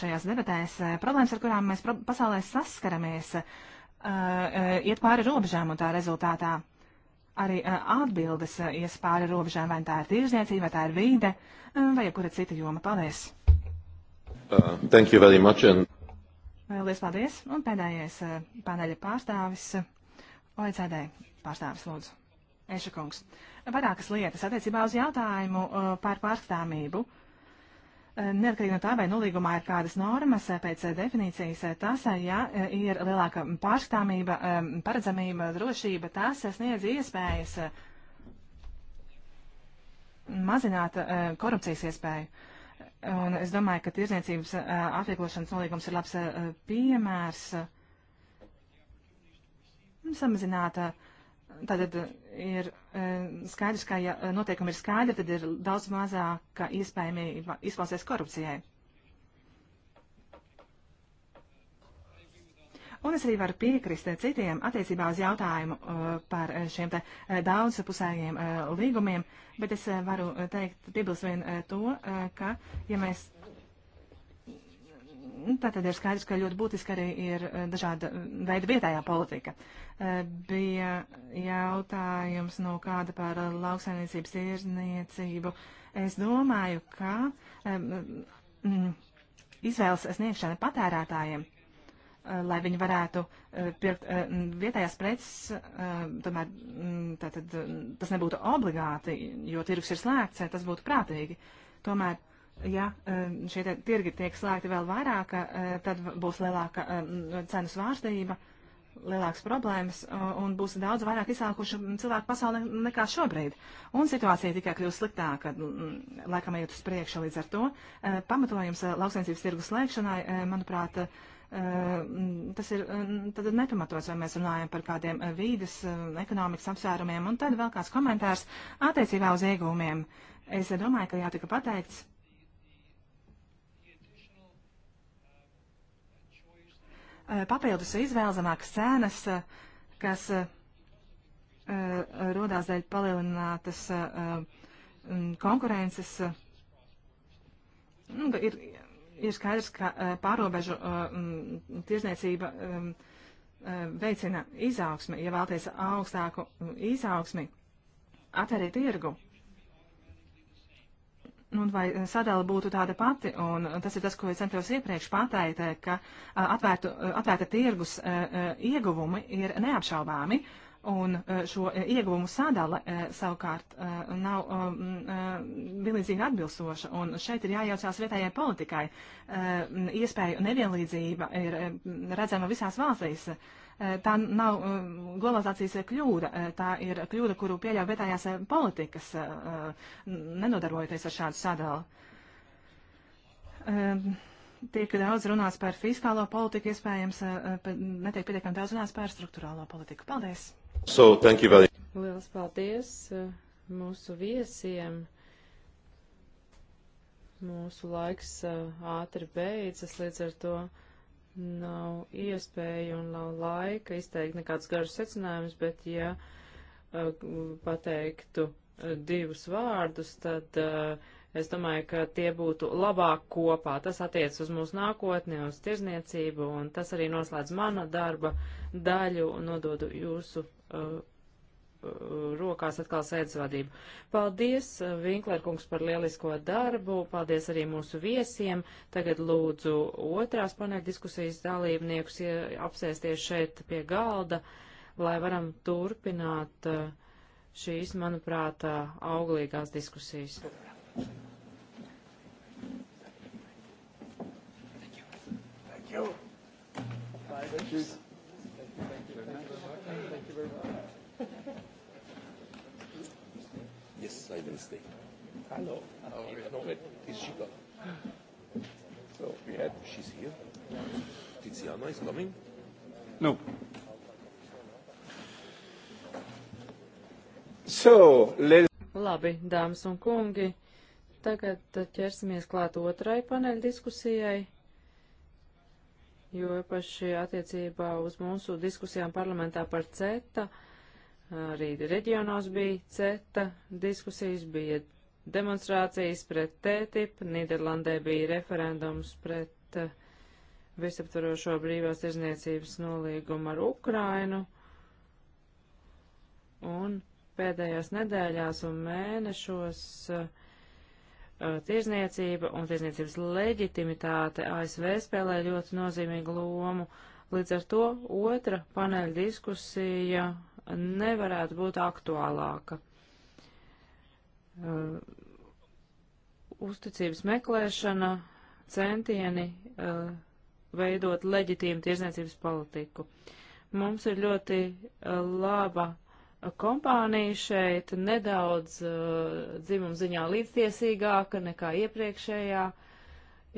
šajās debatēs, problēmas, ar kurām mēs pasaulē saskaramies, iet pāri robežām un tā rezultātā arī eh, atbildes ies eh, pāri robežām, vai tā ir tirzniecība, vai tā ir vīde, eh, vai jebkura cita joma. Paldies! Uh, thank you very much. And... Lielas paldies! Un pēdējais paneļa pārstāvis, OECD pārstāvis, lūdzu. Eša kungs, vairākas lietas attiecībā uz jautājumu par pārskatāmību. Uh, Eh, neatkarīgi no tā, vai nolīgumā ir kādas normas, eh, pēc eh, definīcijas tas, ja ir lielāka pārskatāmība, paredzamība, drošība, tas sniedz iespējas mazināt korupcijas iespēju. Un es domāju, ka tirzniecības atvieglošanas nolīgums ir labs piemērs samazināt tātad ir e, skaidrs, ka ja noteikumi ir skaidri, tad ir daudz mazāka iespējamība izpausties korupcijai. Un es arī varu piekrist citiem attiecībā uz jautājumu e, par šiem te e, daudzpusējiem līgumiem, bet es varu teikt, piebilst vien to, ka, ja mēs Tātad ir skaidrs, ka ļoti būtiski arī ir e, dažāda e, veida vietējā politika. E, bija jautājums no kāda par lauksainiecības izniecību. Es domāju, ka izvēles sniegšana patērētājiem lai viņi varētu pirkt vietējās preces, tomēr tātad, tas nebūtu obligāti, jo tirgus ir slēgts, tas būtu prātīgi. Tomēr ja eh, šie tirgi tiek slēgti vēl vairāk, eh, tad būs lielāka eh, cenu svārstība, lielākas problēmas un būs daudz vairāk izsākušu cilvēku pasaulē nekā šobrīd. Un situācija tikai kļūst sliktāka, laikam iet uz priekšu līdz ar to. Pamatojums lauksainsības tirgu slēgšanai, manuprāt, tas ir tad nepamatots, vai mēs runājam par kādiem vīdes, ekonomikas apsvērumiem. Un tad vēl kāds komentārs attiecībā uz iegūmiem. Es domāju, ka jau tika pateikts Eh, papildus izvēlzamākas cenas, eh, kas eh, rodās dēļ palielinātas mm, konkurences. Nu, ir, ir skaidrs, ka pārobežu mm, tirzniecība mm, veicina izaugsmi, ja vēlties augstāku izaugsmi, atveriet tirgu. Nu, un vai sadala būtu tāda pati, un uh, tas ir tas, ko es centos iepriekš pateikt, eh, ka uh, atvērtu, uh, atvērta tirgus eh, eh, ieguvumi ir neapšaubāmi, un šo ieguvumu sadala savukārt nav um, vienlīdzīgi atbilstoša, un šeit ir jājaucās vietējai politikai. Iespēju nevienlīdzība ir redzama visās valstīs. Eh, tā nav eh, globalizācijas kļūda, eh, tā ir kļūda, kuru pieļauj vietējās politikas, nenodarbojoties ar šādu sadalu. Tiek daudz runāts par fiskālo politiku, iespējams, netiek pietiekami daudz runāts par struktūrālo politiku. Paldies! So, thank you very much. Lielas paldies mūsu viesiem. Mūsu laiks ātri beidzas, līdz ar to nav iespēja un nav laika izteikt nekādus garus secinājumus, bet ja eh, pateiktu eh, divus vārdus, tad eh, es domāju, ka tie būtu labāk kopā. Tas attiec uz mūsu nākotni, uz tirzniecību, un tas arī noslēdz mana darba daļu un nododu jūsu Eh, rokās atkal sēdzvadību. Paldies, eh, Vinklerkungs, par lielisko darbu, paldies arī mūsu viesiem. Tagad lūdzu otrās paneļa diskusijas dalībniekus apsēsties šeit pie galda, lai varam turpināt eh, šīs, manuprāt, auglīgās diskusijas. Thank you. Thank you. Bye. Thank you. yes, I will stay. Hello. How are you? No, wait, is she gone? So we had, she's here. Tiziana is coming? No. So, ladies... Labi, dāmas un kungi, tagad ķersimies klāt otrai paneļa diskusijai, jo īpaši attiecībā uz mūsu diskusijām parlamentā par CETA. Uh, Arī reģionos bija CETA diskusijas, bija demonstrācijas pret TTIP, Nīderlandē bija referendums pret eh, visaptvarošo brīvās tirzniecības nolīgumu ar Ukrainu. Un pēdējās nedēļās un mēnešos uh, tirzniecība un tirzniecības leģitimitāte ASV spēlē ļoti nozīmīgu lomu. Līdz ar to otra paneļa diskusija nevarētu būt aktuālāka. Uh, uzticības meklēšana, centieni uh, veidot leģitīmu tirzniecības politiku. Mums ir ļoti uh, laba kompānija šeit, nedaudz uh, dzimuma ziņā līdztiesīgāka nekā iepriekšējā,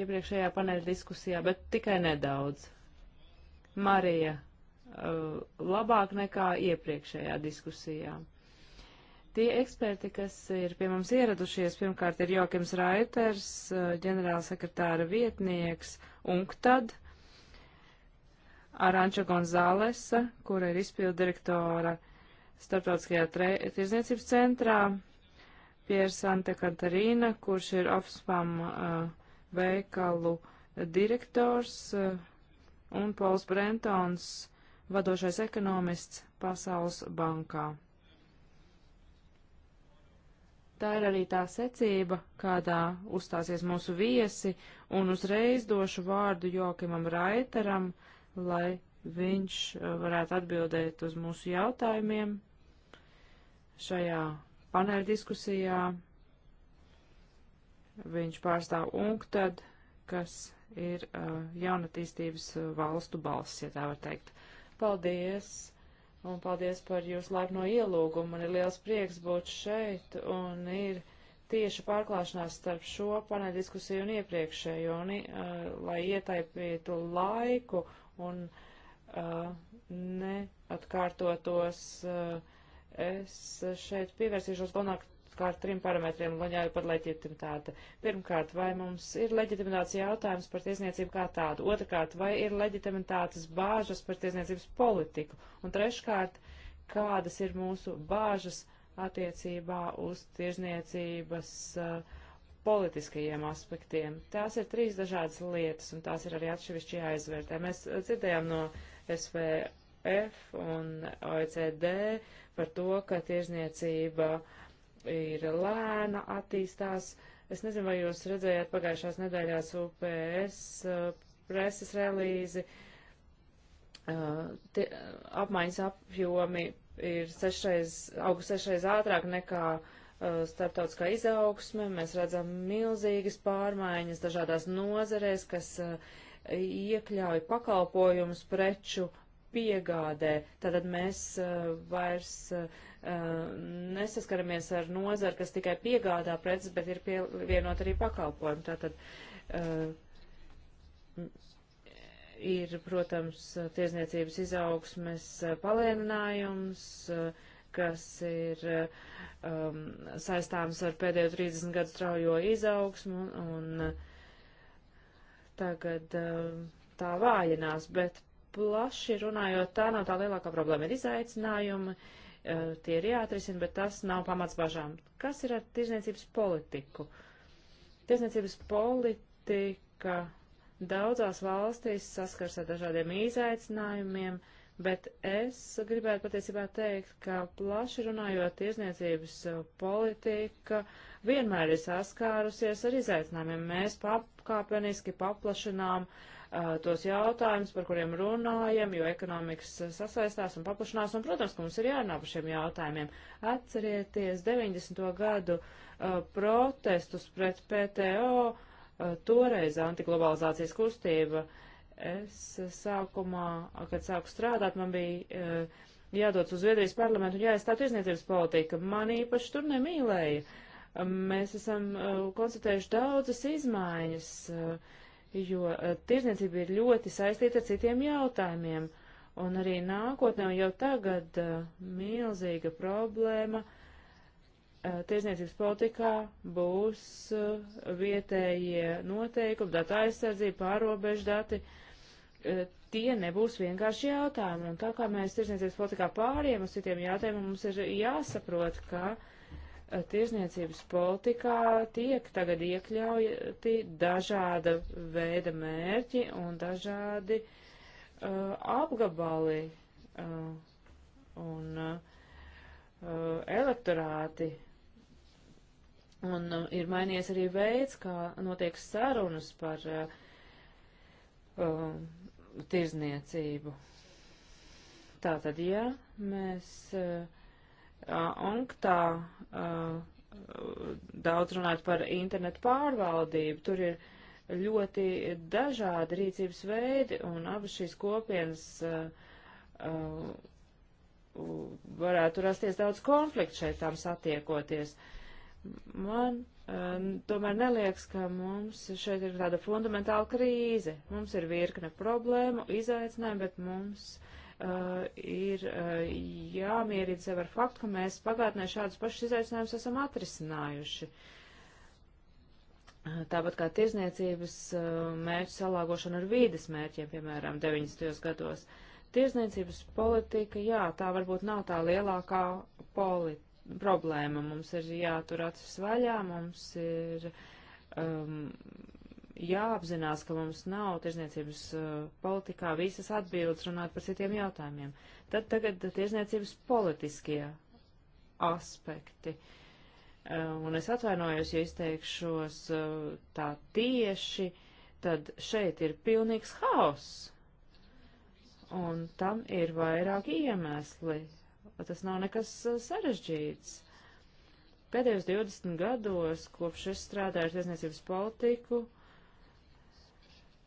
iepriekšējā paneļa diskusijā, bet tikai nedaudz. Marija Uh, labāk nekā iepriekšējā diskusijā. Tie eksperti, kas ir pie mums ieradušies, pirmkārt ir Jokims Raiters, uh, ģenerālsekretāra vietnieks UNCTAD, Aranča Gonzālesa, kura ir izpildu direktora Startautiskajā tirzniecības centrā, Piers Ante Kantarīna, kurš ir Ofspam uh, veikalu direktors, uh, un Pols Brentons, vadošais ekonomists Pasaules bankā. Tā ir arī tā secība, kādā uzstāsies mūsu viesi, un uzreiz došu vārdu Jokimam Raiteram, lai viņš uh, varētu atbildēt uz mūsu jautājumiem šajā paneļdiskusijā. Viņš pārstāv UNCTAD, kas ir uh, jaunatīstības uh, valstu balss, ja tā var teikt. Paldies! Un paldies par jūsu laipno ielūgumu. Man ir liels prieks būt šeit un ir tieši pārklāšanās starp šo paneļa diskusiju un iepriekšējo, un, uh, lai ietaipītu laiku un uh, neatkārtotos. Uh, es šeit pievērsīšos galvenāk par trim parametriem un ļauj par leģitimitāti. Pirmkārt, vai mums ir leģitimitātes jautājums par tiesniecību kā tādu? Otrakārt, vai ir leģitimitātes bāžas par tiesniecības politiku? Un treškārt, kādas ir mūsu bāžas attiecībā uz tiesniecības uh, politiskajiem aspektiem. Tās ir trīs dažādas lietas, un tās ir arī atsevišķi jāizvērtē. Mēs uh, dzirdējām no SVF un OECD par to, ka tirzniecība uh, ir lēna, attīstās. Es nezinu, vai jūs redzējāt pagājušās nedēļās UPS uh, preses relīzi. Uh, tie, uh, apmaiņas apjomi ir sešreiz, augus sešreiz ātrāk nekā starptautiskā izaugsme. Mēs redzam milzīgas pārmaiņas dažādās nozerēs, kas iekļauj pakalpojumus, preču piegādē. Tātad mēs uh, vairs uh, nesaskaramies ar nozaru, kas tikai piegādā preces, bet ir pievienot arī pakalpojumu. Tātad uh, ir, protams, tiesniecības izaugsmes palēninājums, kas ir um, saistāms ar pēdējo 30 gadu straujo izaugsmu un, un tagad tā vājinās, bet plaši runājot, tā nav tā lielākā problēma. Ir izaicinājumi, eh, tie ir jāatrisina, bet tas nav pamats bažām. Kas ir ar tirzniecības politiku? Tirzniecības politika daudzās valstīs saskars ar dažādiem izaicinājumiem, bet es gribētu patiesībā teikt, ka plaši runājot tirzniecības eh, politika vienmēr ir saskārusies ar izaicinājumiem. Mēs pakāpeniski paplašinām uh, tos jautājumus, par kuriem runājam, jo ekonomikas sasaistās un paplašanās, un, protams, ka mums ir jārunā par šiem jautājumiem. Atcerieties 90. gadu uh, protestus pret PTO, uh, toreiz antiglobalizācijas kustība. Es sākumā, kad sāku strādāt, man bija uh, jādodas uz Zviedrijas parlamentu un jāizstāv tirzniecības politika. Man īpaši tur nemīlēja. Mēs esam konstatējuši daudzas izmaiņas. Uh, jo eh, tirzniecība ir ļoti saistīta ar citiem jautājumiem. Un arī nākotnē un jau tagad eh, milzīga problēma eh, tirzniecības politikā būs vietējie noteikumi, datu aizsardzība, pārobežu dati. Tie nebūs vienkārši jautājumi. Un tā kā mēs tirzniecības politikā pāriem uz citiem jautājumiem, mums ir jāsaprot, ka uh, tirzniecības politikā tiek tagad iekļauti dažāda veida mērķi un dažādi uh, apgabali uh, un uh, elektorāti. Un uh, ir mainījies arī veids, kā notiek sarunas par uh, uh, tirzniecību. Tātad, ja mēs uh, UNCTā daudz runāt par internetu pārvaldību. Tur ir ļoti dažādi rīcības veidi, un abas šīs kopienas varētu rasties daudz konfliktu šeit tām satiekoties. Man tomēr neliekas, ka mums šeit ir tāda fundamentāla krīze. Mums ir virkne problēmu, izaicinājumu, bet mums uh, uh, ir uh, jāmierina sev ar faktu, ka mēs pagātnē šādus pašus izaicinājumus esam atrisinājuši. Uh, tāpat kā tirzniecības uh, mērķu salāgošana ar vīdes mērķiem, piemēram, 90. gados. Tirzniecības politika, jā, tā varbūt nav tā lielākā poli problēma. Mums ir jātur acis vaļā, mums ir um, jāapzinās, ka mums nav tirzniecības uh, politikā visas atbildes runāt par citiem jautājumiem. Tad tagad tirzniecības politiskie aspekti. Uh, un es atvainojos, ja izteikšos uh, tā tieši, tad šeit ir pilnīgs haoss. Un tam ir vairāki iemesli. Tas nav nekas uh, sarežģīts. Pēdējos 20 gados, kopš es strādāju ar tiesniecības politiku,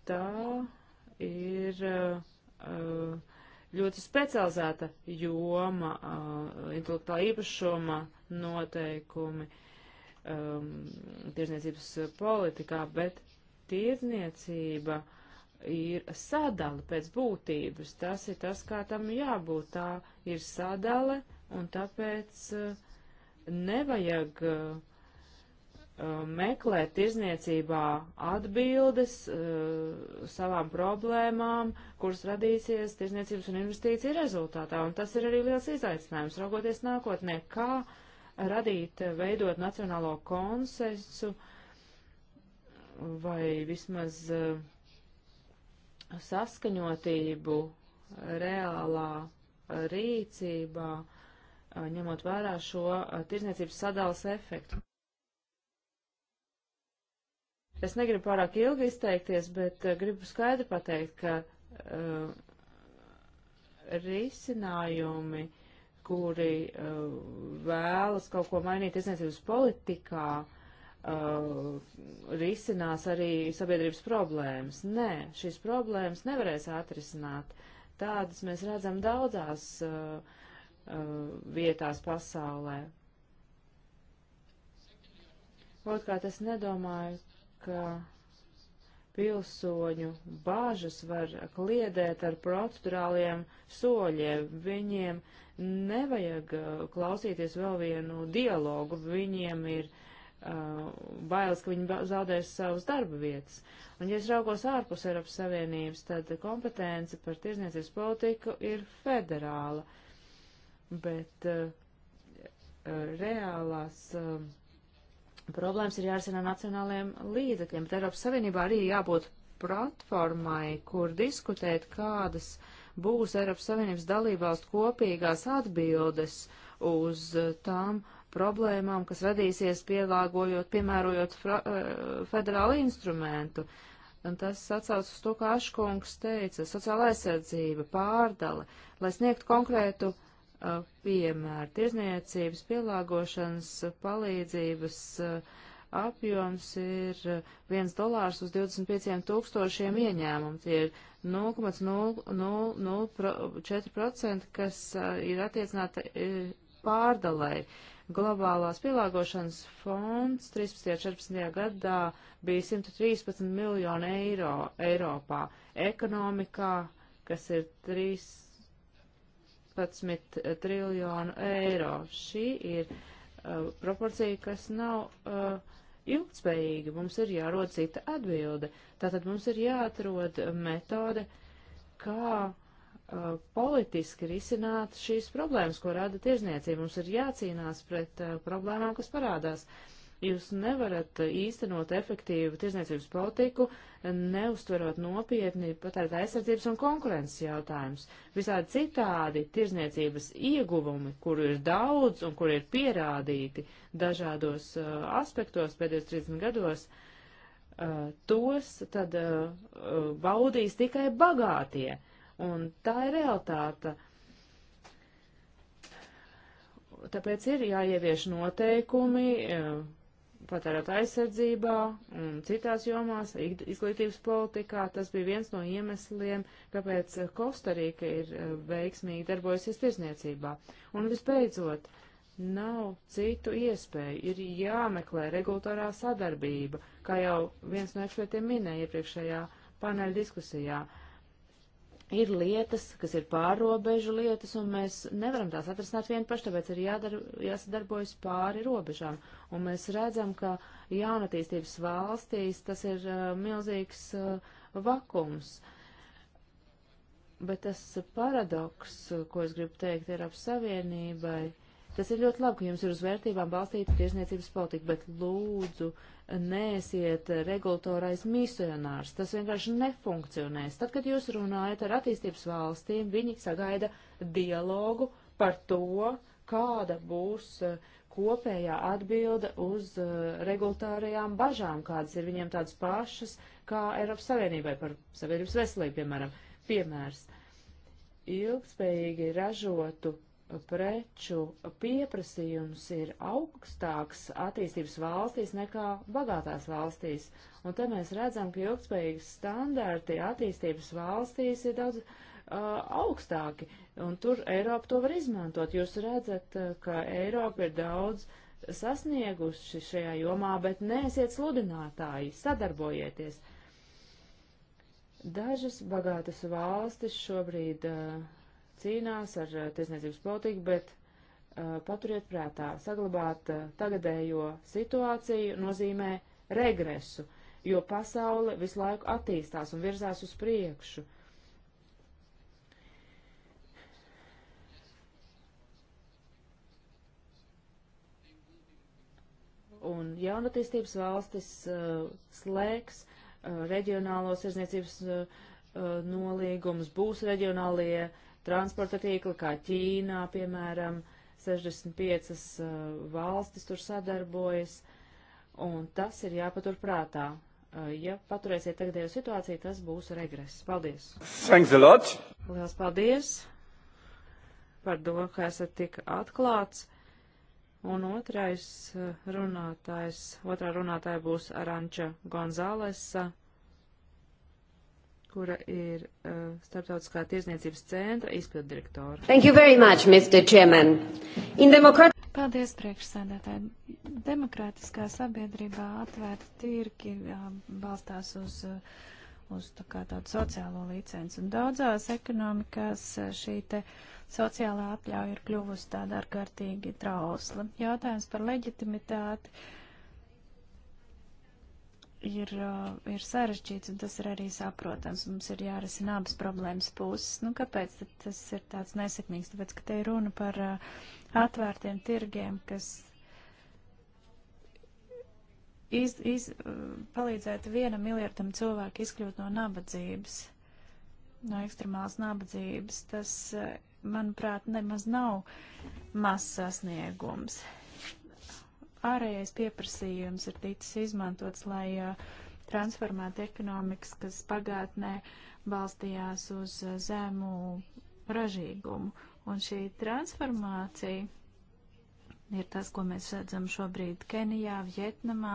tā ir eh, ļoti specializēta joma, eh, intelektuāla īpašuma noteikumi eh, tirzniecības politikā, bet tirzniecība ir sadala pēc būtības. Tas ir tas, kā tam jābūt. Tā ir sadale, un tāpēc nevajag uh, Uh, meklēt tirzniecībā atbildes uh, savām problēmām, kuras radīsies tirzniecības un investīcija rezultātā. Un tas ir arī liels izaicinājums, raugoties nākotnē, kā radīt, veidot nacionālo konsensu vai vismaz uh, saskaņotību reālā rīcībā, uh, ņemot vērā šo uh, tirzniecības sadalas efektu. Es negribu pārāk ilgi izteikties, bet uh, gribu skaidri pateikt, ka uh, risinājumi, kuri uh, vēlas kaut ko mainīt izniecības politikā, uh, risinās arī sabiedrības problēmas. Nē, šīs problēmas nevarēs atrisināt. Tādas mēs redzam daudzās uh, uh, vietās pasaulē. Otrkārt, es nedomāju, ka pilsoņu bāžas var kliedēt ar procedurāliem soļiem. Viņiem nevajag uh, klausīties vēl vienu dialogu, viņiem ir uh, bailes, ka viņi zaudēs savas darba vietas. Un, ja es raugos ārpus Eiropas Savienības, tad kompetence par tirzniecības politiku ir federāla. Bet uh, reālās uh, problēmas ir jārisina nacionāliem līdzekļiem, bet Eiropas Savienībā arī jābūt platformai, kur diskutēt, kādas būs Eiropas Savienības dalībvalstu kopīgās atbildes uz tām problēmām, kas radīsies pielāgojot, piemērojot fra, eh, federālu instrumentu. Un tas atsauc uz to, kā Aškungs teica, sociāla aizsardzība, pārdale, lai sniegtu konkrētu uh, Uh, piemēri. Tirzniecības pielāgošanas palīdzības uh, apjoms ir 1 uh, dolārs uz 25 tūkstošiem ieņēmumu. Tie ir 0,004%, kas ir attiecināta pārdalai. Globālās pielāgošanas fonds 13. un 14. gadā bija 113 miljoni eiro Eiropā, ekonomikā, kas ir 3 15 triljonu eiro. Šī ir uh, proporcija, kas nav uh, ilgtspējīga. Mums ir jārod cita atbilde. Tātad mums ir jāatrod metode, kā uh, politiski risināt šīs problēmas, ko rada tirzniecība. Mums ir jācīnās pret uh, problēmām, kas parādās. Uh, Jūs nevarat īstenot efektīvu tirzniecības politiku, neustverot nopietni patērētā aizsardzības un konkurences jautājumus. Visādi citādi tirzniecības ieguvumi, kuru ir daudz un kuri ir pierādīti dažādos uh, aspektos pēdējos 30 gados, uh, tos tad uh, uh, baudīs tikai bagātie. Un tā ir realitāte tāpēc ir jāievieš noteikumi, uh, patērēt aizsardzībā un citās jomās, izglītības politikā. Tas bija viens no iemesliem, kāpēc Kostarīka ir eh, veiksmīgi darbojusies tirzniecībā. Un visbeidzot, nav citu iespēju, ir jāmeklē regulatorā sadarbība, kā jau viens no ekspertiem minēja iepriekšējā paneļa diskusijā. Uh, ir lietas, kas ir pārrobežu lietas, un mēs nevaram tās atrasināt vienu pašu, tāpēc ir jādar, jāsadarbojas pāri robežām. Un mēs redzam, ka jaunatīstības valstīs tas ir uh, milzīgs uh, vakums. Bet tas paradoks, ko es gribu teikt, ir ap savienībai. Tas ir ļoti labi, ka jums ir uz vērtībām balstīta tiesniecības politika, bet lūdzu neesiet regulatorais misionārs. Tas vienkārši nefunkcionēs. Tad, kad jūs runājat ar attīstības valstīm, viņi sagaida dialogu par to, kāda būs uh, kopējā atbilda uz uh, regulatārajām bažām, kādas ir viņiem tādas pašas kā Eiropas Savienībai par sabiedrības veselību, piemēram, piemērs. Ilgspējīgi ražotu preču pieprasījums ir augstāks attīstības valstīs nekā bagātās valstīs. Un te mēs redzam, ka ilgspējīgas standarti attīstības valstīs ir daudz uh, augstāki, un tur Eiropa to var izmantot. Jūs redzat, uh, ka Eiropa ir daudz sasniegusi šajā jomā, bet neesiet sludinātāji, sadarbojieties. Dažas bagātas valstis šobrīd uh, cīnās ar eh, tiesniecības politiku, bet uh, paturiet prātā, saglabāt uh, tagadējo situāciju nozīmē regresu, jo pasaule visu laiku attīstās un virzās uz priekšu. Un jaunatīstības valstis uh, slēgs uh, reģionālos aizniecības uh, nolīgumus, būs reģionālie uh, transporta tīkli, kā Ķīnā, piemēram, 65 uh, valstis tur sadarbojas, un tas ir jāpatur prātā. Uh, ja paturēsiet tagadējo situāciju, tas būs regress. Paldies! Thanks a lot! Lielas paldies par to, ka esat tik atklāts. Un otrais uh, runātājs, otrā runātāja būs Aranča Gonzālesa kura ir uh, Starptautiskā tiesniecības centra izpildirektora. Thank you very much, Mr. Chairman. In democrat... Paldies, priekšsēdētāji. Demokrātiskā sabiedrībā atvērta tirki uh, balstās uz, uh, uz tā kā tādu sociālo licenci. Un daudzās ekonomikās uh, šī te sociālā atļauja ir kļuvusi tāda ārkārtīgi trausla. Jautājums par leģitimitāti. Uh, ir, uh, ir sarežģīts, un tas ir arī saprotams. Mums ir jārisina abas problēmas puses. Nu, kāpēc tas ir tāds nesekmīgs? Tāpēc, ka te ir runa par uh, atvērtiem tirgiem, kas iz, iz, uh, palīdzētu vienam miljardam cilvēku izkļūt no nabadzības, no ekstremālas nabadzības. Tas, manuprāt, nemaz nav mazs sasniegums ārējais pieprasījums ir ticis izmantots, lai uh, transformētu ekonomikas, kas pagātnē balstījās uz uh, zemu ražīgumu. Un šī transformācija ir tas, ko mēs redzam šobrīd Kenijā, Vietnamā,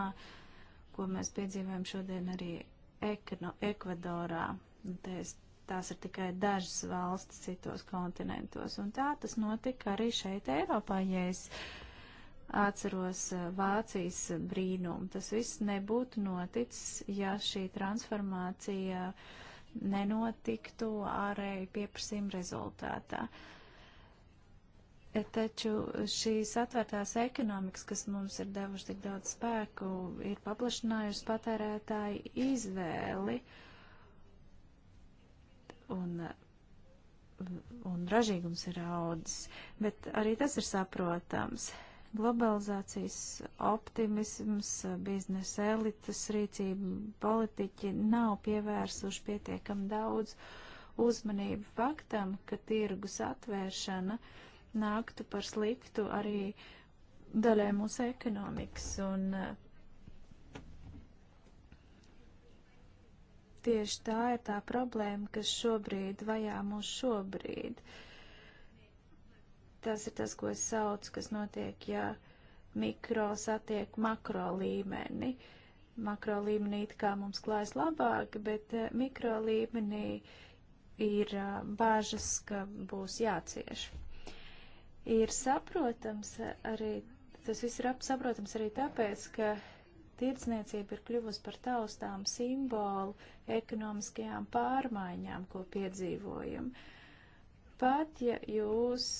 ko mēs piedzīvojam šodien arī Ekno, Ekvadorā. Tās, tās ir tikai dažas valstis citos kontinentos. Un tā tas notika arī šeit Eiropā, ja es uh, atceros eh, Vācijas brīnumu. Tas viss nebūtu noticis, ja šī transformācija nenotiktu ārēju pieprasījumu rezultātā. Eh, taču šīs atvērtās ekonomikas, kas mums ir devuši tik daudz spēku, ir paplašinājusi patērētāju izvēli un, eh, un ražīgums ir audzis, bet arī tas ir saprotams. Uh, Globalizācijas optimisms, biznesa elites rīcība, politiķi nav pievērsuši pietiekam daudz uzmanību faktam, ka tirgus atvēršana nāktu par sliktu arī daļai mūsu ekonomikas. Un, uh, Tieši tā ir tā problēma, kas šobrīd vajā mūs šobrīd. Uh, tas ir tas, ko es saucu, kas notiek, ja mikro satiek makro līmeni. Makro līmenī it kā mums klājas labāk, bet eh, mikro līmenī ir eh, bāžas, ka būs jācieš. Ir saprotams arī, tas viss ir saprotams arī tāpēc, ka tirdzniecība ir kļuvusi par taustām simbolu ekonomiskajām pārmaiņām, ko piedzīvojam. Pat ja jūs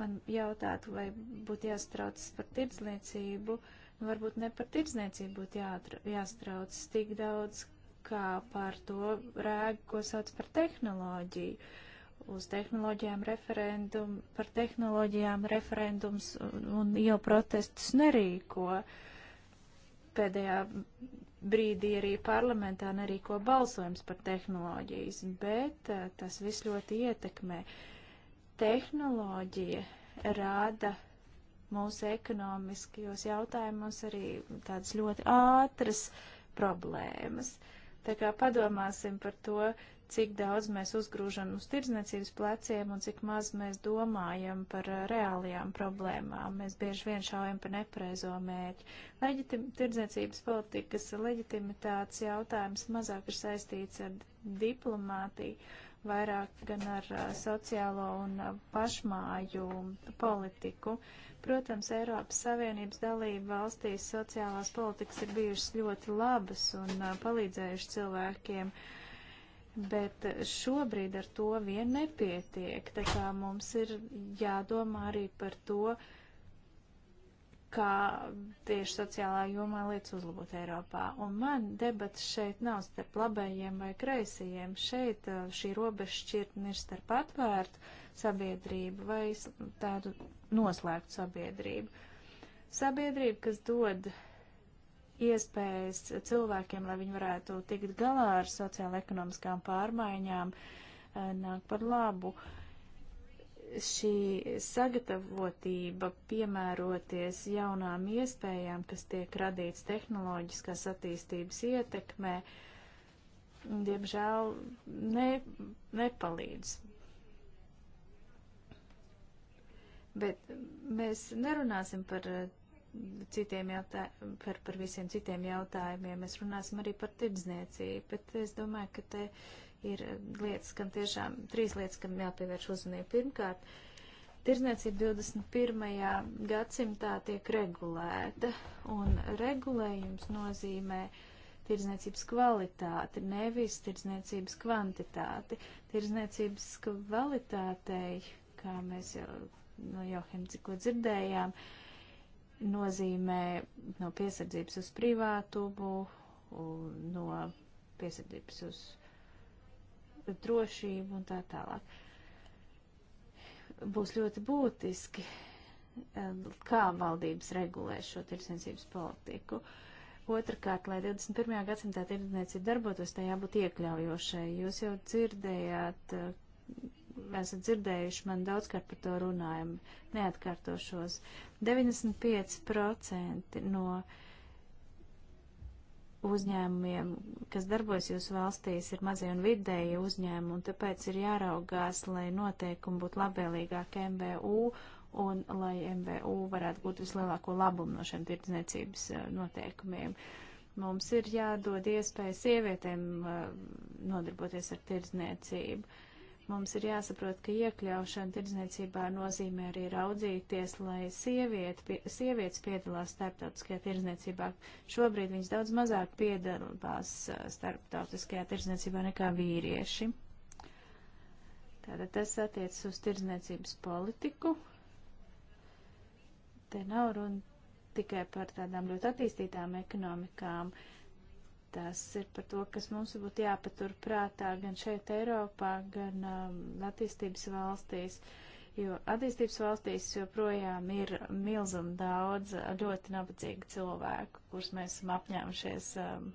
man jautātu, vai būtu jāstraucas par tirdzniecību, nu, varbūt ne par tirdzniecību būtu jāstraucas tik daudz, kā par to rēgu, ko sauc par tehnoloģiju. Uz tehnoloģijām referendum, par tehnoloģijām referendums un, un jau protestus nerīko. Pēdējā brīdī arī parlamentā nerīko balsojums par tehnoloģijas, bet eh, tas viss ļoti ietekmē. Uh, tehnoloģija rāda mūsu ekonomiskajos jautājumos arī tādas ļoti ātras problēmas. Tā kā padomāsim par to, cik daudz mēs uzgrūžam uz tirdzniecības pleciem un cik maz mēs domājam par reālajām problēmām. Mēs bieži vien šaujam par nepreizo mērķi. Leģitim, tirdzniecības politikas leģitimitātes jautājums mazāk ir saistīts ar diplomātiju vairāk gan ar sociālo un pašmāju politiku. Protams, Eiropas Savienības dalība valstīs sociālās politikas ir bijušas ļoti labas un palīdzējušas cilvēkiem, bet šobrīd ar to vien nepietiek. Tā kā mums ir jādomā arī par to, uh, kā tieši sociālā jomā lietas uzlabot Eiropā. Un man debats šeit nav starp labējiem vai kreisajiem. Šeit uh, šī robeža šķirtne ir starp atvērtu sabiedrību vai tādu noslēgtu sabiedrību. Sabiedrība, kas dod iespējas cilvēkiem, lai viņi varētu tikt galā ar sociāla ekonomiskām pārmaiņām, uh, nāk par labu. Uh, šī sagatavotība piemēroties jaunām iespējām, kas tiek radīts tehnoloģiskās attīstības ietekmē, diemžēl ne, nepalīdz. Bet mēs nerunāsim par eh, citiem jautā, par, par visiem citiem jautājumiem, mēs runāsim arī par tirdzniecību, bet es domāju, ka te. Uh, ir lietas, kam tiešām, trīs lietas, kam jāpievērš uzmanība. Pirmkārt, tirdzniecība 21. gadsimtā tiek regulēta, un regulējums nozīmē tirdzniecības kvalitāti, nevis tirdzniecības kvantitāti. Tirdzniecības kvalitātei, kā mēs jau no Johana tikko dzirdējām, nozīmē no piesardzības uz privātumu, no piesardzības uz drošību un tā tālāk. Būs ļoti būtiski, eh, kā valdības regulē šo tirdzniecības politiku. Otrakārt, lai 21. gadsimtā tirdzniecība darbotos, tai jābūt iekļaujošai. Jūs jau dzirdējāt, eh, esat dzirdējuši, man daudzkārt par to runājumu neatkārtošos. 95% no uh, uzņēmumiem, kas darbojas jūsu valstīs, ir mazie un vidēji uzņēmumi, un tāpēc ir jāraugās, lai noteikumi būtu labvēlīgāk MVU un lai MVU varētu būt vislielāko labumu no šiem tirdzniecības eh, noteikumiem. Mums ir jādod iespēja sievietēm eh, nodarboties ar tirdzniecību. Mums ir jāsaprot, ka iekļaušana tirdzniecībā nozīmē arī raudzīties, lai sieviet, pie, sievietes piedalās starptautiskajā tirdzniecībā. Šobrīd viņas daudz mazāk piedalās uh, starptautiskajā tirdzniecībā nekā vīrieši. Tātad tas attiecas uz tirdzniecības politiku. Te nav runa tikai par tādām ļoti attīstītām ekonomikām. Uh, tas ir par to, kas mums būtu jāpatur prātā gan šeit Eiropā, gan um, attīstības valstīs, jo attīstības valstīs joprojām ir milzum daudz ļoti nabadzīgu cilvēku, kurus mēs esam apņēmušies um,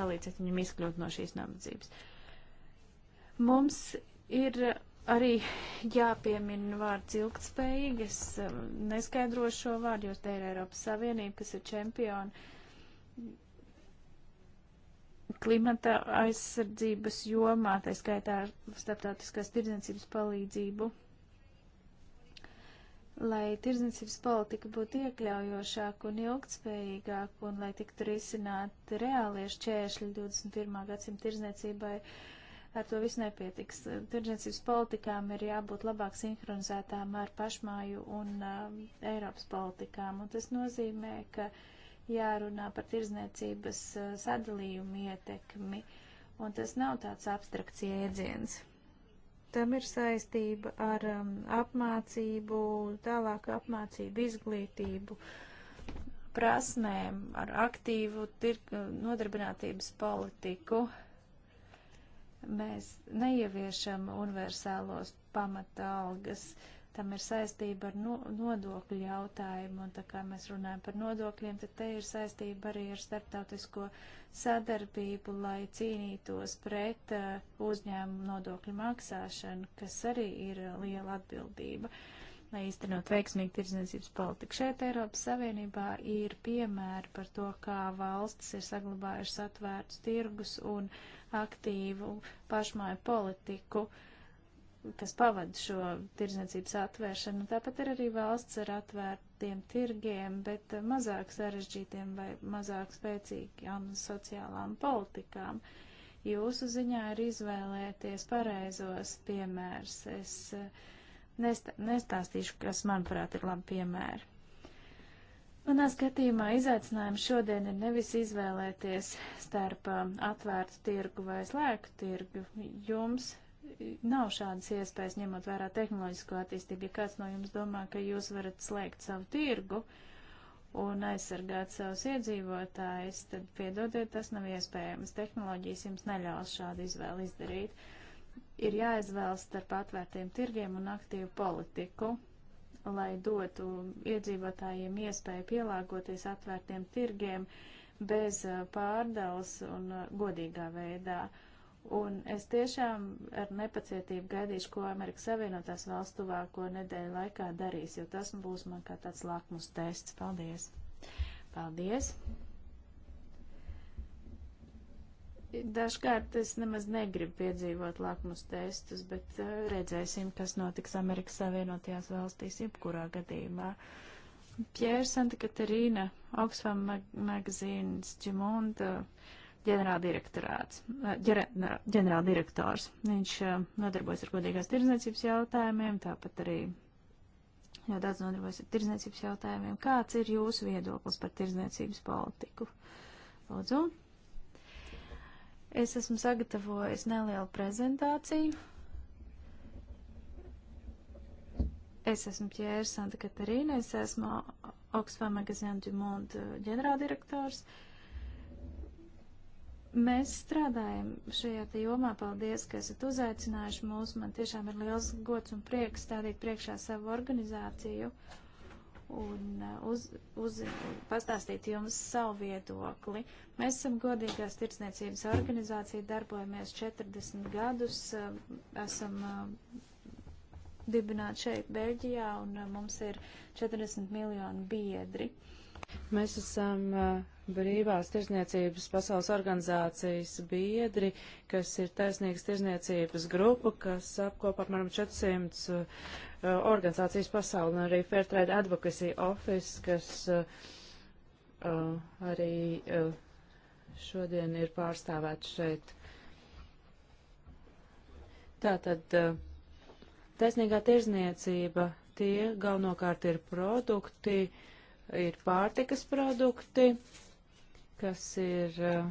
palīdzēt viņam izkļūt no šīs nabadzības. Mums ir arī jāpiemina vārds ilgtspējīgi. Es um, neskaidrošu šo vārdu, jo te ir Eiropas Savienība, kas ir čempioni klimata aizsardzības jomā, tā skaitā ar starptautiskās tirdzniecības palīdzību. Lai tirdzniecības politika būtu iekļaujošāka un ilgtspējīgāka un lai tiktu risināti reālie šķēršļi 21. gadsimta tirdzniecībai, ar to viss nepietiks. Tirdzniecības politikām ir jābūt labāk sinhronizētām ar pašmāju un um, Eiropas politikām, un tas nozīmē, ka uh, jārunā par tirzniecības eh, sadalījumu ietekmi, un tas nav tāds abstrakts jēdziens. Tam ir saistība ar um, apmācību, tālāku apmācību, izglītību, prasmēm, ar aktīvu nodarbinātības politiku. Mēs neieviešam universālos pamatalgas, uh, tam ir saistība ar no, nodokļu jautājumu, un tā kā mēs runājam par nodokļiem, tad te ir saistība arī ar starptautisko sadarbību, lai cīnītos pret uh, uzņēmumu nodokļu maksāšanu, kas arī ir uh, liela atbildība, lai īstenot veiksmīgu tirdzniecības politiku. Šeit Eiropas Savienībā ir piemēri par to, kā valstis ir saglabājušas atvērtus tirgus un aktīvu pašmāju politiku. Uh, kas pavada šo tirdzniecības atvēršanu. Tāpat ir arī valsts ar atvērtiem tirgiem, bet mazāk sarežģītiem vai mazāk spēcīgām sociālām politikām. Jūsu ziņā ir izvēlēties pareizos piemērs. Es eh, nestā, nestāstīšu, kas, manuprāt, ir labi piemēri. Manā skatījumā izaicinājums šodien ir nevis izvēlēties starp eh, atvērtu tirgu vai slēgtu tirgu. Jums nav šādas iespējas, ņemot vērā tehnoloģisko attīstību. Ja kāds no jums domā, ka jūs varat slēgt savu tirgu un aizsargāt savus iedzīvotājus, tad piedodiet, tas nav iespējams. Tehnoloģijas jums neļaus šādu izvēli izdarīt. Ir jāizvēlas starp atvērtiem tirgiem un aktīvu politiku, lai dotu iedzīvotājiem iespēju pielāgoties atvērtiem tirgiem bez pārdevas un godīgā veidā. Uh, Un es tiešām ar nepacietību gaidīšu, ko Amerikas Savienotās valsts tuvāko nedēļu laikā darīs, jo tas būs man kā tāds lakmus tests. Paldies! Paldies! Dažkārt es nemaz negribu piedzīvot lakmus testus, bet uh, redzēsim, kas notiks Amerikas Savienotajās valstīs, jebkurā gadījumā. Pjērs Santa Katerīna, Oxfam mag magazīns, Džimunda. Uh, ģenerāldirektorāts, eh, ģenerāldirektors. Viņš eh, nodarbojas ar godīgās tirdzniecības jautājumiem, tāpat arī jau daudz nodarbojas ar tirdzniecības jautājumiem. Kāds ir jūsu viedoklis par tirdzniecības politiku? Lūdzu. Es esmu sagatavojis nelielu prezentāciju. Es esmu Pjērs Santa Katarīna, es esmu Oxfam magazīna Dumont ģenerāldirektors. Uh, Mēs strādājam šajā te jomā. Paldies, ka esat uzaicinājuši mūs. Man tiešām ir liels gods un prieks stādīt priekšā savu organizāciju un uh, uz, uz, pastāstīt jums savu viedokli. Mēs esam godīgās tirdzniecības organizācija, darbojamies 40 gadus, uh, esam uh, dibināti šeit, Beļģijā, un mums ir 40 miljoni biedri. Uh, Mēs esam eh, brīvās tirzniecības pasaules organizācijas biedri, kas ir taisnīgas tirzniecības grupa, kas apkopā apmēram 400 uh, eh, organizācijas pasauli, un arī Fairtrade Advocacy Office, kas uh, uh, arī šodien ir pārstāvēts šeit. Tātad taisnīgā tirzniecība tie galvenokārt ir produkti, uh, ir pārtikas produkti, kas ir eh,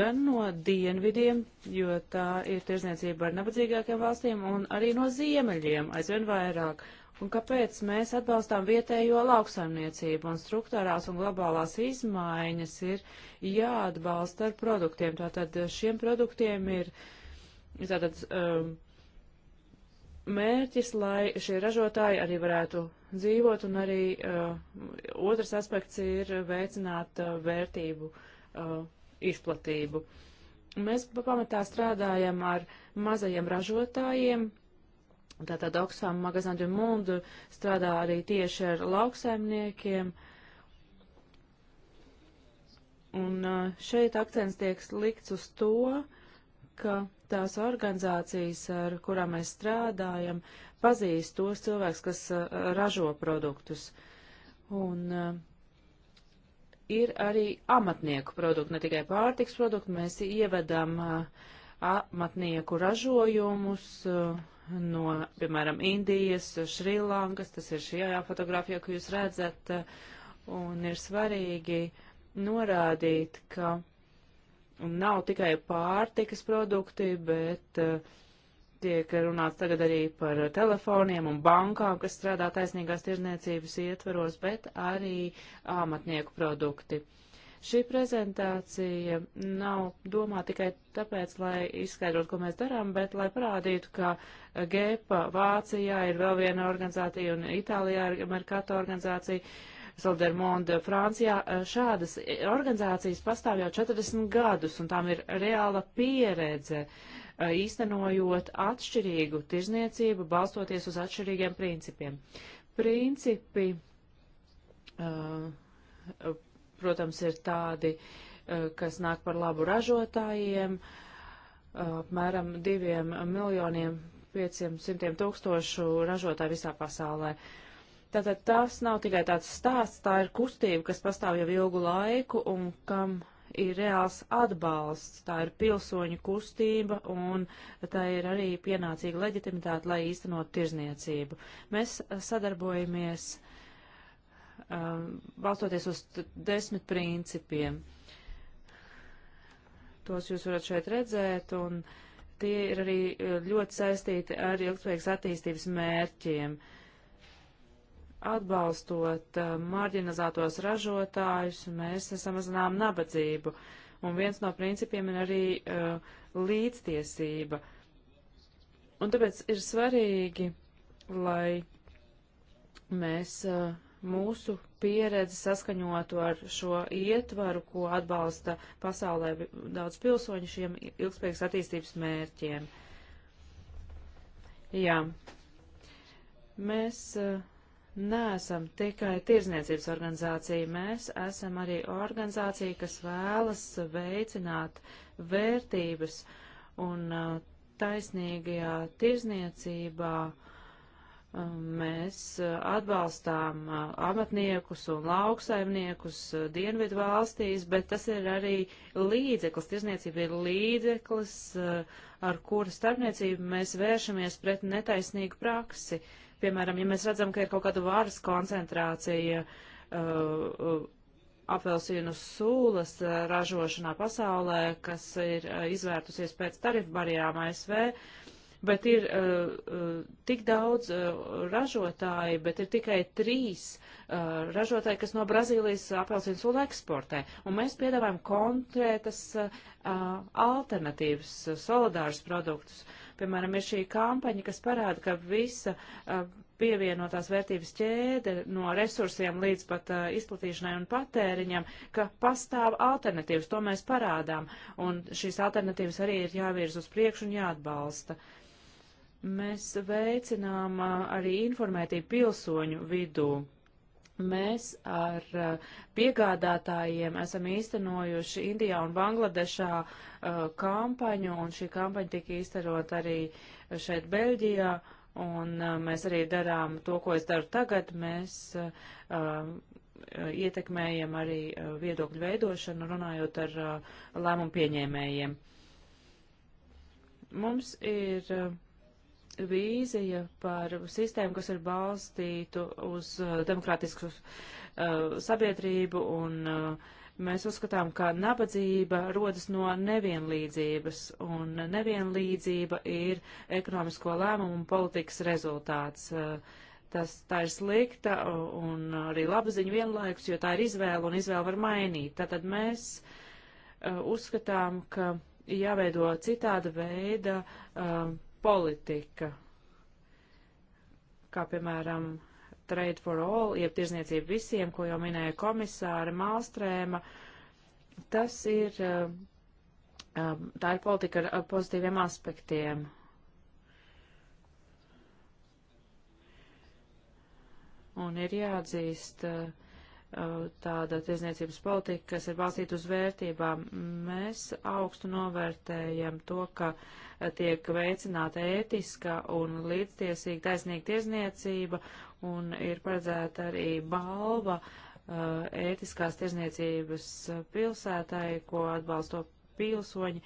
gan no dienvidiem, jo tā ir tirzniecība ar nabadzīgākiem valstīm, un arī no ziemeļiem aizvien vairāk. Un kāpēc mēs atbalstām vietējo lauksaimniecību un struktūrās un globālās izmaiņas ir jāatbalsta ar produktiem. Tātad šiem produktiem ir tātad, um, mērķis, lai šie ražotāji arī varētu dzīvot, un arī uh, otrs aspekts ir veicināt uh, vērtību uh, izplatību. Mēs pamatā strādājam ar mazajiem ražotājiem, tātad Oxfam magazīnu un mundu strādā arī tieši ar lauksaimniekiem. Un uh, šeit akcents tiek likts uz to, ka tās organizācijas, ar kurām mēs strādājam, pazīst tos cilvēkus, kas uh, ražo produktus. Un uh, ir arī amatnieku produkti, ne tikai pārtiks produkti, mēs ievedam uh, amatnieku ražojumus no, piemēram, Indijas, Šrilankas, tas ir šajā fotografijā, ko jūs redzat, un ir svarīgi norādīt, ka Un nav tikai pārtikas produkti, bet uh, tiek runāts tagad arī par telefoniem un bankām, kas strādā taisnīgās tirzniecības ietvaros, bet arī āmatnieku produkti. Šī prezentācija nav domāta tikai tāpēc, lai izskaidrotu, ko mēs darām, bet lai parādītu, ka GEPA Vācijā ir vēl viena organizācija un Itālijā ir Mercato organizācija. Uh, Zaldermonde Francijā. Eh, šādas organizācijas pastāv jau 40 gadus, un tām ir reāla pieredze eh, īstenojot atšķirīgu tirzniecību, balstoties uz atšķirīgiem principiem. Principi, eh, protams, ir tādi, kas nāk par labu ražotājiem, apmēram diviem miljoniem 500 tūkstošu ražotāju visā pasaulē. Uh, Tātad tas nav tikai tāds stāsts, tā ir kustība, kas pastāv jau ilgu laiku un kam ir reāls atbalsts, tā ir pilsoņu kustība un tā ir arī pienācīga leģitimitāte, lai īstenot tirzniecību. Mēs sadarbojamies um, balstoties uz desmit principiem. Tos jūs varat šeit redzēt un tie ir arī uh, ļoti saistīti ar ilgspējīgas attīstības mērķiem. Uh, atbalstot uh, eh, marģinizētos ražotājus, mēs samazinām nabadzību. Un viens no principiem ir arī uh, līdztiesība. Un tāpēc ir svarīgi, lai mēs uh, mūsu pieredzi saskaņotu ar šo ietvaru, ko atbalsta pasaulē daudz pilsoņu šiem ilgspējīgas attīstības mērķiem. Jā. Mēs uh, neesam tikai tirzniecības organizācija, mēs esam arī organizācija, kas vēlas veicināt vērtības un uh, taisnīgajā tirzniecībā um, mēs uh, atbalstām uh, amatniekus un lauksaimniekus dienvidu valstīs, bet tas ir arī līdzeklis, tirzniecība ir līdzeklis, ar kura starpniecību mēs vēršamies pret netaisnīgu praksi. Uh, Piemēram, ja mēs redzam, ka ir kaut kāda varas koncentrācija uh, uh apelsīnu sūlas uh, ražošanā pasaulē, kas ir uh, izvērtusies pēc tarifu barjām ASV, bet ir uh, tik daudz uh, ražotāji, bet ir tikai trīs uh, ražotāji, kas no Brazīlijas apelsīnu sulu eksportē. Un mēs piedāvājam konkrētas alternatīvas, solidārus produktus. Uh, Piemēram, ir šī kampaņa, kas parāda, ka visa uh, pievienotās vērtības ķēde no resursiem līdz pat uh, izplatīšanai un patēriņam, ka pastāv alternatīvas, to mēs parādām, un šīs alternatīvas arī ir jāvirz uz priekšu un jāatbalsta. Mēs veicinām uh, arī informētību pilsoņu vidū Mēs ar uh, piegādātājiem esam īstenojuši Indijā un Bangladešā uh, kampaņu, un šī kampaņa tika īstenot arī šeit Beļģijā, un uh, mēs arī darām to, ko es daru tagad. Mēs uh, uh ietekmējam arī uh, viedokļu veidošanu, runājot ar lēmumu pieņēmējiem. Mums ir vīzija par sistēmu, kas ir balstītu uz uh, demokrātisku uh, sabiedrību un uh, mēs uzskatām, ka nabadzība rodas no nevienlīdzības, un nevienlīdzība ir ekonomisko lēmumu un politikas rezultāts. Uh, tas, tā ir slikta un arī laba ziņa vienlaikus, jo tā ir izvēle un izvēle var mainīt. Tātad mēs uh, uzskatām, ka jāveido citāda veida uh, politika, kā piemēram Trade for All, jeb tirzniecība visiem, ko jau minēja komisāra Malstrēma, tas ir, eh, eh, tā ir politika ar pozitīviem aspektiem. Un ir jāatzīst eh, tāda tirzniecības politika, kas ir balstīta uz vērtībām. Mēs augstu novērtējam to, ka uh, tiek veicināta ētiska un līdztiesīga taisnīga tiesniecība un ir paredzēta arī balva uh, ētiskās tiesniecības pilsētai, ko atbalsto pilsoņi.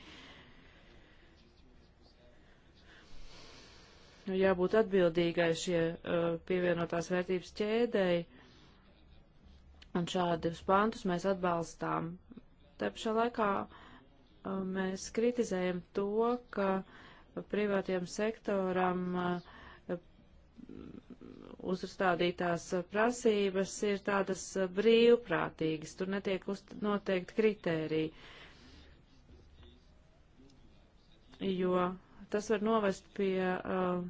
Nu, jābūt atbildīgai šie uh, pievienotās vērtības ķēdēji. Un šādus pantus mēs atbalstām. Te pašā laikā uh, mēs kritizējam to, ka privātiem sektoram eh, uzstādītās prasības ir tādas brīvprātīgas, tur netiek noteikti kritēriji, jo tas var novest pie uh,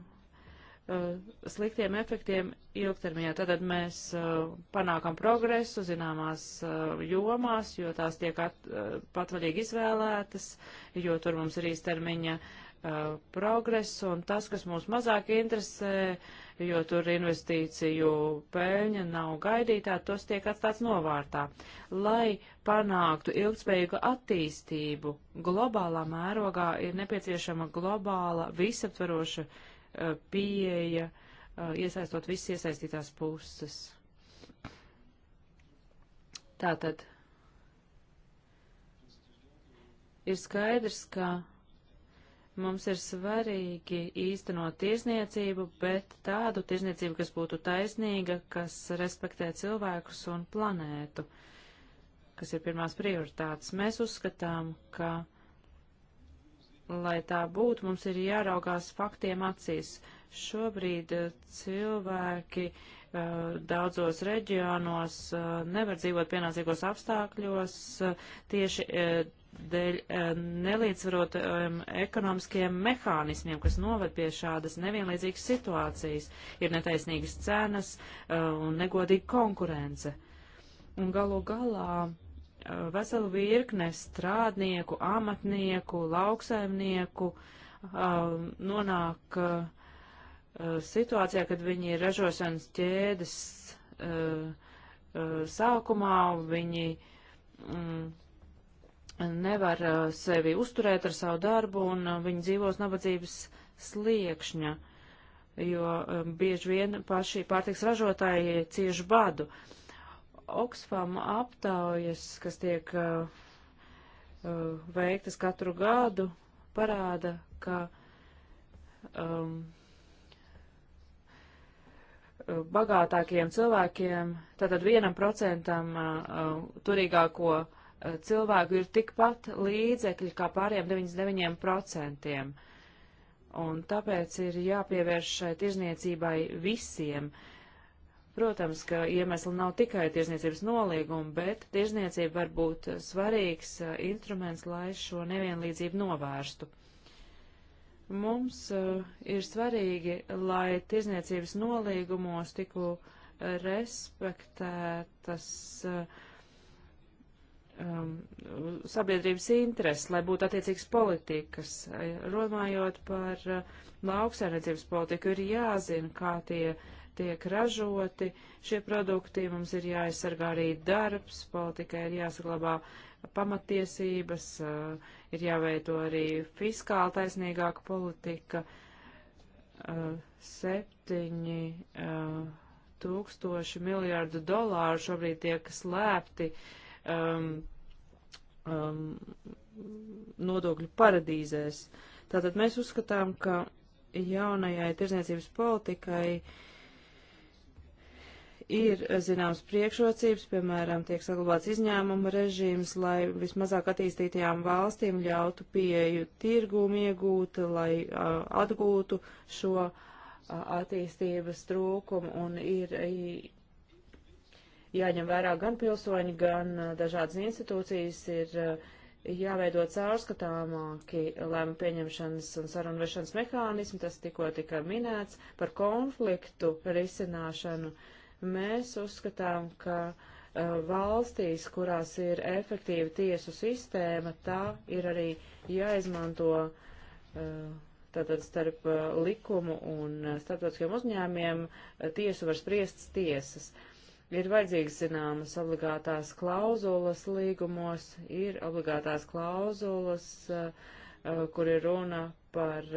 Uh, sliktiem efektiem ilgtermiņā. Tātad mēs uh, panākam progresu zināmās uh, jomās, jo tās tiek at, uh, patvaļīgi izvēlētas, jo tur mums ir īstermiņa uh, progress, un tas, kas mūs mazāk interesē, jo tur investīciju pēļņa nav gaidītā, tos tiek atstāts novārtā. Lai panāktu ilgspējīgu attīstību, globālā mērogā ir nepieciešama globāla, visaptvaroša uh, Eh, pieeja, eh, iesaistot visas iesaistītās puses. Tātad ir skaidrs, ka mums ir svarīgi īstenot tirzniecību, bet tādu tirzniecību, kas būtu taisnīga, kas respektē cilvēkus un planētu, kas ir pirmās prioritātes. Mēs uzskatām, ka uh, Lai tā būtu, mums ir jāraugās faktiem acīs. Šobrīd eh, cilvēki eh, daudzos reģionos eh, nevar dzīvot pienācīgos apstākļos tieši dēļ nelīdzsvarotajiem ekonomiskiem mehānismiem, kas noved pie šādas nevienlīdzīgas situācijas. Ir netaisnīgas cenas un negodīga konkurence. Un galu galā Uh, veselu virkne strādnieku, amatnieku, lauksaimnieku uh, nonāk uh, situācijā, kad viņi ir ražošanas ķēdes sākumā, viņi mm, nevar sevi uzturēt ar savu darbu un viņi dzīvos nabadzības sliekšņa, jo um, bieži vien paši pārtiks ražotāji cieši badu. Uh, Oxfam aptaujas, kas tiek uh, uh, veiktas katru gadu, parāda, ka um, bagātākiem cilvēkiem, tātad vienam procentam uh, uh turīgāko uh, cilvēku ir tikpat līdzekļi kā pāriem 99%. Un tāpēc ir jāpievērš šai tirzniecībai visiem. Uh, Protams, ka iemesli nav tikai tirzniecības nolīguma, bet tirzniecība var būt svarīgs uh, instruments, lai šo nevienlīdzību novērstu. Mums uh, ir svarīgi, lai tirzniecības nolīgumos tiku respektētas uh, um, sabiedrības intereses, lai būtu attiecīgas politikas. Runājot par uh, lauksainiecības politiku, ir jāzina, kā tie uh, tiek ražoti šie produkti, mums ir jāaizsargā arī darbs, politikai ir jāsaglabā pamatiesības, eh, ir jāveido arī fiskāli taisnīgāka politika. Eh, septiņi eh, tūkstoši miljārdu dolāru šobrīd tiek slēpti um, um, nodokļu paradīzēs. Tātad mēs uzskatām, ka jaunajai tirzniecības politikai uh, ir eh, zināmas priekšrocības, piemēram, tiek saglabāts izņēmuma režīms, lai vismazāk attīstītajām valstīm ļautu pieeju tirgumu iegūt, lai uh, atgūtu šo uh, attīstības trūkumu un ir jāņem vērā gan pilsoņi, gan uh, dažādas institūcijas ir jāveido caurskatāmāki lēmu pieņemšanas un sarunvešanas mehānismi, tas tikko tika minēts, par konfliktu risināšanu. Uh, Mēs uzskatām, ka uh, valstīs, kurās ir efektīva tiesu sistēma, tā ir arī jāizmanto uh, tātad starp e, likumu un starptautiskiem uzņēmiem tiesu var spriest tiesas. Ir vajadzīgas zināmas obligātās klauzulas līgumos, ir obligātās klauzulas, kur ir runa par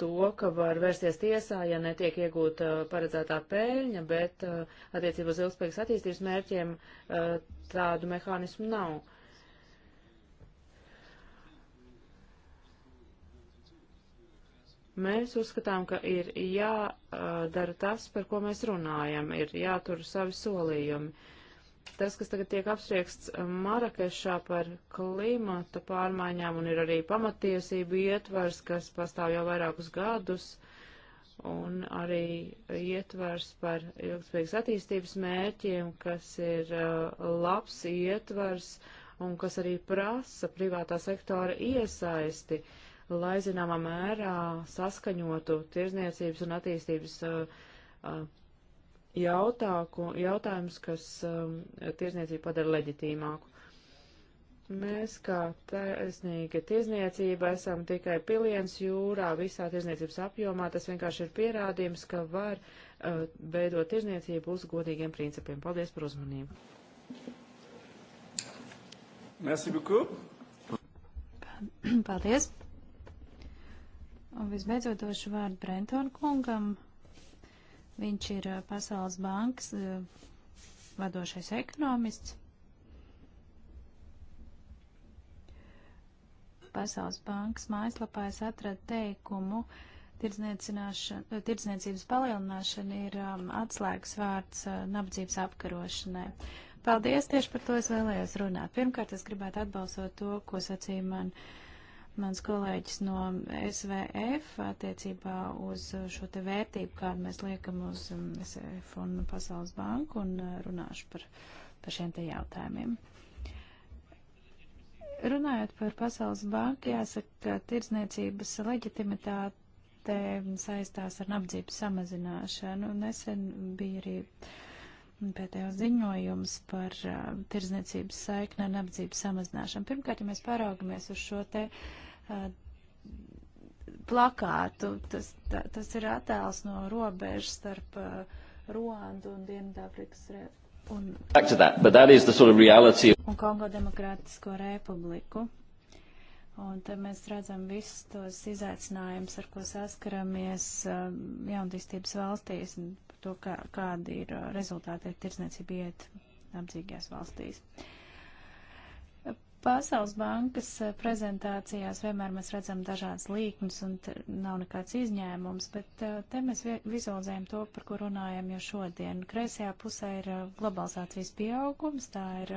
to, ka var vērsties tiesā, ja netiek iegūta uh, paredzētā pēļņa, bet uh, attiecībā uz ilgspējīgas attīstības mērķiem uh, tādu mehānismu nav. Mēs uzskatām, ka ir jādara tas, par ko mēs runājam, ir jātur savi solījumi tas, kas tagad tiek apsprieksts eh, Marakešā par klimata pārmaiņām, un ir arī pamatiesību ietvars, kas pastāv jau vairākus gadus, un arī ietvars par ilgspējīgas attīstības mērķiem, kas ir uh, labs ietvars un kas arī prasa privātā sektora iesaisti, lai zināmā mērā saskaņotu tirzniecības un attīstības uh, uh, jautāku, jautājums, kas um, tiesniecību padara leģitīmāku. Mēs kā taisnīga tiesniecība esam tikai piliens jūrā visā tiesniecības apjomā. Tas vienkārši ir pierādījums, ka var uh, veidot tiesniecību uz godīgiem principiem. Paldies par uzmanību. Merci beaucoup. Paldies. Un visbeidzot došu vārdu Brenton kungam. Viņš ir Pasaules bankas vadošais ekonomists. Pasaules bankas mājaslapā es atradu teikumu, tirdzniecības palielināšana ir um, atslēgas vārds uh, nabadzības apkarošanai. Paldies, tieši par to es vēlējos runāt. Pirmkārt, es gribētu atbalstot to, ko sacīja man uh, mans kolēģis no SVF attiecībā uz šo te vērtību, kādu mēs liekam uz um, SVF un Pasaules banku, un uh, runāšu par, par šiem te jautājumiem. Runājot par Pasaules banku, jāsaka, ka tirdzniecības leģitimitāte saistās ar nabadzības samazināšanu. Nesen bija arī uh, pēdējo ziņojums par uh, tirdzniecības saikni un apdzības samazināšanu. Pirmkārt, ja mēs paraugamies uz šo te uh, plakātu, tas, tā, tas ir attēls no robežas starp uh, Ruandu un Dienvidāfrikas un, that, that sort of un Kongo Demokrātisko republiku. Un tad mēs redzam visus tos izaicinājumus, ar ko saskaramies um, jaundistības valstīs, un to, kā, kādi ir uh, rezultāti, ja tirdzniecība iet apdzīgajās valstīs. Pasaules bankas uh, prezentācijās vienmēr mēs redzam dažādas līknes un nav nekāds izņēmums, bet uh, te mēs vizualizējam to, par ko runājam jau šodien. Kreisajā pusē ir globalizācijas pieaugums, tā ir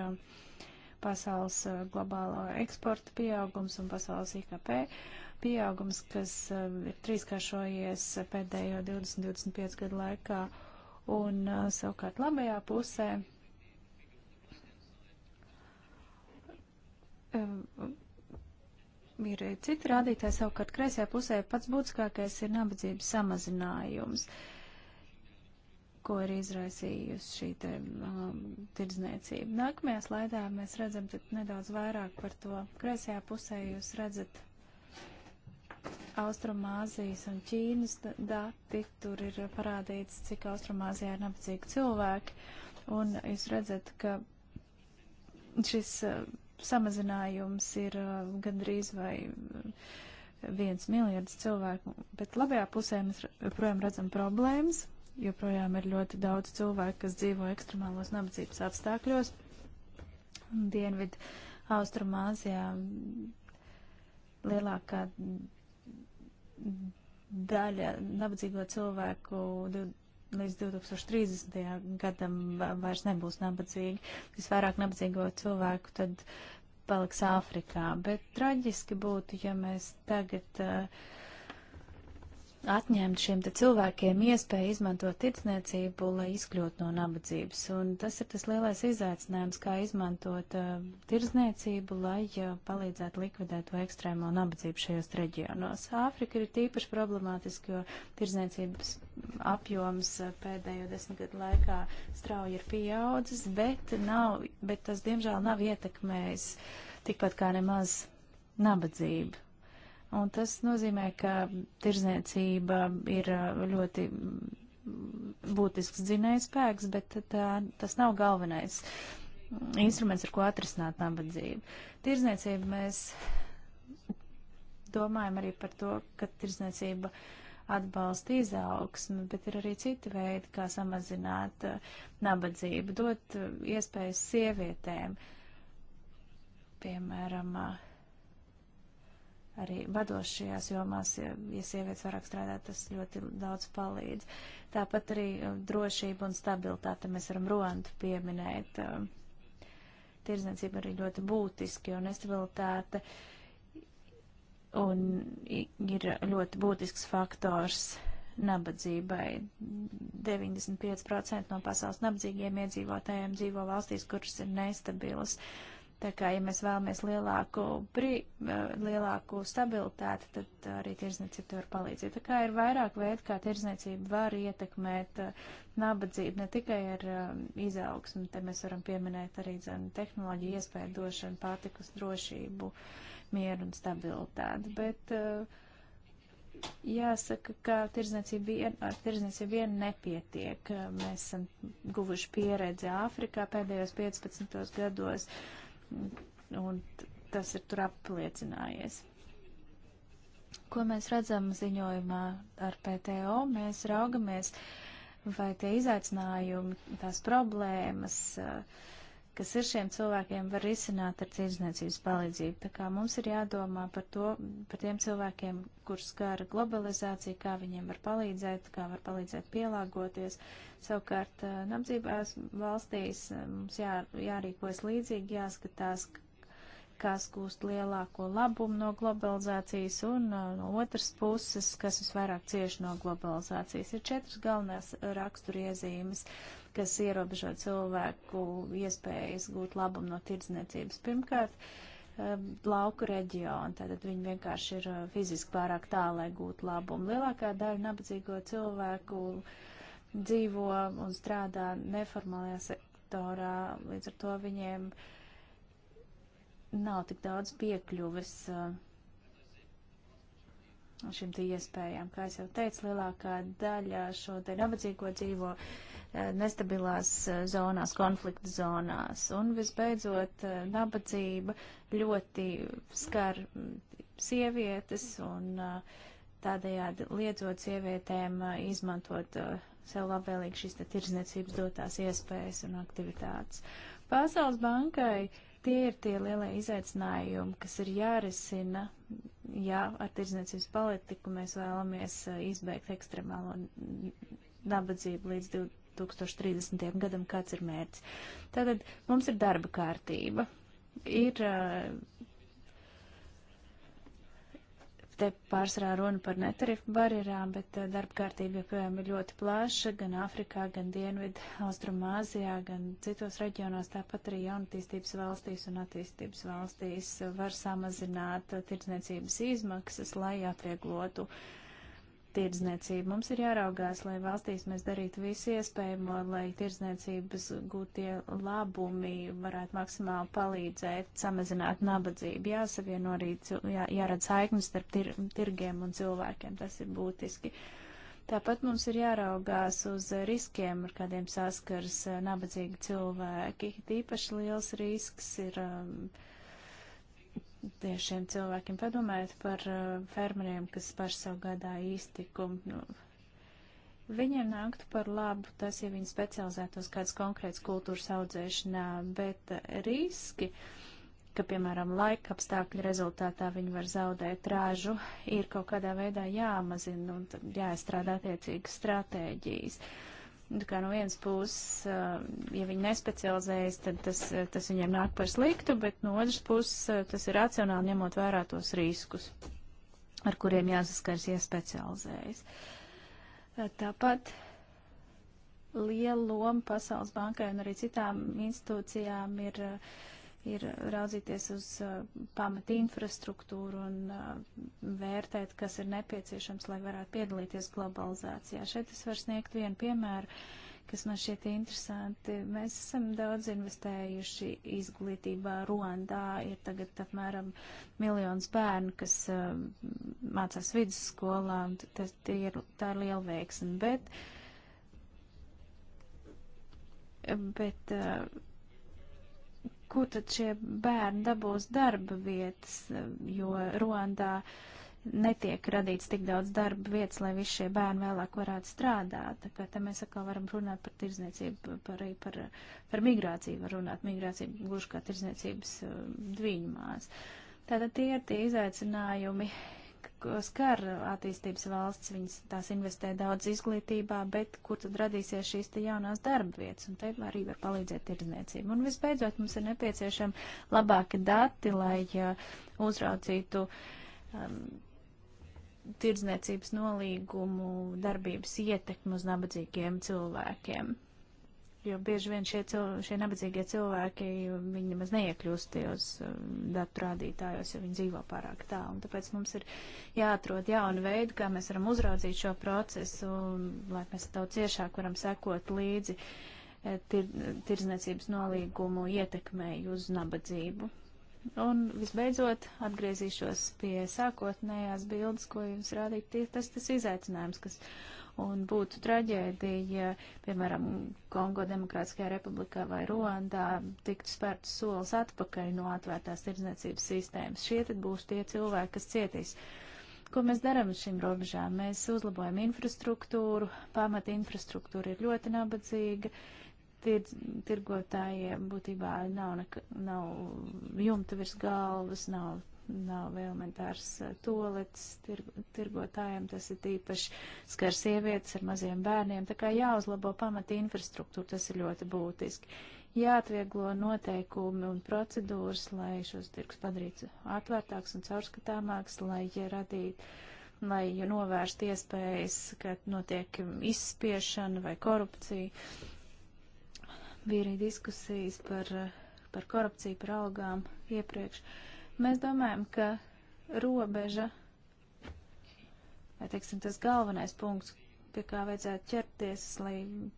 pasaules globālā eksporta pieaugums un pasaules IKP. Uh, pieaugums, kas uh, ir trīskāršojies pēdējo 20-25 gadu laikā, un uh, savukārt labajā pusē um, ir citi rādītāji, savukārt kreisajā pusē pats būtiskākais ir nabadzības samazinājums, ko ir izraisījusi šī te um, tirdzniecība. Nākamajā slaidā mēs redzam nedaudz vairāk par to. Kreisajā pusē jūs redzat Austrumāzijas un Ķīnas dati, tur ir parādīts, cik Austrumāzijā ir nabadzīgi cilvēki, un jūs redzat, ka šis uh, samazinājums ir uh, gandrīz vai uh, viens miljards cilvēku, bet labajā pusē mēs joprojām redzam problēmas, joprojām ir ļoti daudz cilvēku, kas dzīvo ekstremālos nabadzības apstākļos. Dienvidu Austrumāzijā mm, lielākā daļa nabadzīgo cilvēku līdz 2030. gadam vairs nebūs nabadzīgi. Visvairāk nabadzīgo cilvēku tad paliks Āfrikā. Bet traģiski būtu, ja mēs tagad uh, atņemt šiem cilvēkiem iespēju izmantot ticniecību, lai izkļūtu no nabadzības. Un tas ir tas lielais izaicinājums, kā izmantot uh, tirzniecību, lai uh, palīdzētu likvidēt to ekstrēmo nabadzību šajos reģionos. Āfrika ir tīpaši problemātiski, jo tirzniecības apjoms uh, pēdējo desmit gadu laikā strauji ir pieaudzis, bet, nav, bet tas diemžēl nav ietekmējis tikpat kā nemaz nabadzību Un tas nozīmē, ka tirzniecība ir uh, ļoti būtisks dzinējs spēks, bet tā, tas nav galvenais mm, instruments, ar ko atrisināt nabadzību. Tirzniecība mēs domājam arī par to, ka tirzniecība atbalsta izaugsmi, bet ir arī citi veidi, kā samazināt uh, nabadzību, dot uh, iespējas sievietēm, piemēram, uh, arī vadošajās jomās, ja, ja sievietes vairāk strādā, tas ļoti daudz palīdz. Tāpat arī uh, drošība un stabilitāte, mēs varam Ruandu pieminēt. Um, Tirzniecība arī ļoti būtiski un nestabilitāte un ir ļoti būtisks faktors nabadzībai. 95% no pasaules nabadzīgiem iedzīvotājiem dzīvo valstīs, kuras ir nestabilas. Uh, Tā kā, ja mēs vēlamies lielāku, pri, eh, lielāku stabilitāti, tad arī tirzniecība to var palīdzēt. Tā kā ir vairāk veidu, kā tirzniecība var ietekmēt eh, nabadzību, ne tikai ar um, izaugsmu, te mēs varam pieminēt arī zin, tehnoloģiju iespēju došanu, pārtikas drošību, mieru un stabilitāti. Bet, uh, jāsaka, ka tirdzniecība vien, ar tirdzniecību vien nepietiek. Mēs esam guvuši pieredzi Āfrikā pēdējos 15 gados. Uh, un tas ir tur apliecinājies. Ko mēs redzam ziņojumā ar PTO? Mēs raugamies, vai tie izaicinājumi, tās problēmas, uh, kas ir šiem cilvēkiem, var risināt ar tirdzniecības palīdzību. Tā kā mums ir jādomā par to, par tiem cilvēkiem, kurus skāra globalizācija, kā viņiem var palīdzēt, kā var palīdzēt pielāgoties. Savukārt, eh, nabadzībās valstīs eh, mums jā, jārīkojas līdzīgi, jāskatās, kas gūst lielāko labumu no globalizācijas, un eh, no otras puses, kas visvairāk cieši no globalizācijas. Ir četras galvenās raksturiezīmes. Uh, kas ierobežo cilvēku iespējas gūt labumu no tirdzniecības. Pirmkārt, eh, lauku reģionu, tātad viņi vienkārši ir eh, fiziski pārāk tālu, lai gūtu labumu. Lielākā daļa nabadzīgo cilvēku dzīvo un strādā neformālajā sektorā, līdz ar to viņiem nav tik daudz piekļuves eh, šim te iespējām. Kā es jau teicu, lielākā daļa šo te nabadzīgo dzīvo uh, nestabilās eh, zonās, konflikta zonās. Un visbeidzot, eh, nabadzība ļoti skar mm, sievietes un eh, tādējādi liedzot sievietēm izmantot sev labvēlīgi šīs te tirdzniecības dotās iespējas un aktivitātes. Pasaules bankai tie ir tie lielie izaicinājumi, kas ir jārisina, ja ar tirdzniecības politiku mēs vēlamies izbeigt ekstremālo nabadzību līdz 20. 2030. gadam, kāds ir mērķis. Tātad mums ir darba kārtība. Ir te pārsvarā runa par netarifu barjerām, bet darba kārtība joprojām ir ļoti plaša gan Āfrikā, gan Dienvidu, Austrumāzijā, gan citos reģionos, tāpat arī jaunatīstības valstīs un attīstības valstīs var samazināt tirdzniecības izmaksas, lai atvieglotu uh, tirdzniecību. Mums ir jāraugās, lai valstīs mēs darītu visu iespējamo, lai tirdzniecības gūtie labumi varētu maksimāli palīdzēt samazināt nabadzību. Jāsavieno arī, jā, jārada saiknes starp tir, tirgiem un cilvēkiem. Tas ir būtiski. Tāpat mums ir jāraugās uz riskiem, ar kādiem saskars nabadzīgi cilvēki. Tīpaši liels risks ir. Um, tiešiem cilvēkiem. Padomājiet par eh, fermeriem, kas pārsaugādā īstiku. Nu, Viņiem nāktu par labu tas, ja viņi specializētos kāds konkrēts kultūras audzēšanā, bet eh, riski, ka, piemēram, laika apstākļu rezultātā viņi var zaudēt rāžu, ir kaut kādā veidā jāmazina un jāizstrādā attiecīgas stratēģijas. Uh, Nu, tā kā no vienas puses, ja viņi nespecializējas, tad tas, tas viņiem nāk par sliktu, bet no otras puses tas ir racionāli ņemot vērā tos riskus, ar kuriem jāsaskars, ja specializējas. Tāpat liela loma Pasaules bankai un arī citām institūcijām ir uh, ir raudzīties uz uh, pamat infrastruktūru un uh, vērtēt, kas ir nepieciešams, lai varētu piedalīties globalizācijā. Šeit es varu sniegt vienu piemēru kas man šķiet interesanti. Mēs esam daudz investējuši izglītībā. Ruandā ir tagad apmēram miljons bērnu, kas uh, mācās vidusskolā, un tas ir, tā ir liela veiksme. Bet, bet uh, kur tad šie bērni dabūs darba vietas, jo Ruandā netiek radīts tik daudz darba vietas, lai visi šie bērni vēlāk varētu strādāt. Tā kā te mēs atkal varam runāt par tirzniecību, par, arī par, par migrāciju var runāt, migrācija gluži kā tirzniecības eh, dviņumās. Tātad tie ir tie izaicinājumi, skar attīstības valsts, viņas tās investē daudz izglītībā, bet kur tad radīsies šīs te jaunās darba vietas, un te arī var palīdzēt tirdzniecību. Un visbeidzot, mums ir nepieciešami labāki dati, lai uh, uzraucītu um, tirdzniecības nolīgumu darbības ietekmi uz nabadzīgiem cilvēkiem jo bieži vien šie, cilv šie nabadzīgie cilvēki, viņi nemaz neiekļūst tajos um, datu rādītājos, jo viņi dzīvo pārāk tā. Un tāpēc mums ir jāatrod jauni veidi, kā mēs varam uzraudzīt šo procesu, un, lai mēs daudz ciešāk varam sekot līdzi eh, tir, tirzniecības nolīgumu ietekmēju uz nabadzību. Un visbeidzot atgriezīšos pie sākotnējās bildes, ko jums rādīja tas, tas izaicinājums, kas un būtu traģēdija, ja, piemēram, Kongo Demokrātiskajā republikā vai Ruandā tiktu spērts solis atpakaļ no atvērtās tirdzniecības sistēmas. Šie tad būs tie cilvēki, kas cietīs. Ko mēs darām uz šīm robežām? Mēs uzlabojam infrastruktūru, pamat infrastruktūra ir ļoti nabadzīga. Uh, tir, tirgotājiem būtībā nav, neka, nav jumta virs galvas, nav, nav elementārs eh, tolets tir, tirgotājiem, tas ir īpaši skar sievietes ar maziem bērniem, tā kā jāuzlabo pamata infrastruktūra, tas ir ļoti būtiski. Jāatvieglo noteikumi un procedūras, lai šos tirgus padarītu atvērtāks un caurskatāmāks, lai ja radītu lai novērstu iespējas, ka notiek izspiešana vai korupcija bija arī diskusijas par, par korupciju, par algām iepriekš. Mēs domājam, ka robeža, vai teiksim, tas galvenais punkts, pie kā vajadzētu ķerties, lai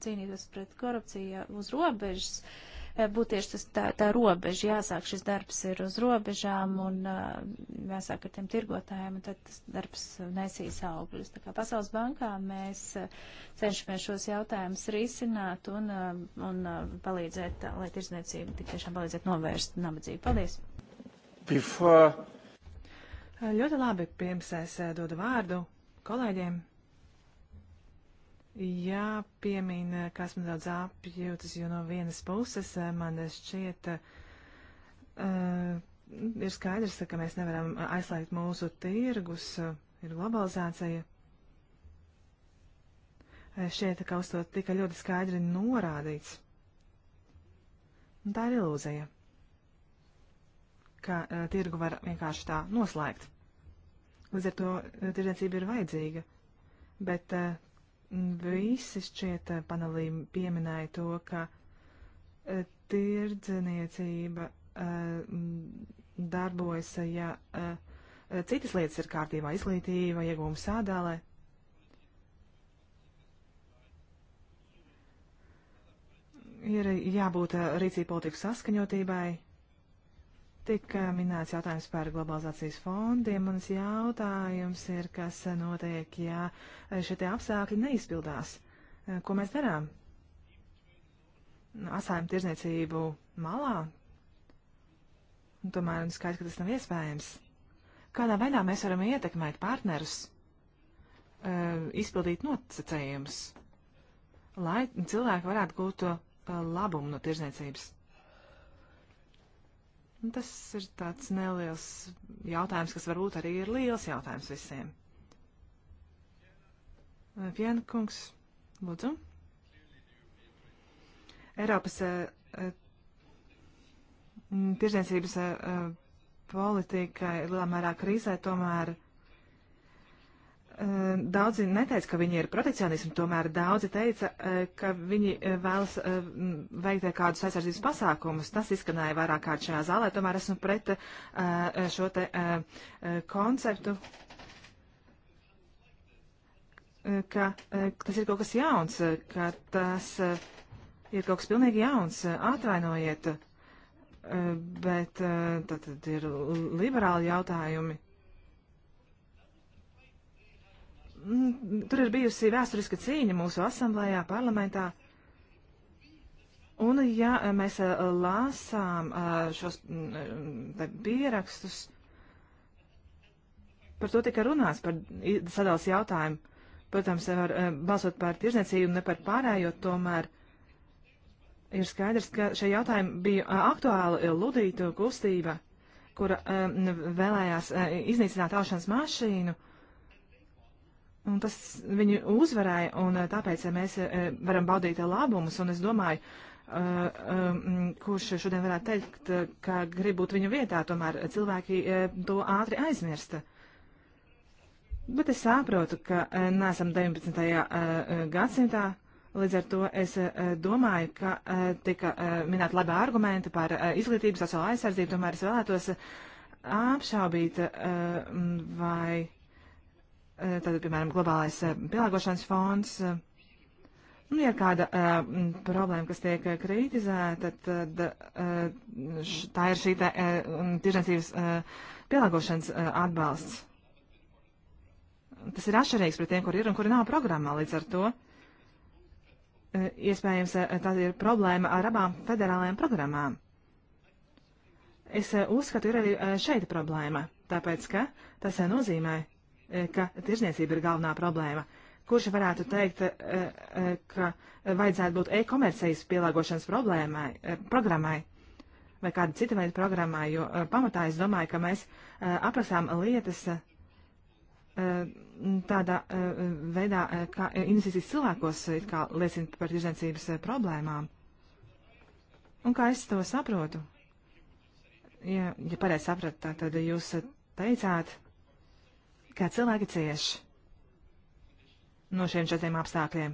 cīnītos pret korupciju uz robežas, uh, Eh, būtu tieši tas, tā, tā robeža, jāsāk šis darbs ir uz robežām un eh, jāsāk ar tiem tirgotājiem, un tad tas darbs nesīs augļus. Tā kā Pasaules bankā mēs eh, cenšamies šos jautājumus risināt un, un palīdzēt, lai tirzniecība tik tiešām palīdzētu novērst nabadzību. Paldies! Before... Ļoti labi, pirms es dodu vārdu kolēģiem jāpiemina, kas man daudz apjūtas, jo no vienas puses eh, man šķiet, uh, ir skaidrs, ka mēs nevaram aizslēgt mūsu tirgus, ir globalizācija. Eh, šķiet, ka uz to tika ļoti skaidri norādīts. Un tā ir ilūzija, ka uh, tirgu var vienkārši tā noslēgt. Līdz ar to tirdzniecība ir vajadzīga, bet uh, Visi šķiet eh, panelī pieminēja to, ka eh, tirdzniecība eh, darbojas, ja citas lietas ir kārtībā, izglītība, iegūma sādālē. Ir jābūt rīcība politikas saskaņotībai, Tika minēts jautājums par globalizācijas fondiem. Manas jautājums ir, kas notiek, ja šie apstākļi neizpildās. Ko mēs darām? Asājam tirzniecību malā? Un tomēr ir nu, skaidrs, ka tas nav iespējams. Kādā veidā mēs varam ietekmēt partnerus, e, izpildīt nosacējumus, lai cilvēki varētu gūt e, labumu no tirzniecības? Nu, tas ir tāds neliels jautājums, kas varbūt arī ir liels jautājums visiem. Piena kungs, lūdzu. Eiropas uh, eh, eh, tirdzniecības uh, eh, politika ir lielā mērā krīzē, tomēr Ehm, daudzi neteica, ka viņi ir protekcionisti, tomēr daudzi teica, eh, ka viņi eh, vēlas ehm, veikt kādus aizsardzības pasākumus. Tas izskanēja vairāk kārt šajā zālē, tomēr esmu pret eh, šo te ehm, konceptu ka tas ir kaut kas jauns, ka tas ir kaut kas pilnīgi jauns. Atvainojiet, bet tad ir liberāli jautājumi. Mm, tur ir bijusi vēsturiska cīņa mūsu asamblējā, parlamentā. Un, ja mēs eh, lāsām eh, šos mm, eh, pierakstus, par to tika runāts, par sadalas jautājumu. Protams, var balsot par tirzniecību, ne par pārējo, tomēr ir skaidrs, ka šie jautājumi bija aktuāli ludītu kustība, kura vēlējās iznīcināt aušanas mašīnu. Un tas viņu uzvarēja, un eh, tāpēc eh, mēs eh, varam baudīt labumus, un es domāju, mm, kurš šodien varētu teikt, ka grib būt viņa vietā, tomēr cilvēki to ātri aizmirsta. Bet es saprotu, ka neesam 19. gadsimtā, līdz ar to es domāju, ka tika minēt labi argumenti par izglītības sociālo aizsardzību, tomēr es vēlētos apšaubīt mm, vai Eh, tātad, piemēram, globālais eh, pielāgošanas fonds. Eh, nu, ja kāda uh, problēma, kas tiek kritizēta, tad uh, š, tā ir šī tā, uh, tirzniecības uh, pielāgošanas uh, atbalsts. Tas ir atšķirīgs pret tiem, kur ir un kuri nav programmā līdz ar to. Uh, iespējams, uh, tā ir problēma ar abām federālajām programmām. Es uh, uzskatu, ir arī uh, šeit problēma, tāpēc, ka tas uh, nozīmē, Eh, ka tirzniecība ir galvenā problēma. Kurš varētu teikt, eh, eh, ka vajadzētu būt e-komercijas pielāgošanas problēmai, programmai vai kāda cita veida programmai, jo pamatā es domāju, ka mēs aprasām lietas tādā veidā, kā investīcijas cilvēkos kā liecina par tirzniecības problēmām. Un kā es to saprotu? Ja, ja pareizi sapratu, tad jūs teicāt, kā cilvēki cieš no šiem četriem apstākļiem.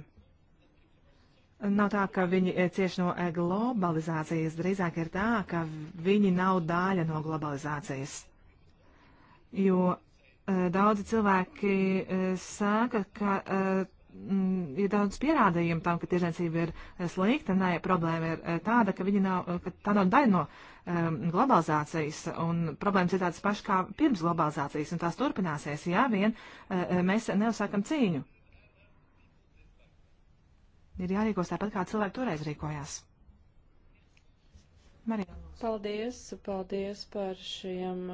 Nav tā, ka viņi eh, cieš no eh, globalizācijas, drīzāk ir tā, ka viņi nav daļa no globalizācijas. Jo eh, daudzi cilvēki saka, ka Mm, ir daudz pierādījumu tam, ka tirzniecība ir eh, slikta. Nē, problēma ir eh, tāda, ka viņa nav, eh, ka tā nav daļa no um, globalizācijas, un problēmas ir tādas pašas kā pirms globalizācijas, un tās turpināsies, ja vien uh, mēs neuzsākam cīņu. Ir jārīkos tāpat, kā cilvēki toreiz rīkojās. Marija. Paldies, paldies par šiem,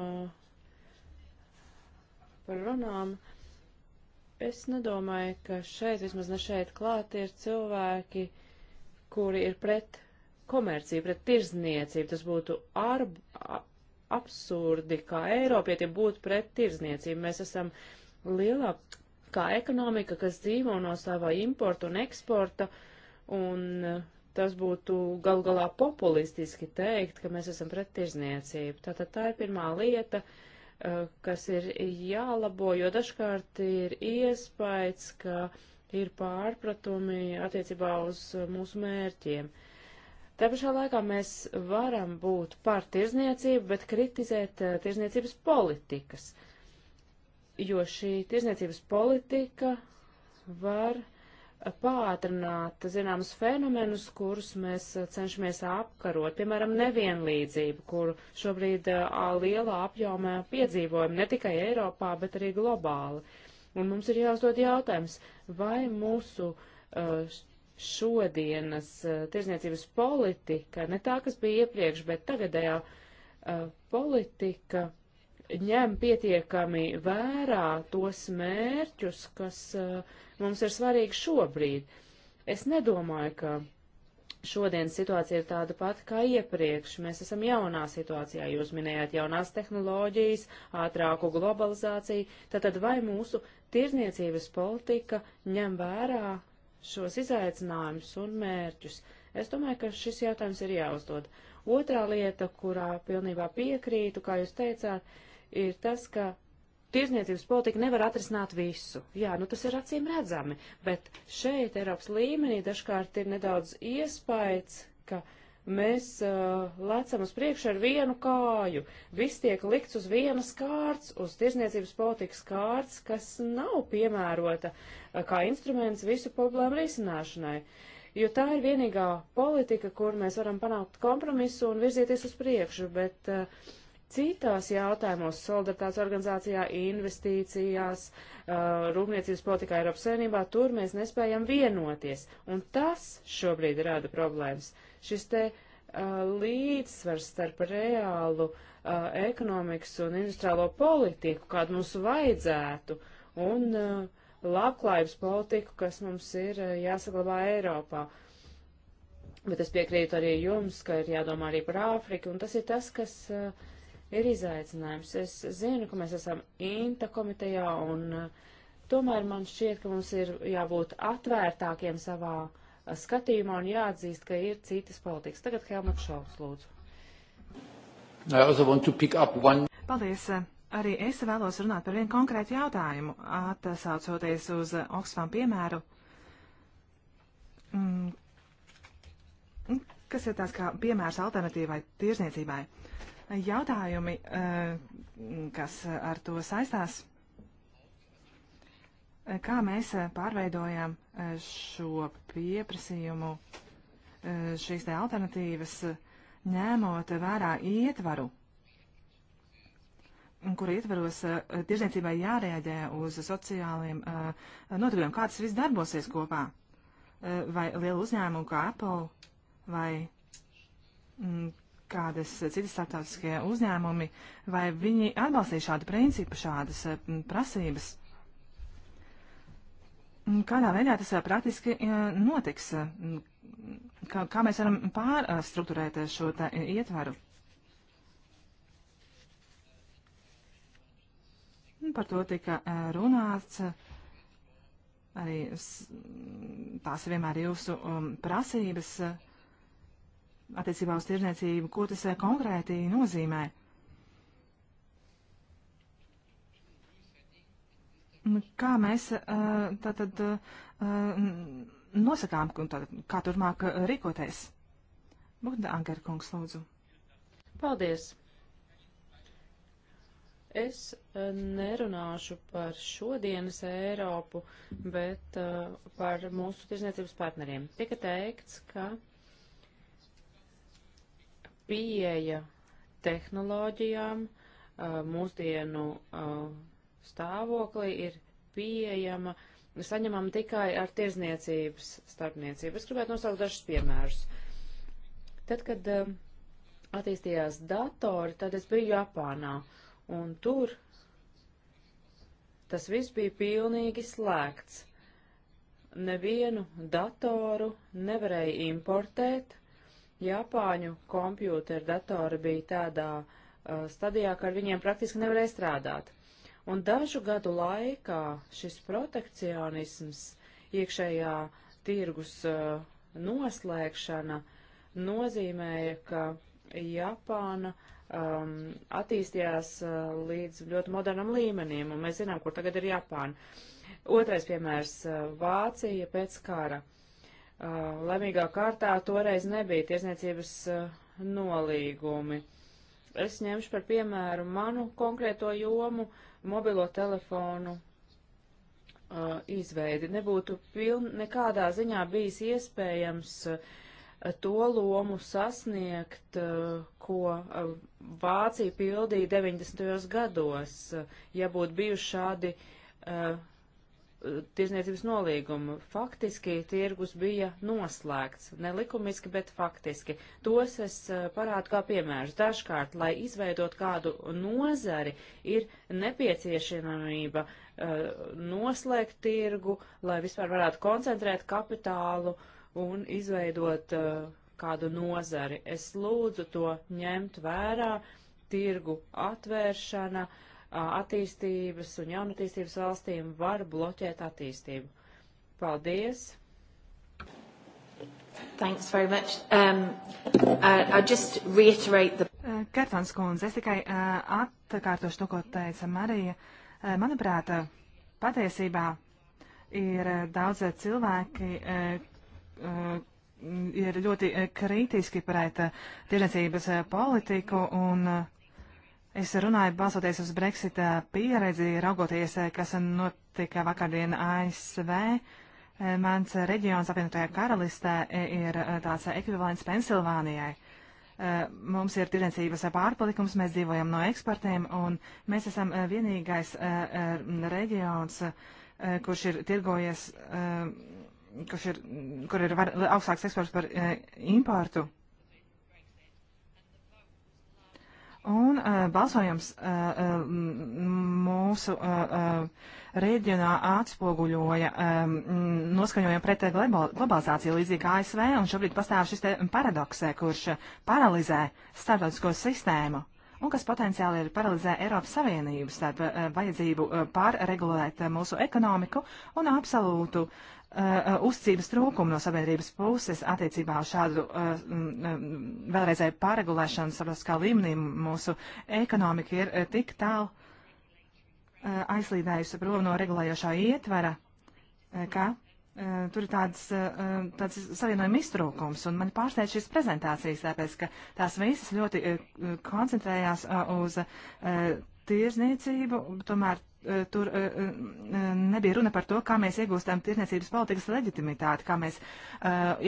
par runām. Uh, Es nedomāju, ka šeit, vismaz ne šeit klāt, ir cilvēki, kuri ir pret komerciju, pret tirzniecību. Tas būtu arb, absurdi, kā Eiropietiem būtu pret tirzniecību. Mēs esam lielā kā ekonomika, kas dzīvo no savā importa un eksporta, un e, tas būtu gal galā populistiski teikt, ka mēs esam pret tirzniecību. Tātad tā ir pirmā lieta. Uh, Eh, kas ir jālabo, jo dažkārt ir iespējas, ka ir pārpratumi attiecībā uz eh, mūsu mērķiem. Tā pašā laikā mēs varam būt par tirzniecību, bet kritizēt eh, tirzniecības politikas, jo šī tirzniecības politika var uh, pātrināt zināmus fenomenus, kurus mēs eh, cenšamies apkarot, piemēram, nevienlīdzību, kuru šobrīd uh, lielā apjomā piedzīvojam ne tikai Eiropā, bet arī globāli. Un mums ir jāuzdod jautājums, vai mūsu uh, šodienas uh, tirzniecības politika, ne tā, kas bija iepriekš, bet tagadējā politika ņem pietiekami vērā tos mērķus, kas uh, mums ir svarīgi šobrīd. Es nedomāju, ka šodien situācija ir tāda pati kā iepriekš. Mēs esam jaunā situācijā, jūs minējāt jaunās tehnoloģijas, ātrāku globalizāciju. Tātad vai mūsu tirzniecības politika ņem vērā šos izaicinājumus un mērķus? Es domāju, ka šis jautājums ir jāuzdod. Otrā lieta, kurā pilnībā piekrītu, kā jūs teicāt, uh, ir tas, ka tirzniecības politika nevar atrisināt visu. Jā, nu tas ir acīm redzami, bet šeit Eiropas līmenī dažkārt ir nedaudz iespējas, ka mēs uh, lecam uz priekšu ar vienu kāju. Viss tiek likts uz vienas kārts, uz tirzniecības politikas kārts, kas nav piemērota uh, kā instruments visu problēmu risināšanai. Jo tā ir vienīgā politika, kur mēs varam panākt kompromisu un virzieties uz priekšu, bet uh, Citās jautājumos - solidaritātes organizācijā, investīcijās, uh, rūpniecības politikā Eiropas Savienībā - tur mēs nespējam vienoties. Un tas šobrīd rada problēmas. Šis te uh, līdzsvars starp reālu uh, ekonomikas un industriālo politiku, kādu mums vajadzētu, un labklājības politiku, kas mums ir jāsaglabā Eiropā. Bet es piekrītu arī jums, ka ir jādomā arī par Āfriku, un tas ir tas, kas uh, ir izaicinājums. Es zinu, ka mēs esam INTA komitejā, un uh, tomēr man šķiet, ka mums ir jābūt atvērtākiem savā uh, skatījumā un jāatzīst, ka ir citas politikas. Tagad Helmut Šalts, lūdzu. One... Paldies. Arī es vēlos runāt par vienu konkrētu jautājumu, atsaucoties uz uh, Oxfam piemēru. Mm. Kas ir tās kā piemērs alternatīvai tirzniecībai? Uh, jautājumi, eh, kas ar to saistās. Eh, kā mēs eh, pārveidojam šo pieprasījumu, šīs te alternatīvas, ņēmot vērā ietvaru, kur ietvaros tirzniecībai jārēģē uz sociāliem notikumiem, kā tas viss darbosies kopā. Vai liela uzņēmuma kā Apple vai mm, kādas citas starptautiskie uzņēmumi, vai viņi atbalstīja šādu principu, šādas eh, prasības? Kādā veidā tas eh, praktiski eh, notiks? Kā, kā mēs varam pārstruktūrēt šo ietvaru? Par to tika runāts arī tās vienmēr jūsu um, prasības attiecībā uz tirdzniecību, ko tas eh, konkrēti nozīmē. Nu, kā mēs eh, tātad eh, nosakām, tātad, kā turmāk rīkoties? Bogda Angerkungs, lūdzu. Paldies! Es nerunāšu par šodienas Eiropu, bet par mūsu tirzniecības partneriem. Tika teikts, ka pieeja tehnoloģijām mūsdienu stāvoklī ir pieejama, saņemama tikai ar tirzniecības starpniecību. Es gribētu nosaukt dažus piemērus. Tad, kad attīstījās datori, tad es biju Japānā, un tur tas viss bija pilnīgi slēgts. Nevienu datoru nevarēja importēt, Japāņu kompjūteri datori bija tādā uh, stadijā, ka ar viņiem praktiski nevarēja strādāt. Un dažu gadu laikā šis protekcionisms, iekšējā tirgus uh, noslēgšana nozīmēja, ka Japāna um, attīstījās uh, līdz ļoti modernam līmenim, un mēs zinām, kur tagad ir Japāna. Otrais piemērs uh, - Vācija pēc kara. Uh, Eh, lemīgā kārtā toreiz nebija tiesniecības eh, nolīgumi. Es ņemšu par piemēru manu konkrēto jomu mobilo telefonu uh, izveidi. Nebūtu piln, nekādā ziņā bijis iespējams uh, to lomu sasniegt, ko Vācija pildīja 90. gados, ja būtu bijuši šādi uh, tirzniecības nolīgumu. Faktiski tirgus bija noslēgts, nelikumiski, bet faktiski. Tos es e, parādu kā piemērus. Dažkārt, lai izveidot kādu nozari, ir nepieciešamība uh, noslēgt tirgu, lai vispār varētu koncentrēt kapitālu un izveidot uh, kādu nozari. Es lūdzu to ņemt vērā, tirgu atvēršana. Uh, attīstības un jaunatīstības valstīm var bloķēt attīstību. Paldies! Thanks very much. Um, uh, I just reiterate the... Kertons kundze, es tikai uh, atkārtošu to, ko teica Marija. Uh, manuprāt, uh, patiesībā ir uh, daudz cilvēki, uh, uh, ir ļoti kritiski pret uh, tirdzniecības uh, politiku un uh, Es runāju balsoties uz Brexita pieredzi, raugoties, kas notika vakardien ASV. Mans reģions apvienotajā karalistē ir tāds ekvivalents Pensilvānijai. Mums ir tirdzniecības pārpalikums, mēs dzīvojam no eksportiem, un mēs esam vienīgais eh, eh, reģions, eh, kurš ir tirgojies, kurš ir, kur ir var, augstāks eksports par importu. Un uh, balsojums uh, mūsu uh, reģionā atspoguļoja um, noskaņojumu pret globalizāciju līdzīgi kā ASV, un šobrīd pastāv šis paradoksē, kurš paralizē starptautisko sistēmu un kas potenciāli ir paralizē Eiropas Savienību starp vajadzību pārregulēt mūsu ekonomiku un absolūtu uh, uh, uh uzcības trūkumu no sabiedrības puses attiecībā uz šādu uh, vēlreizēju pārregulēšanu sabiedriskā līmenī. Mūsu ekonomika ir uh, tik tālu uh, aizlīdējusi prom no regulējošā ietvara, uh, ka uh, tur ir tāds, uh, tāds savienojuma iztrūkums, un man pārsteidz šīs prezentācijas, tāpēc, ka tās visas ļoti koncentrējās uz tirzniecību, tomēr Eh, tur eh, eh, nebija runa par to, kā mēs iegūstam tirniecības politikas leģitimitāti, kā mēs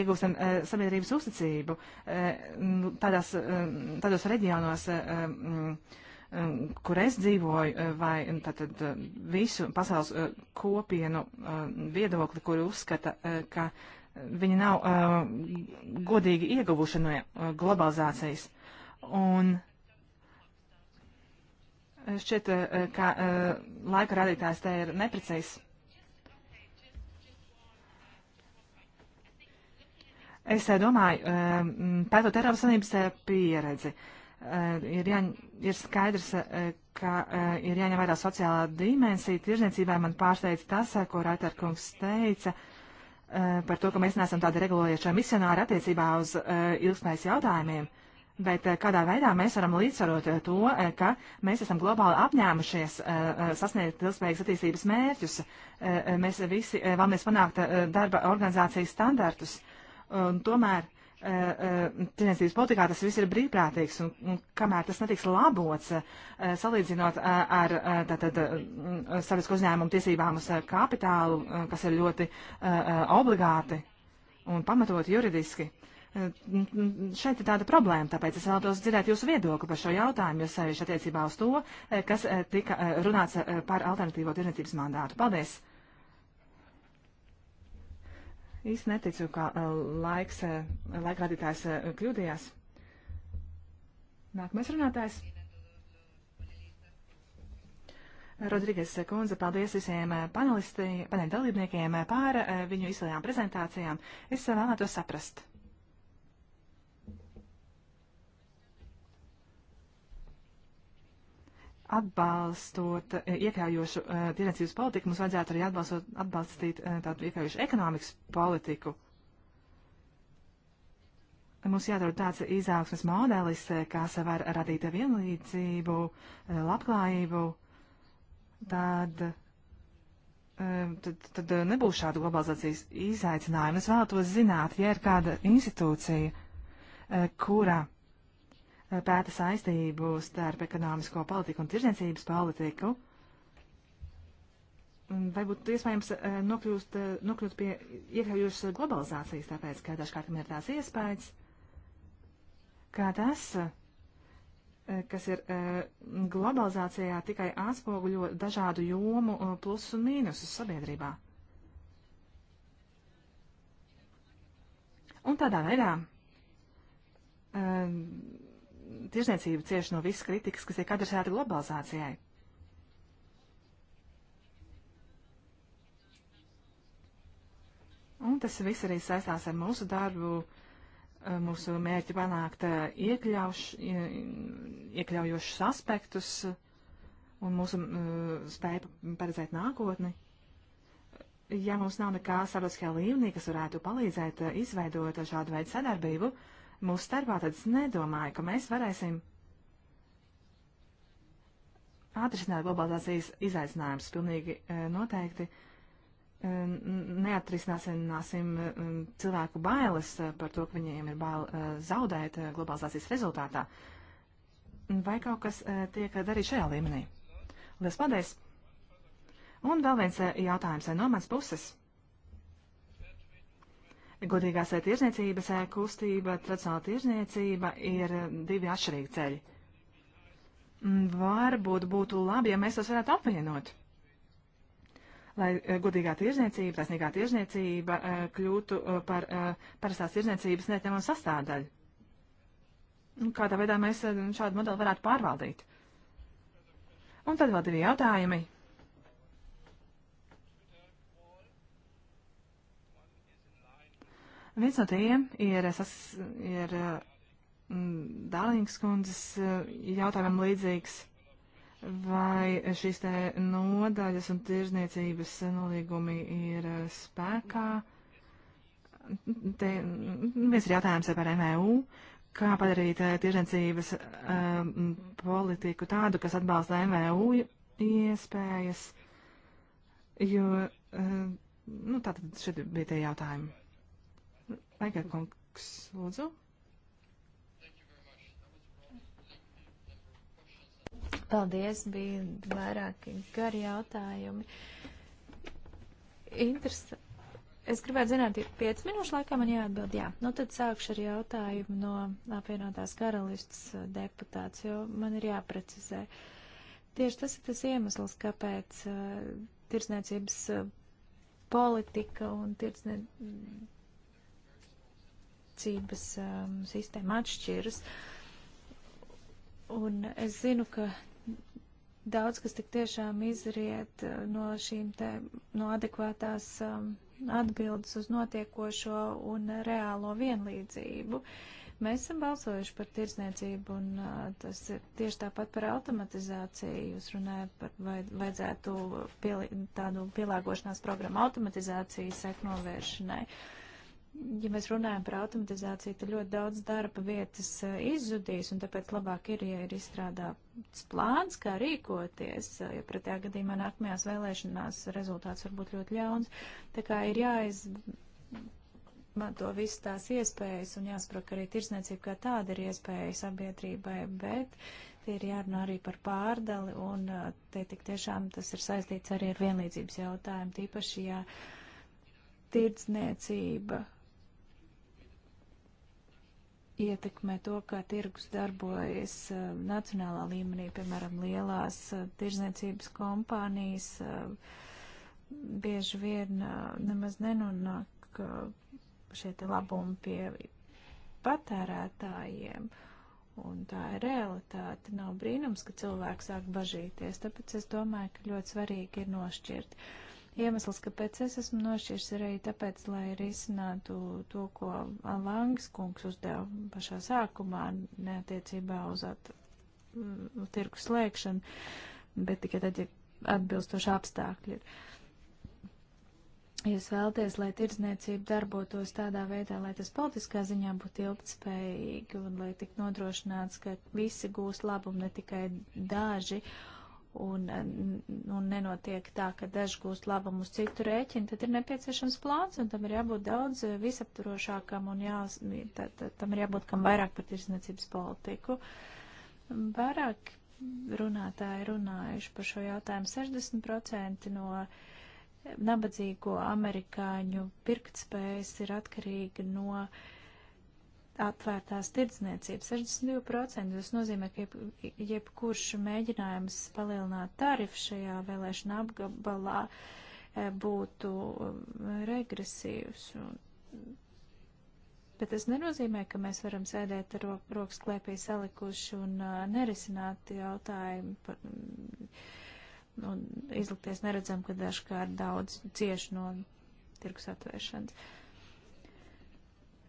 iegūstam sabiedrības uzticību nu, tādās, tādos reģionos, mm, kur es dzīvoju, vai tātad visu pasaules kopienu viedokli, kuri uzskata, ka viņi nav godīgi ieguvuši no globalizācijas. Un Šķiet, eh, ka eh, laika rādītājs te ir neprecīzs. Es eh, domāju, pētot Eiropas Savienības pieredzi, ir, jāņ, ir skaidrs, ka ir jāņem vērā sociālā dimensija. Tirzniecībā man pārsteidz tas, ko Raitarkungs teica par to, ka mēs neesam tādi regulējušie misionāri attiecībā uz ilgspējas jautājumiem. Bet eh, kādā veidā mēs varam līdzsvarot eh, to, eh, ka mēs esam globāli apņēmušies sasniegt ilgspējīgas attīstības mērķus. Mēs visi vēlamies panākt darba organizācijas standartus. Un tomēr tirdzniecības politikā tas viss ir brīvprātīgs, un, un kamēr tas netiks labots, salīdzinot ar tātad mm, sabiedrisko uzņēmumu tiesībām uz kapitālu, kas ir ļoti obligāti un pamatot juridiski, Eh, šeit ir tāda problēma, tāpēc es vēlētos dzirdēt jūsu viedokli par šo jautājumu, jo sevišķi attiecībā uz to, eh, kas eh, tika runāts par alternatīvo tirdzniecības mandātu. Paldies! Īsti neticu, ka laiks, laikradītājs kļūdījās. Nākamais runātājs. Rodrīgas kundze, paldies visiem panelistiem, paneļa dalībniekiem par viņu izcilajām prezentācijām. Es vēlētos saprast. atbalstot e, iekļaujošu e, tirdzniecības politiku, mums vajadzētu arī atbalstot, atbalstīt e, tādu iekļaujošu ekonomikas politiku. Mums jāatrod tāds izaugsmes modelis, kas var radīt vienlīdzību, labklājību. Tad, tad, tad nebūs šādu globalizācijas izaicinājumu. Es vēlētos zināt, ja ir kāda institūcija, kurā pēta saistību starp ekonomisko politiku un tirdzniecības politiku. Vai būtu iespējams eh, nokļūst, eh, nokļūt pie iekļaujušas globalizācijas, tāpēc, ka dažkārt man ir tās iespējas, kā tas, eh, kas ir globalizācijā, tikai atspoguļo dažādu jomu plusus un mīnusus sabiedrībā. Un tādā veidā tirzniecība cieši no visas kritikas, kas tiek adresēta globalizācijai. Un tas viss arī saistās ar mūsu darbu, mūsu mērķi panākt iekļauš, iekļaujošus aspektus un mūsu spēju paredzēt nākotni. Ja mums nav nekā starptautiskajā līmenī, kas varētu palīdzēt izveidot šādu veidu sadarbību, uh, mūsu starpā, tad es nedomāju, ka mēs varēsim atrisināt globalizācijas izaicinājumus. Pilnīgi e, noteikti e, neatrisināsim e, cilvēku bailes par to, ka viņiem ir bail zaudēt globalizācijas rezultātā. Vai kaut kas tiek darīts šajā līmenī? Lielas paldies! Un vēl viens jautājums no manas puses. Godīgās tirzniecības kustība, tradicionāla tirzniecība ir divi atšķirīgi ceļi. Mm, varbūt būtu labi, ja mēs tos varētu apvienot. Lai godīgā tirzniecība, taisnīgā tirzniecība kļūtu par parastās tirzniecības neatņemamu sastāvdaļu. Kādā veidā mēs šādu modeli varētu pārvaldīt? Un tad vēl divi jautājumi Viens no tiem ir, sas, ir mm, Dālīngas kundzes eh, jautājumam līdzīgs. Vai šīs te nodaļas un tirzniecības nolīgumi ir eh, spēkā? Te mm, viens ir jautājums par MVU. E Kā padarīt eh, tirzniecības um, politiku tādu, kas atbalsta MVU e iespējas? Jo, um, nu, tātad šeit bija tie jautājumi. Vaigā kungs, lūdzu. Paldies, bija vairāki gari jautājumi. Interesanti. Es gribētu zināt, ir 5 minūšu laikā man jāatbild, jā. Nu, tad sākšu ar jautājumu no apvienotās karalists deputāts, jo man ir jāprecizē. Tieši tas ir tas iemesls, kāpēc uh, eh, tirsniecības eh, politika un tirsniecības rīcības um, sistēma atšķiras. Un es zinu, ka daudz kas tik tiešām izriet uh, no šīm te, no adekvātās um, atbildes uz notiekošo un reālo vienlīdzību. Mēs esam balsojuši par tirsniecību, un uh, tas ir tieši tāpat par automatizāciju. Jūs runājat par vai, vajadzētu pieli, tādu pielāgošanās programmu automatizācijas seknovēršanai. Uh, ja mēs runājam par automatizāciju, tad ļoti daudz darba vietas eh, izzudīs, un tāpēc labāk ir, ja ir izstrādāts plāns, kā rīkoties, eh, jo pretējā gadījumā nākamajās vēlēšanās rezultāts var būt ļoti ļauns. Tā kā ir jāiz man to visu tās iespējas, un jāsaprot, ka arī tirsniecība kā tāda ir iespēja sabiedrībai, bet tie ir jārunā arī par pārdali, un eh, te tik tiešām tas ir saistīts arī ar vienlīdzības jautājumu, tīpaši, ja tirdzniecība ietekmē to, kā tirgus darbojas nacionālā līmenī, piemēram, lielās tirzniecības kompānijas bieži vien nemaz nenonāk šie te labumi pie patērētājiem. Un tā ir realitāte. Nav brīnums, ka cilvēks sāk bažīties. Tāpēc es domāju, ka ļoti svarīgi ir nošķirt. Uh, Iemesls, kāpēc es esmu nošķirs, ir arī tāpēc, lai risinātu to, ko Langs kungs uzdeva pašā sākumā neatiecībā uz at, tirku slēgšanu, bet tikai tad, ja atbilstoši apstākļi ir. Jūs vēlaties, lai tirdzniecība darbotos tādā veidā, lai tas politiskā ziņā būtu ilgtspējīgi un lai tik nodrošināts, ka visi gūs labumu, ne tikai daži. Uh, un, un nenotiek tā, ka daži gūst labumus citu rēķinu, tad ir nepieciešams plāns, un tam ir jābūt daudz eh, visapturošākam, un jā, tā, tā, tam ir jābūt kam vairāk par tirsniecības politiku. Vairāk runātāji runājuši par šo jautājumu 60% no nabadzīgo amerikāņu pirktspējas ir atkarīga no uh, atvērtās tirdzniecības 62%. Tas nozīmē, ka jeb, jebkurš mēģinājums palielināt tarifu šajā vēlēšana apgabalā eh, būtu um, regresīvs. Bet tas nenozīmē, ka mēs varam sēdēt ar rokas klēpī salikuši un uh, nerisināt jautājumu par mm, un izlikties neredzam, ka dažkārt daudz cieši no tirgus atvēršanas. Uh,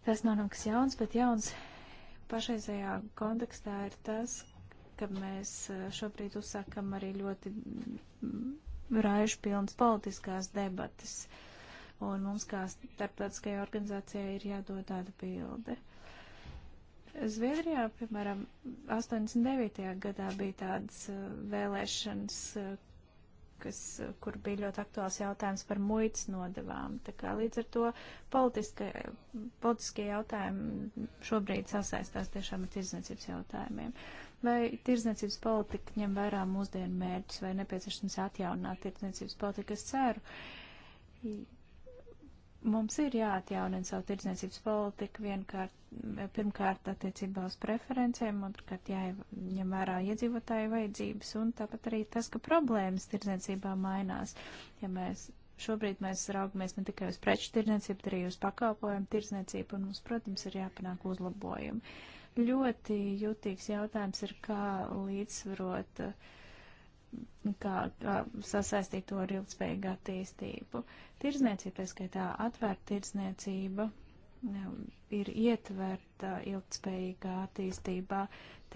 Tas nav nekas jauns, bet jauns pašreizējā kontekstā ir tas, ka mēs eh, šobrīd uzsākam arī ļoti mm, raižu pilnas politiskās debatas, un mums kā starptautiskajai organizācijai ir jādod tāda bilde. Zviedrijā, piemēram, 89. gadā bija tādas eh, vēlēšanas, eh, kas, kur bija ļoti aktuāls jautājums par muitas nodevām. Tā kā līdz ar to politiskie, politiskie jautājumi šobrīd sasaistās tiešām ar tirdzniecības jautājumiem. Vai tirdzniecības politika ņem vērā mūsdienu mērķus vai nepieciešams atjaunināt tirdzniecības politiku? Es ceru Mums ir jāatjaunina savu tirdzniecības politiku vienkārt, pirmkārt attiecībā uz preferencēm, otrkārt jāņem vērā iedzīvotāju vajadzības un tāpat arī tas, ka problēmas tirdzniecībā mainās. Ja mēs šobrīd mēs raugamies ne tikai uz preču tirdzniecību, bet arī uz pakalpojumu tirdzniecību un mums, protams, ir jāpanāk uzlabojumi. Ļoti jūtīgs jautājums ir, kā līdzsvarot uh, kā, kā sasaistīt to ar ilgspējīgu attīstību. Tirzniecība, tā skaitā atvērta tirzniecība, um, ir ietverta ilgspējīgā attīstībā.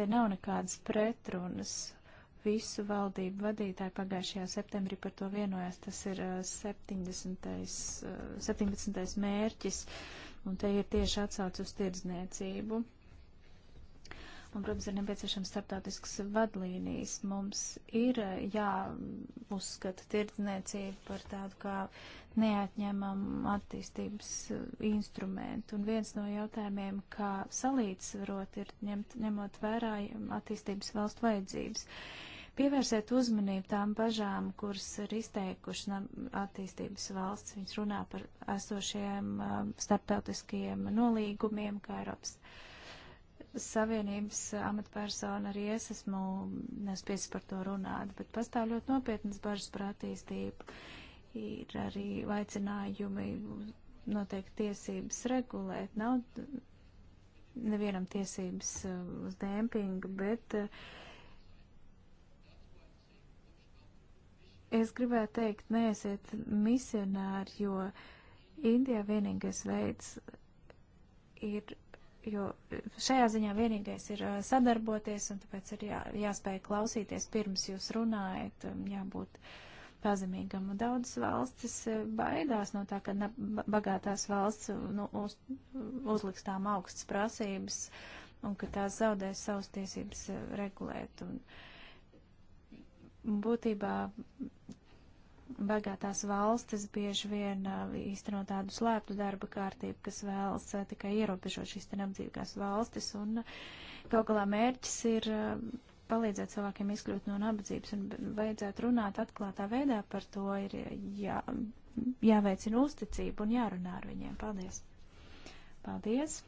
Te nav nekādas pretrunas. Visu valdību vadītāji pagājušajā septembrī par to vienojās. Tas ir 70. Uh, 17. Uh, mērķis, un te ir tieši atsauc uz tirdzniecību. Un, protams, ir nepieciešams starptautisks vadlīnijas. Mums ir eh, jāuzskata tirdzniecība par tādu kā neatņemamu attīstības eh, instrumentu. Un viens no jautājumiem, kā salīdzvarot, ir ņemt, ņemot vērā attīstības valstu vajadzības. Pievērsiet uzmanību tām bažām, kuras ir izteikuši attīstības valsts. Viņas runā par esošajiem eh, starptautiskajiem nolīgumiem, kā Eiropas. Uh, Savienības amatpersona arī es esmu nespējis par to runāt, bet pastāv ļoti nopietnas bažas par attīstību. Ir arī aicinājumi noteikti tiesības regulēt. Nav nevienam tiesības uh, uz dēmpingu, bet uh, es gribētu teikt, neesiet misionāri, jo Indijā vienīgais veids ir jo eh, šajā ziņā vienīgais ir eh, sadarboties, un tāpēc ir jā, jāspēj klausīties pirms jūs runājat, um, jābūt pazemīgam. Daudzas valstis eh, baidās no tā, ka bagātās valsts nu, uz, uzliks tām augstas prasības, un ka tās zaudēs savas tiesības regulēt. Un, būtībā bagātās valstis bieži vien uh, īsteno tādu slēptu darba kārtību, kas vēlas uh, tikai ierobežot šīs te nabadzīgās valstis, un uh, kaut galā mērķis ir palīdzēt cilvēkiem izkļūt no nabadzības, un vajadzētu runāt atklātā veidā par to, ir jā, jāveicina uzticība un jārunā ar viņiem. Paldies! Paldies!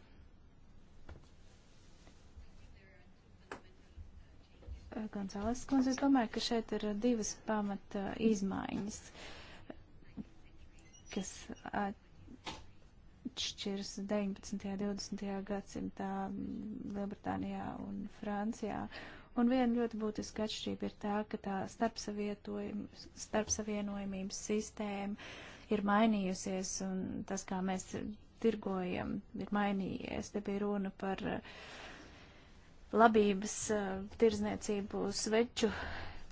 Gonzāles kundze, es domāju, ka šeit ir divas pamata izmaiņas, kas atšķirs 19. un 20. gadsimtā Lielbritānijā un Francijā. Un viena ļoti būtiska atšķirība ir tā, ka tā starpsavienojumības sistēma ir mainījusies un tas, kā mēs tirgojam, ir mainījies. Te bija runa par uh, labības eh, tirzniecību, sveču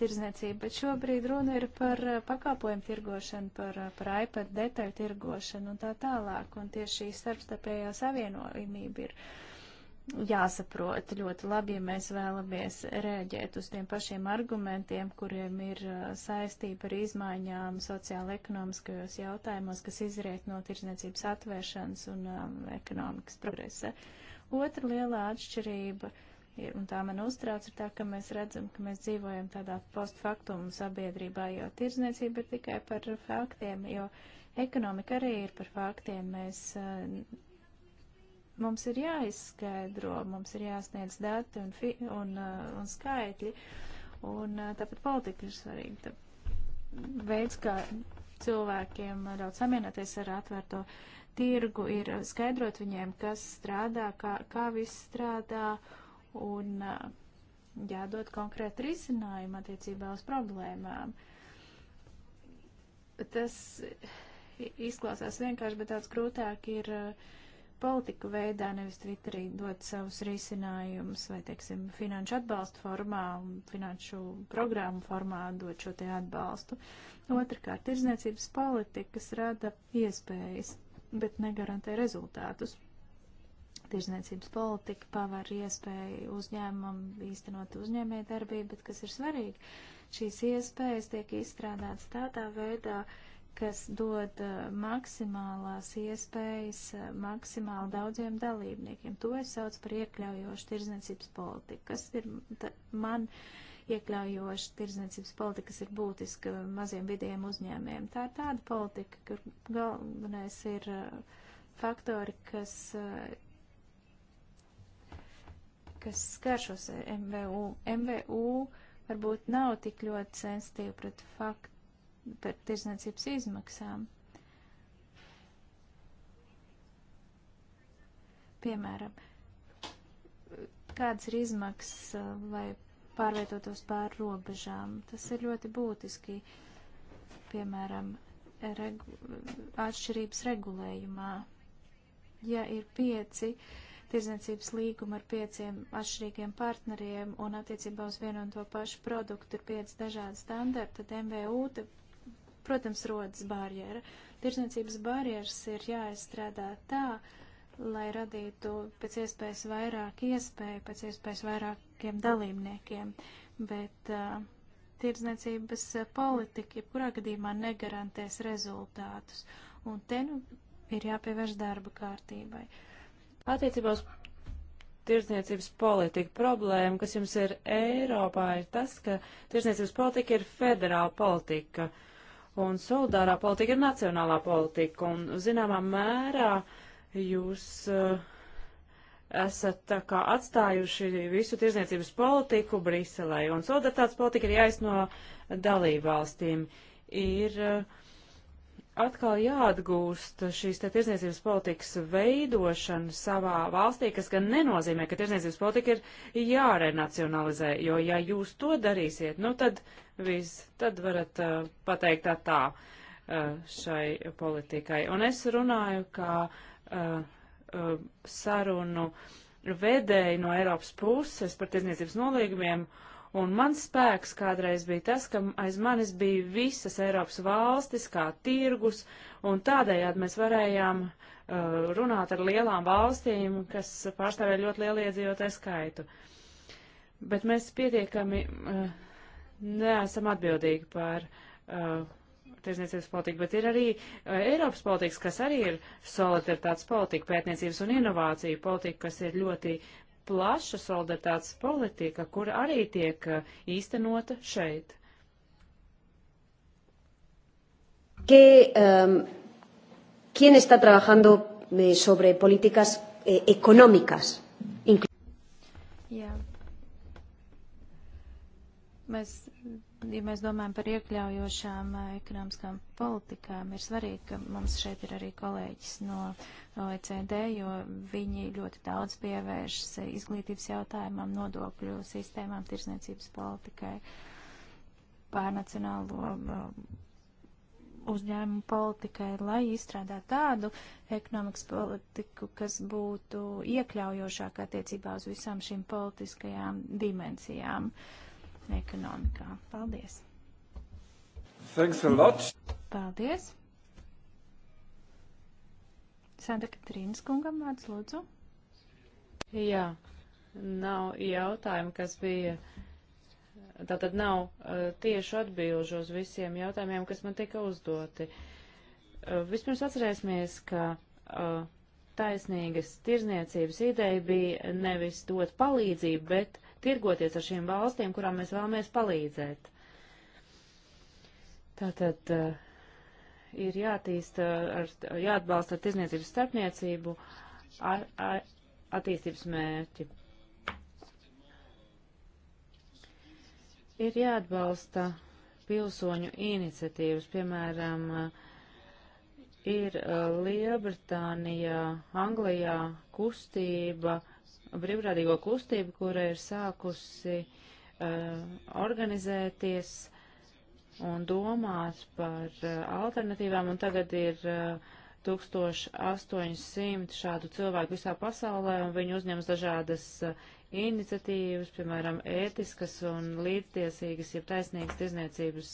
tirzniecību, bet šobrīd runa ir par eh, pakāpojumu tirgošanu, par, eh, par iPad detaļu tirgošanu un tā tālāk. Un tieši šī starpstarpējā savienojumība ir jāsaprot ļoti labi, ja mēs vēlamies rēģēt uz tiem pašiem argumentiem, kuriem ir saistība ar izmaiņām sociāla-ekonomiskajos jautājumos, kas izriet no tirdzniecības atvēršanas un um, ekonomikas progresa. Otra lielā atšķirība uh, Un tā man uztrauc ir tā, ka mēs redzam, ka mēs dzīvojam tādā postfaktumu sabiedrībā, jo tirzniecība ir tikai par faktiem, jo ekonomika arī ir par faktiem. Mēs, eh, mums ir jāizskaidro, mums ir jāsniedz dati un, fi, un, eh, un skaitļi, un eh, tāpat politika ir svarīga. Veids, kā cilvēkiem ļaut samienoties ar atvērto tirgu, ir skaidrot viņiem, kas strādā, kā, kā viss strādā un jādod konkrēti risinājumi attiecībā uz problēmām. Tas izklausās vienkārši, bet tāds grūtāk ir politiku veidā, nevis Twitterī dot savus risinājumus vai, teiksim, finanšu atbalstu formā, finanšu programmu formā dot šo te atbalstu. Otrakārt, tirzniecības politikas rada iespējas, bet negarantē rezultātus tirzniecības politika paver iespēju uzņēmumam īstenot uzņēmēju darbību, bet kas ir svarīgi, šīs iespējas tiek izstrādātas tādā veidā, kas dod uh, maksimālās iespējas uh, maksimāli daudziem dalībniekiem. To es saucu par iekļaujošu tirzniecības politiku. Kas ir man iekļaujoša tirzniecības politika, kas ir būtiska maziem vidiem uzņēmiem? Tā ir tāda politika, kur galvenais ir uh, faktori, kas kas skar šos MVU. MVU varbūt nav tik ļoti sensitīvi pret faktu, pret tirzniecības izmaksām. Piemēram, kādas ir izmaksas, uh, lai pārvietotos pāri robežām. Tas ir ļoti būtiski, piemēram, regu atšķirības regulējumā. Ja ir pieci uh, tirzniecības līgumu ar pieciem atšķirīgiem partneriem un attiecībā uz vienu un to pašu produktu ir pieci dažādi standarti, tad MVU, te, protams, rodas barjera. Tirzniecības barjeras ir jāizstrādā tā, lai radītu pēc iespējas vairāk iespēju, pēc iespējas vairākiem dalībniekiem, bet uh, tirdzniecības politika jebkurā gadījumā negarantēs rezultātus, un te nu ir jāpievērš darba kārtībai. Uh, Attiecībā uz tirsniecības politika problēma, kas jums ir Eiropā, ir tas, ka tirsniecības politika ir federāla politika un solidārā politika ir nacionālā politika. Un zināmā mērā jūs uh, esat tā kā atstājuši visu tirsniecības politiku Briselē. Un solidaritātes politika ir jāizno dalībvalstīm. Ir uh, atkal jāatgūst šīs te tirzniecības politikas veidošana savā valstī, kas gan nenozīmē, ka tirzniecības politika ir jārenacionalizē, jo ja jūs to darīsiet, nu tad viss, tad varat uh, pateikt tā tā uh, šai politikai. Un es runāju, kā uh, uh, sarunu vedēji no Eiropas puses par tirzniecības nolīgumiem. Uh, Un mans spēks kādreiz bija tas, ka aiz manis bija visas Eiropas valstis kā tirgus, un tādējādi mēs varējām uh, runāt ar lielām valstīm, kas pārstāvēja ļoti lielu iedzīvotāju skaitu. Bet mēs pietiekami uh, neesam atbildīgi par uh, tirsniecības politika, bet ir arī uh, Eiropas politikas, kas arī ir solidaritātes politika, pētniecības un inovāciju politika, kas ir ļoti plaša solidaritātes politika, kur arī tiek eh, īstenota šeit. Que, um, ¿Quién está trabajando eh, sobre políticas eh, económicas? Jā. Mēs ja mēs domājam par iekļaujošām eh, ekonomiskām politikām, ir svarīgi, ka mums šeit ir arī kolēģis no OECD, jo viņi ļoti daudz pievēršas eh, izglītības jautājumam, nodokļu sistēmām, tirsniecības politikai, pārnacionālo eh, uzņēmumu politikai, lai izstrādātu tādu ekonomikas politiku, kas būtu iekļaujošāk attiecībā uz visām šīm politiskajām dimensijām. Uh, ekonomikā. Paldies! Thanks a lot! Paldies! Santa Katrīnas kungam vārds lūdzu. Jā, nav jautājumu, kas bija. Tātad nav uh, tieši atbilžu uz visiem jautājumiem, kas man tika uzdoti. Uh, vispirms atcerēsimies, ka uh, taisnīgas tirzniecības ideja bija nevis dot palīdzību, bet tirgoties ar šīm valstīm, kurām mēs vēlamies palīdzēt. Tātad eh, ir jātīsta, eh, ar, jāatbalsta ar tirzniecības starpniecību ar, ar attīstības mērķi. Ir jāatbalsta pilsoņu iniciatīvas, piemēram, eh, ir Lielbritānijā, Anglijā kustība, uh, brīvprātīgo kustību, kura ir sākusi uh, organizēties un domāt par uh, alternatīvām, un tagad ir uh, eh, 1800 šādu cilvēku visā pasaulē, un viņi uzņems dažādas uh, iniciatīvas, piemēram, ētiskas un līdztiesīgas, jeb taisnīgas tirzniecības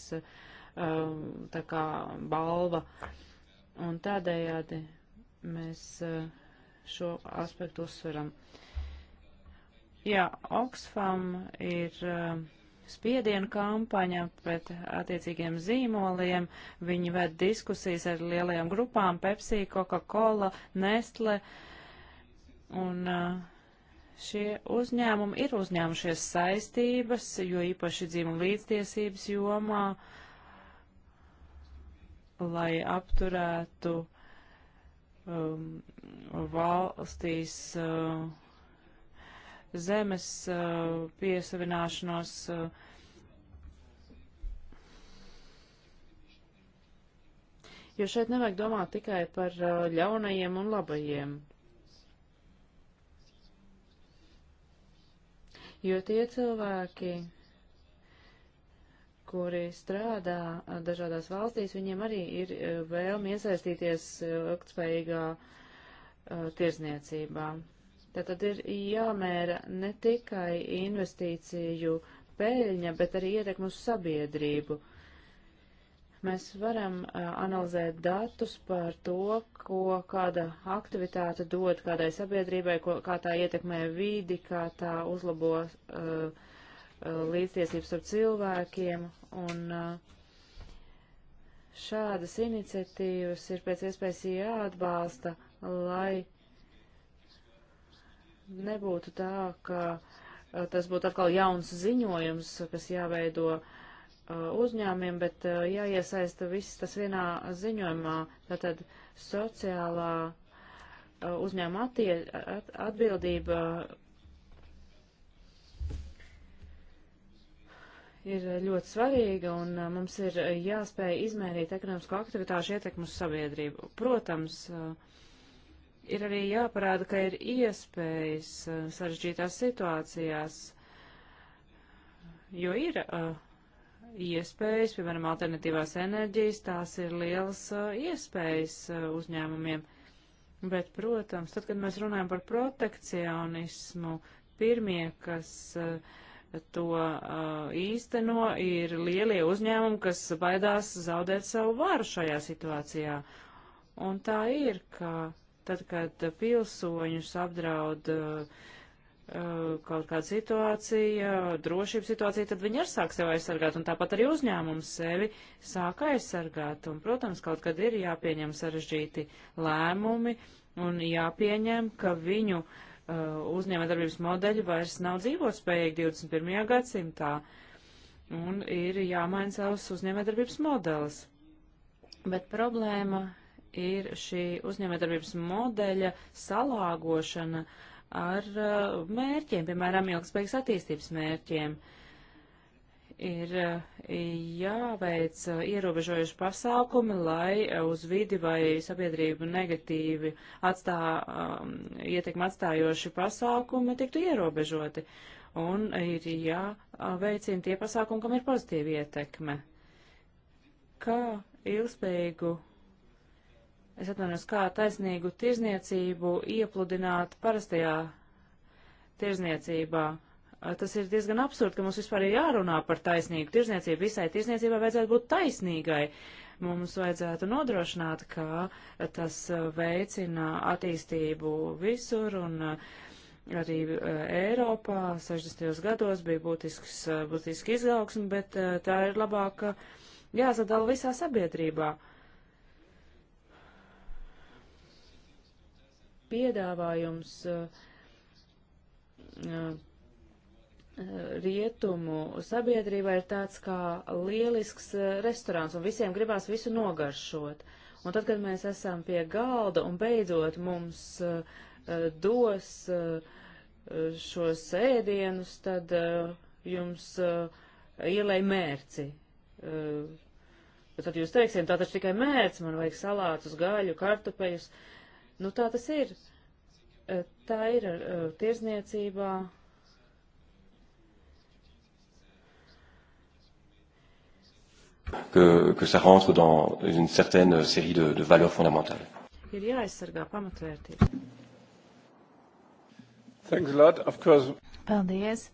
tā kā balva. Un tādējādi mēs šo aspektu uzsveram. Uh, Jā, Oxfam ir uh, spiedienu kampaņa pret attiecīgiem zīmoliem. Viņi ved diskusijas ar lielajām grupām - Pepsi, Coca-Cola, Nestle. Un uh, šie uzņēmumi ir uzņēmušies saistības, jo īpaši dzimuma līdztiesības jomā, lai apturētu um, valstīs. Uh, zemes uh, piesavināšanos. Uh, jo šeit nevajag domāt tikai par uh, ļaunajiem un labajiem. Jo tie cilvēki, kuri strādā uh, dažādās valstīs, viņiem arī ir uh, vēlmi iesaistīties uh, ilgtspējīgā tirzniecībā. Uh, Tātad ir jāmēra ne tikai investīciju peļņa, bet arī ietekmu uz sabiedrību. Mēs varam uh, analizēt datus par to, ko kāda aktivitāte dod kādai sabiedrībai, ko, kā tā ietekmē vīdi, kā tā uzlabo uh, uh līdztiesības ar cilvēkiem. Un, uh, Šādas iniciatīvas ir pēc iespējas jāatbalsta, lai nebūtu tā, ka tas būtu atkal jauns ziņojums, kas jāveido uzņēmiem, bet jāiesaista viss tas vienā ziņojumā. Tātad sociālā uzņēma attie, at, atbildība ir ļoti svarīga un mums ir jāspēj izmērīt ekonomisko aktivitāšu ietekmu uz sabiedrību. Protams, uh, ir arī jāparāda, ka ir iespējas uh, sarežģītās situācijās, jo ir uh, iespējas, piemēram, alternatīvās enerģijas, tās ir lielas uh, iespējas uh, uzņēmumiem. Bet, protams, tad, kad mēs runājam par protekcionismu, pirmie, kas uh, to uh, īsteno, ir lielie uzņēmumi, kas baidās zaudēt savu varu šajā situācijā. Un tā ir, ka Tad, kad pilsoņus apdraud uh, uh, kaut kāda situācija, drošības situācija, tad viņi arī sāk sevi aizsargāt, un tāpat arī uzņēmums sevi sāk aizsargāt. Un, protams, kaut kad ir jāpieņem sarežģīti lēmumi un jāpieņem, ka viņu uh, uzņēmējdarbības modeļi vairs nav dzīvotspējīgi 21. gadsimtā, un ir jāmaina savus uzņēmējdarbības modelis. Bet problēma ir šī uzņēmējdarbības modeļa salāgošana ar uh, mērķiem, piemēram, ilgspējīgas attīstības mērķiem. Ir uh, jāveic uh, ierobežojuši pasākumi, lai uz vidi vai sabiedrību negatīvi atstā, um, ietekmi atstājoši pasākumi tiktu ierobežoti. Un ir jāveicina tie pasākumi, kam ir pozitīva ietekme. Kā ilgspējīgu es atvainojos, kā taisnīgu tirzniecību iepludināt parastajā tirzniecībā. Tas ir diezgan absurdi, ka mums vispār ir jārunā par taisnīgu tirzniecību. Visai tirzniecībai vajadzētu būt taisnīgai. Mums vajadzētu nodrošināt, ka tas veicina attīstību visur un arī Eiropā 60. gados bija būtisks, būtiski izaugsmi, bet tā ir labāk jāsadala visā sabiedrībā. Uh, piedāvājums uh, uh, rietumu sabiedrībā ir tāds kā lielisks uh, restorāns, un visiem gribās visu nogaršot. Un tad, kad mēs esam pie galda un beidzot mums dos šos ēdienus, tad jums ielai mērci. Bet tad jūs teiksiet, tā taču tikai mērci, man vajag salātus, gaļu, kartupeļus. Uh, Nu, tā tas ir. Eh, tā ir eh, tirzniecībā. Que, que ça rentre dans une certaine série de, de valeurs fondamentales. Ir jāaizsargā pamatvērtības. Thanks a lot, of course. Paldies.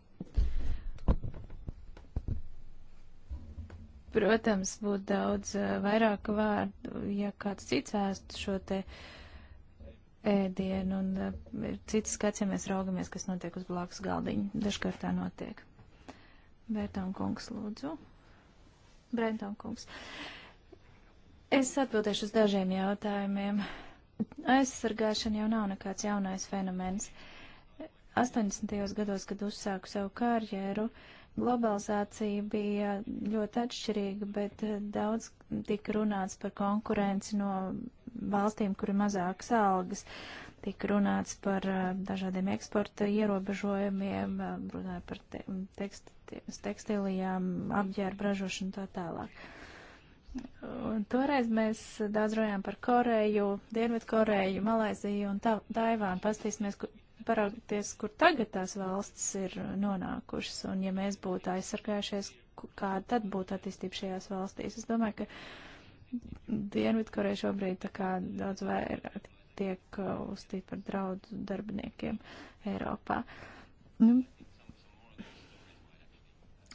Protams, būtu daudz eh, vairāk vārdu, ja kāds cits vēstu šo te uh, ēdienu, un uh, ir cits skats, ja mēs raugamies, kas notiek uz blakus galdiņa. Dažkārt tā notiek. Bērtām kungs, lūdzu. Brentām kungs. Es atbildēšu uz dažiem jautājumiem. Aizsargāšana jau nav nekāds jaunais fenomens. 80. gados, kad uzsāku savu karjeru, globalizācija bija ļoti atšķirīga, bet uh, daudz tika runāts par konkurenci no valstīm, kur ir mazākas algas. Tika runāts par eh, dažādiem eksporta ierobežojumiem, eh, runāja par te, tekst, tekstilijām, apģērbu ražošanu tā tālāk. Un toreiz mēs daudz runājām par Koreju, Dienvidkoreju, Malaiziju un Taivānu. Pastīsimies, kur, paraugties, kur tagad tās valstis ir nonākušas. Un ja mēs būtu aizsargājušies, kāda tad būtu attīstība šajās valstīs. Es domāju, ka Dienvidkoreja šobrīd tā kā daudz vairāk tiek uh, uzstīt par draudu darbiniekiem Eiropā. Nu,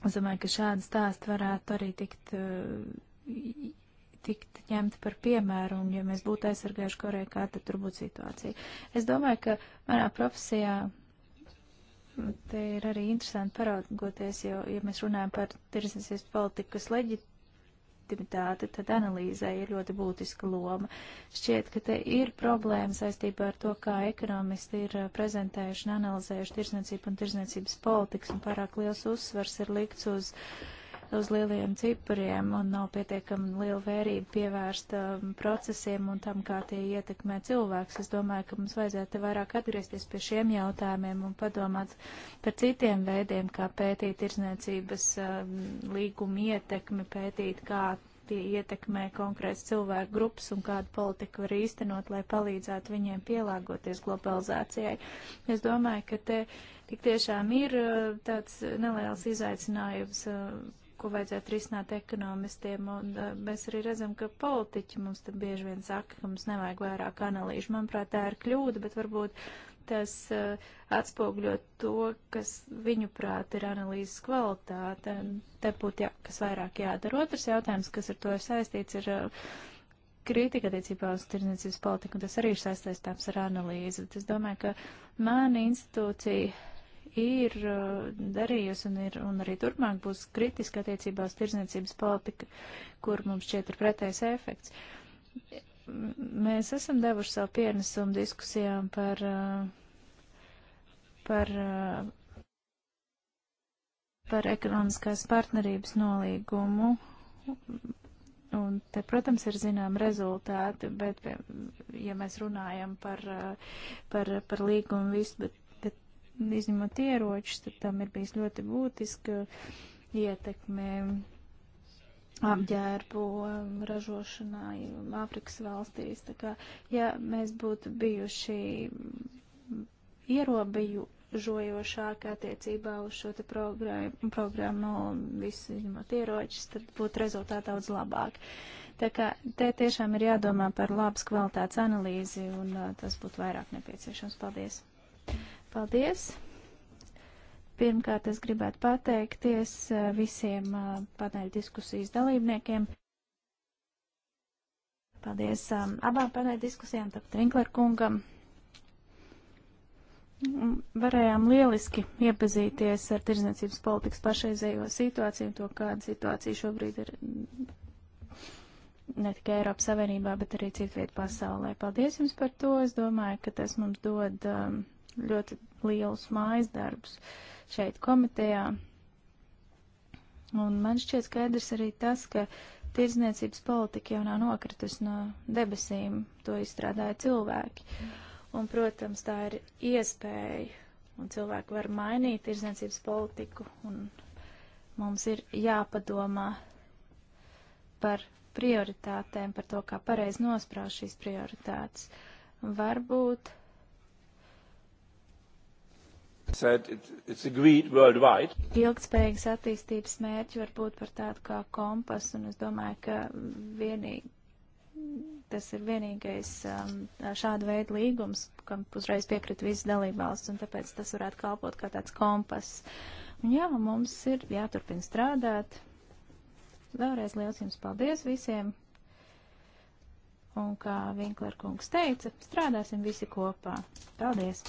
es domāju, ka šādi stāsti varētu arī tikt, uh, tikt ņemti par piemēru, un ja mēs būtu aizsargājuši Koreju, kā tad tur būtu situācija. Es domāju, ka manā profesijā te ir arī interesanti paraugoties, jo, ja mēs runājam par tirsniecības politiku, kas leģit legitimitāte, tad analīzē ir ļoti būtiska loma. Šķiet, ka te ir problēma saistībā ar to, kā ekonomisti ir uh, prezentējuši un analizējuši tirsniecību un tirsniecības politikas, un pārāk liels uzsvars ir likts uz uh, uz lieliem cipariem un nav pietiekami liela vērība pievērsta um, procesiem un tam, kā tie ietekmē cilvēks. Es domāju, ka mums vajadzētu vairāk atgriezties pie šiem jautājumiem un padomāt par citiem veidiem, kā pētīt tirsniecības um, līgumu ietekmi, pētīt, kā tie ietekmē konkrēts cilvēku grupas un kādu politiku var īstenot, lai palīdzētu viņiem pielāgoties globalizācijai. Es domāju, ka te tik tiešām ir uh, tāds neliels izaicinājums uh, ko vajadzētu risināt ekonomistiem, un eh, mēs arī redzam, ka politiķi mums te bieži vien saka, ka mums nevajag vairāk analīžu. Manuprāt, tā ir kļūda, bet varbūt tas uh, atspoguļo to, kas viņuprāt ir analīzes kvalitāte. Te būtu jā, kas vairāk jādara. Otrs jautājums, kas ar to ir saistīts, ir uh, kritika attiecībā uz tirdzniecības politiku, un tas arī ir saistīts ar analīzi. Bet es domāju, ka mana institūcija ir uh, darījusi un, ir, un arī turpmāk būs kritiska attiecībās tirzniecības politika, kur mums šķiet ir pretējs efekts. Mēs esam devuši savu pienesumu diskusijām par, uh, par, uh, par ekonomiskās partnerības nolīgumu Un te, protams, ir zinām rezultāti, bet, ja mēs runājam par, par, par līgumu visu, bet izņemot ieročus, tad tam ir bijis ļoti būtiska ietekme apģērbu um, ražošanai Āfrikas valstīs. Tā kā, ja mēs būtu bijuši ierobeju žojošāk attiecībā uz šo te programmu, programmu visu izņemot ieročus, tad būtu rezultāti daudz labāk. Tā kā te tiešām ir jādomā par labas kvalitātes analīzi, un uh, tas būtu vairāk nepieciešams. Paldies! Paldies! Pirmkārt, es gribētu pateikties eh, visiem eh, paneļa diskusijas dalībniekiem. Paldies um, abām paneļa diskusijām, tāpat Rinkler kungam. Mm, varējām lieliski iepazīties ar tirdzniecības politikas pašreizējo situāciju, to, kāda situācija šobrīd ir mm, ne tikai Eiropas Savienībā, bet arī citvietu pasaulē. Paldies jums par to. Es domāju, ka tas mums dod. Um, ļoti lielus mājas darbus šeit komitejā. Un man šķiet skaidrs arī tas, ka tirdzniecības politika jau nav nokritus no debesīm, to izstrādāja cilvēki. Un, protams, tā ir iespēja, un cilvēki var mainīt tirdzniecības politiku, un mums ir jāpadomā par prioritātēm, par to, kā pareizi nosprāst šīs prioritātes. Varbūt Ilgtspējīgas attīstības mērķi var būt par tādu kā kompas, un es domāju, ka vienīgi, tas ir vienīgais um, šāda veida līgums, kam uzreiz piekrita visas dalībvalsts, un tāpēc tas varētu kalpot kā tāds kompas. Un jā, mums ir jāturpina strādāt. Vēlreiz liels jums paldies visiem! Un kā Vinklera kungs teica, strādāsim visi kopā. Paldies!